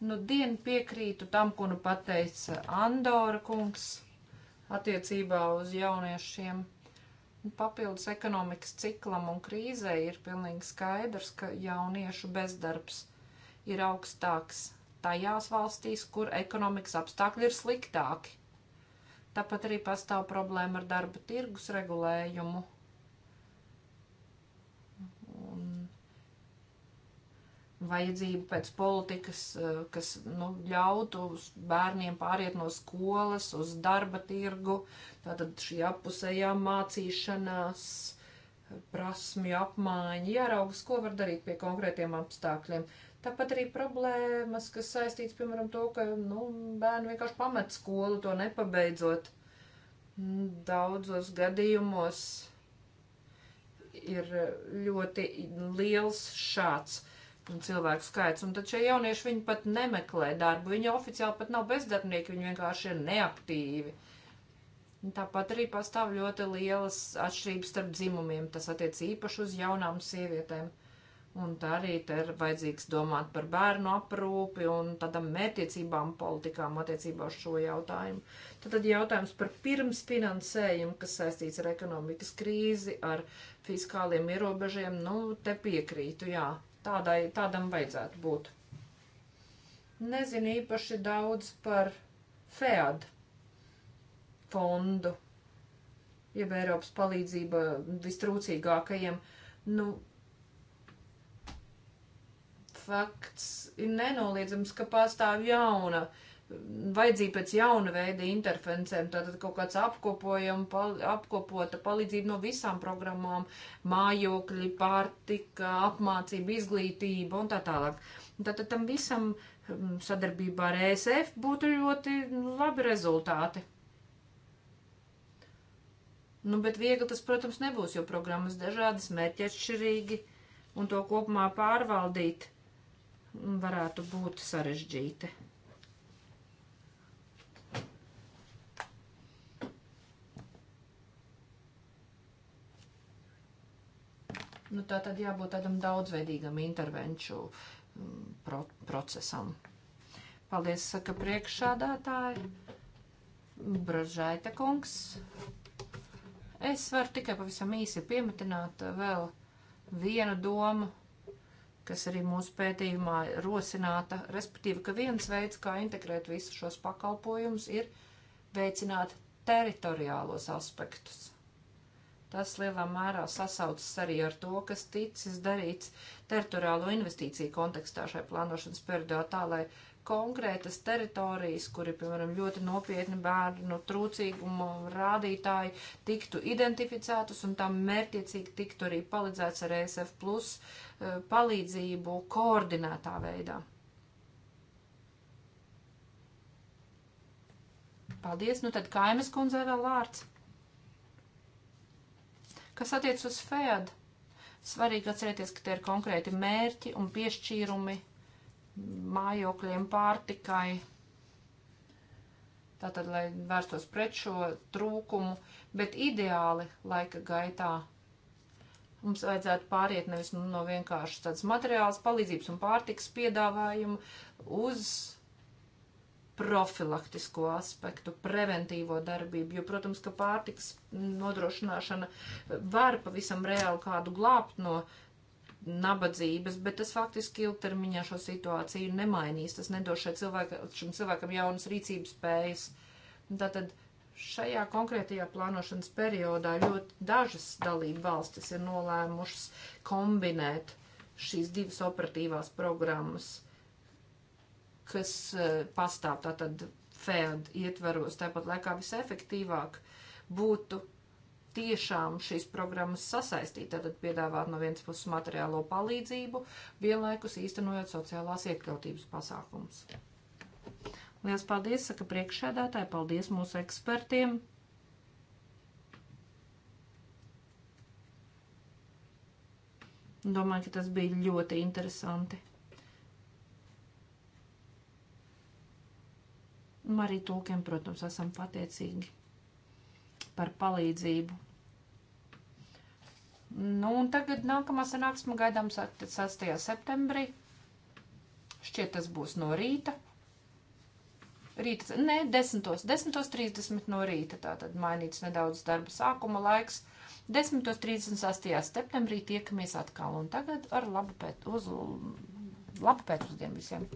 Nu, dienu piekrītu tam, ko nu pateica Andora kungs attiecībā uz jauniešiem papildus ekonomikas ciklam un krīzē ir pilnīgi skaidrs, ka jauniešu bezdarbs ir augstāks tajās valstīs, kur ekonomikas apstākļi ir sliktāki. Tāpat arī pastāv problēma ar darba tirgus regulējumu vajadzību pēc politikas, eh, kas nu, ļautu bērniem pāriet no skolas uz darba tirgu, tātad šī apusējā mācīšanās, eh, prasmju apmaiņa, jāraugas, ko var darīt pie konkrētiem apstākļiem. Tāpat arī problēmas, kas saistīts, piemēram, to, ka nu, bērni vienkārši pamet skolu, to nepabeidzot. Daudzos gadījumos ir ļoti liels šāds uh, cilvēku skaits. Un tad šie jaunieši viņi pat nemeklē darbu. Viņi oficiāli pat nav bezdarbnieki, viņi vienkārši ir neaktīvi. Tāpat arī pastāv ļoti lielas atšķirības starp dzimumiem. Tas attiec īpaši uz jaunām sievietēm. Un tā arī te ir vajadzīgs domāt par bērnu aprūpi un tādam mērķiecībām politikām attiecībā uz šo jautājumu. Tad, tad jautājums par pirmsfinansējumu, kas saistīts ar ekonomikas krīzi, ar fiskāliem ierobežiem, nu, te piekrītu, jā. Tādai, tādam vajadzētu būt. Nezinu īpaši daudz par FEAD fondu, jeb Eiropas palīdzība vistrūcīgākajiem. Nu, fakts ir nenoliedzams, ka pastāv jauna uh, vajadzība pēc jauna veida interferencēm, tātad kaut kāds apkopojums, pal, apkopota palīdzība no visām programmām, mājokļi, pārtika, apmācība, izglītība un tā tālāk. Tātad tam visam hm, sadarbībā ar ESF būtu ļoti labi rezultāti. Nu, bet viegli tas, protams, nebūs, jo programmas dažādas, mērķi atšķirīgi un to kopumā pārvaldīt varētu būt sarežģīti. Nu, tā tad jābūt tādam daudzveidīgam intervenču mm, pro procesam. Paldies, saka priekšādātāji. Bražaita kungs. Es varu tikai pavisam īsi piemetināt vēl vienu domu, kas arī mūsu pētījumā rosināta, respektīvi, ka viens veids, kā integrēt visus šos pakalpojumus, ir veicināt teritoriālos aspektus. Tas lielā mērā sasaucas arī ar to, kas ticis darīts teritoriālo investīciju kontekstā šai plānošanas periodā, tā lai konkrētas teritorijas, kuri, piemēram, ļoti nopietni bērnu nu, trūcīguma rādītāji, tiktu identificētas un tam mērķiecīgi tiktu arī palīdzēts ar ESF plus e, palīdzību koordinētā veidā. Paldies, nu tad kaimes kundzei vēl vārds. Kas attiec uz FEAD, svarīgi atcerēties, ka tie ir konkrēti mērķi un piešķīrumi mājokļiem, pārtikai. Tātad, lai vērstos pret šo trūkumu, bet ideāli laika gaitā mums vajadzētu pāriet nevis nu, no vienkārši tādas materiālas palīdzības un pārtikas piedāvājumu uz profilaktisko aspektu, preventīvo darbību, jo, protams, ka pārtiks nodrošināšana var pavisam reāli kādu glābt no nabadzības, bet tas faktiski ilgtermiņā šo situāciju nemainīs. Tas nedos cilvēka, šim cilvēkam jaunas rīcības spējas. Tātad šajā konkrētajā plānošanas periodā ļoti dažas dalību valstis ir nolēmušas kombinēt šīs divas operatīvās programmas kas e, pastāv tātad FED ietvaros, tāpat laikā visefektīvāk būtu tiešām šīs programmas sasaistīt, tad piedāvāt no vienas puses materiālo palīdzību, vienlaikus īstenojot sociālās iekļautības pasākums. Lielas paldies, saka priekšsēdētāji, paldies mūsu ekspertiem. Domāju, ka tas bija ļoti interesanti. Un arī tulkiem, protams, esam pateicīgi par palīdzību. Nu, un tagad nākamā sanāksme gaidām 6. septembrī. Šķiet, tas būs no rīta. Rīta, ne, 10.30 10 no rīta, tātad mainīts nedaudz darba sākuma laiks. 10.38. septembrī tiekamies atkal, un tagad ar labu pēc, uz labu pēcpusdienu visiem!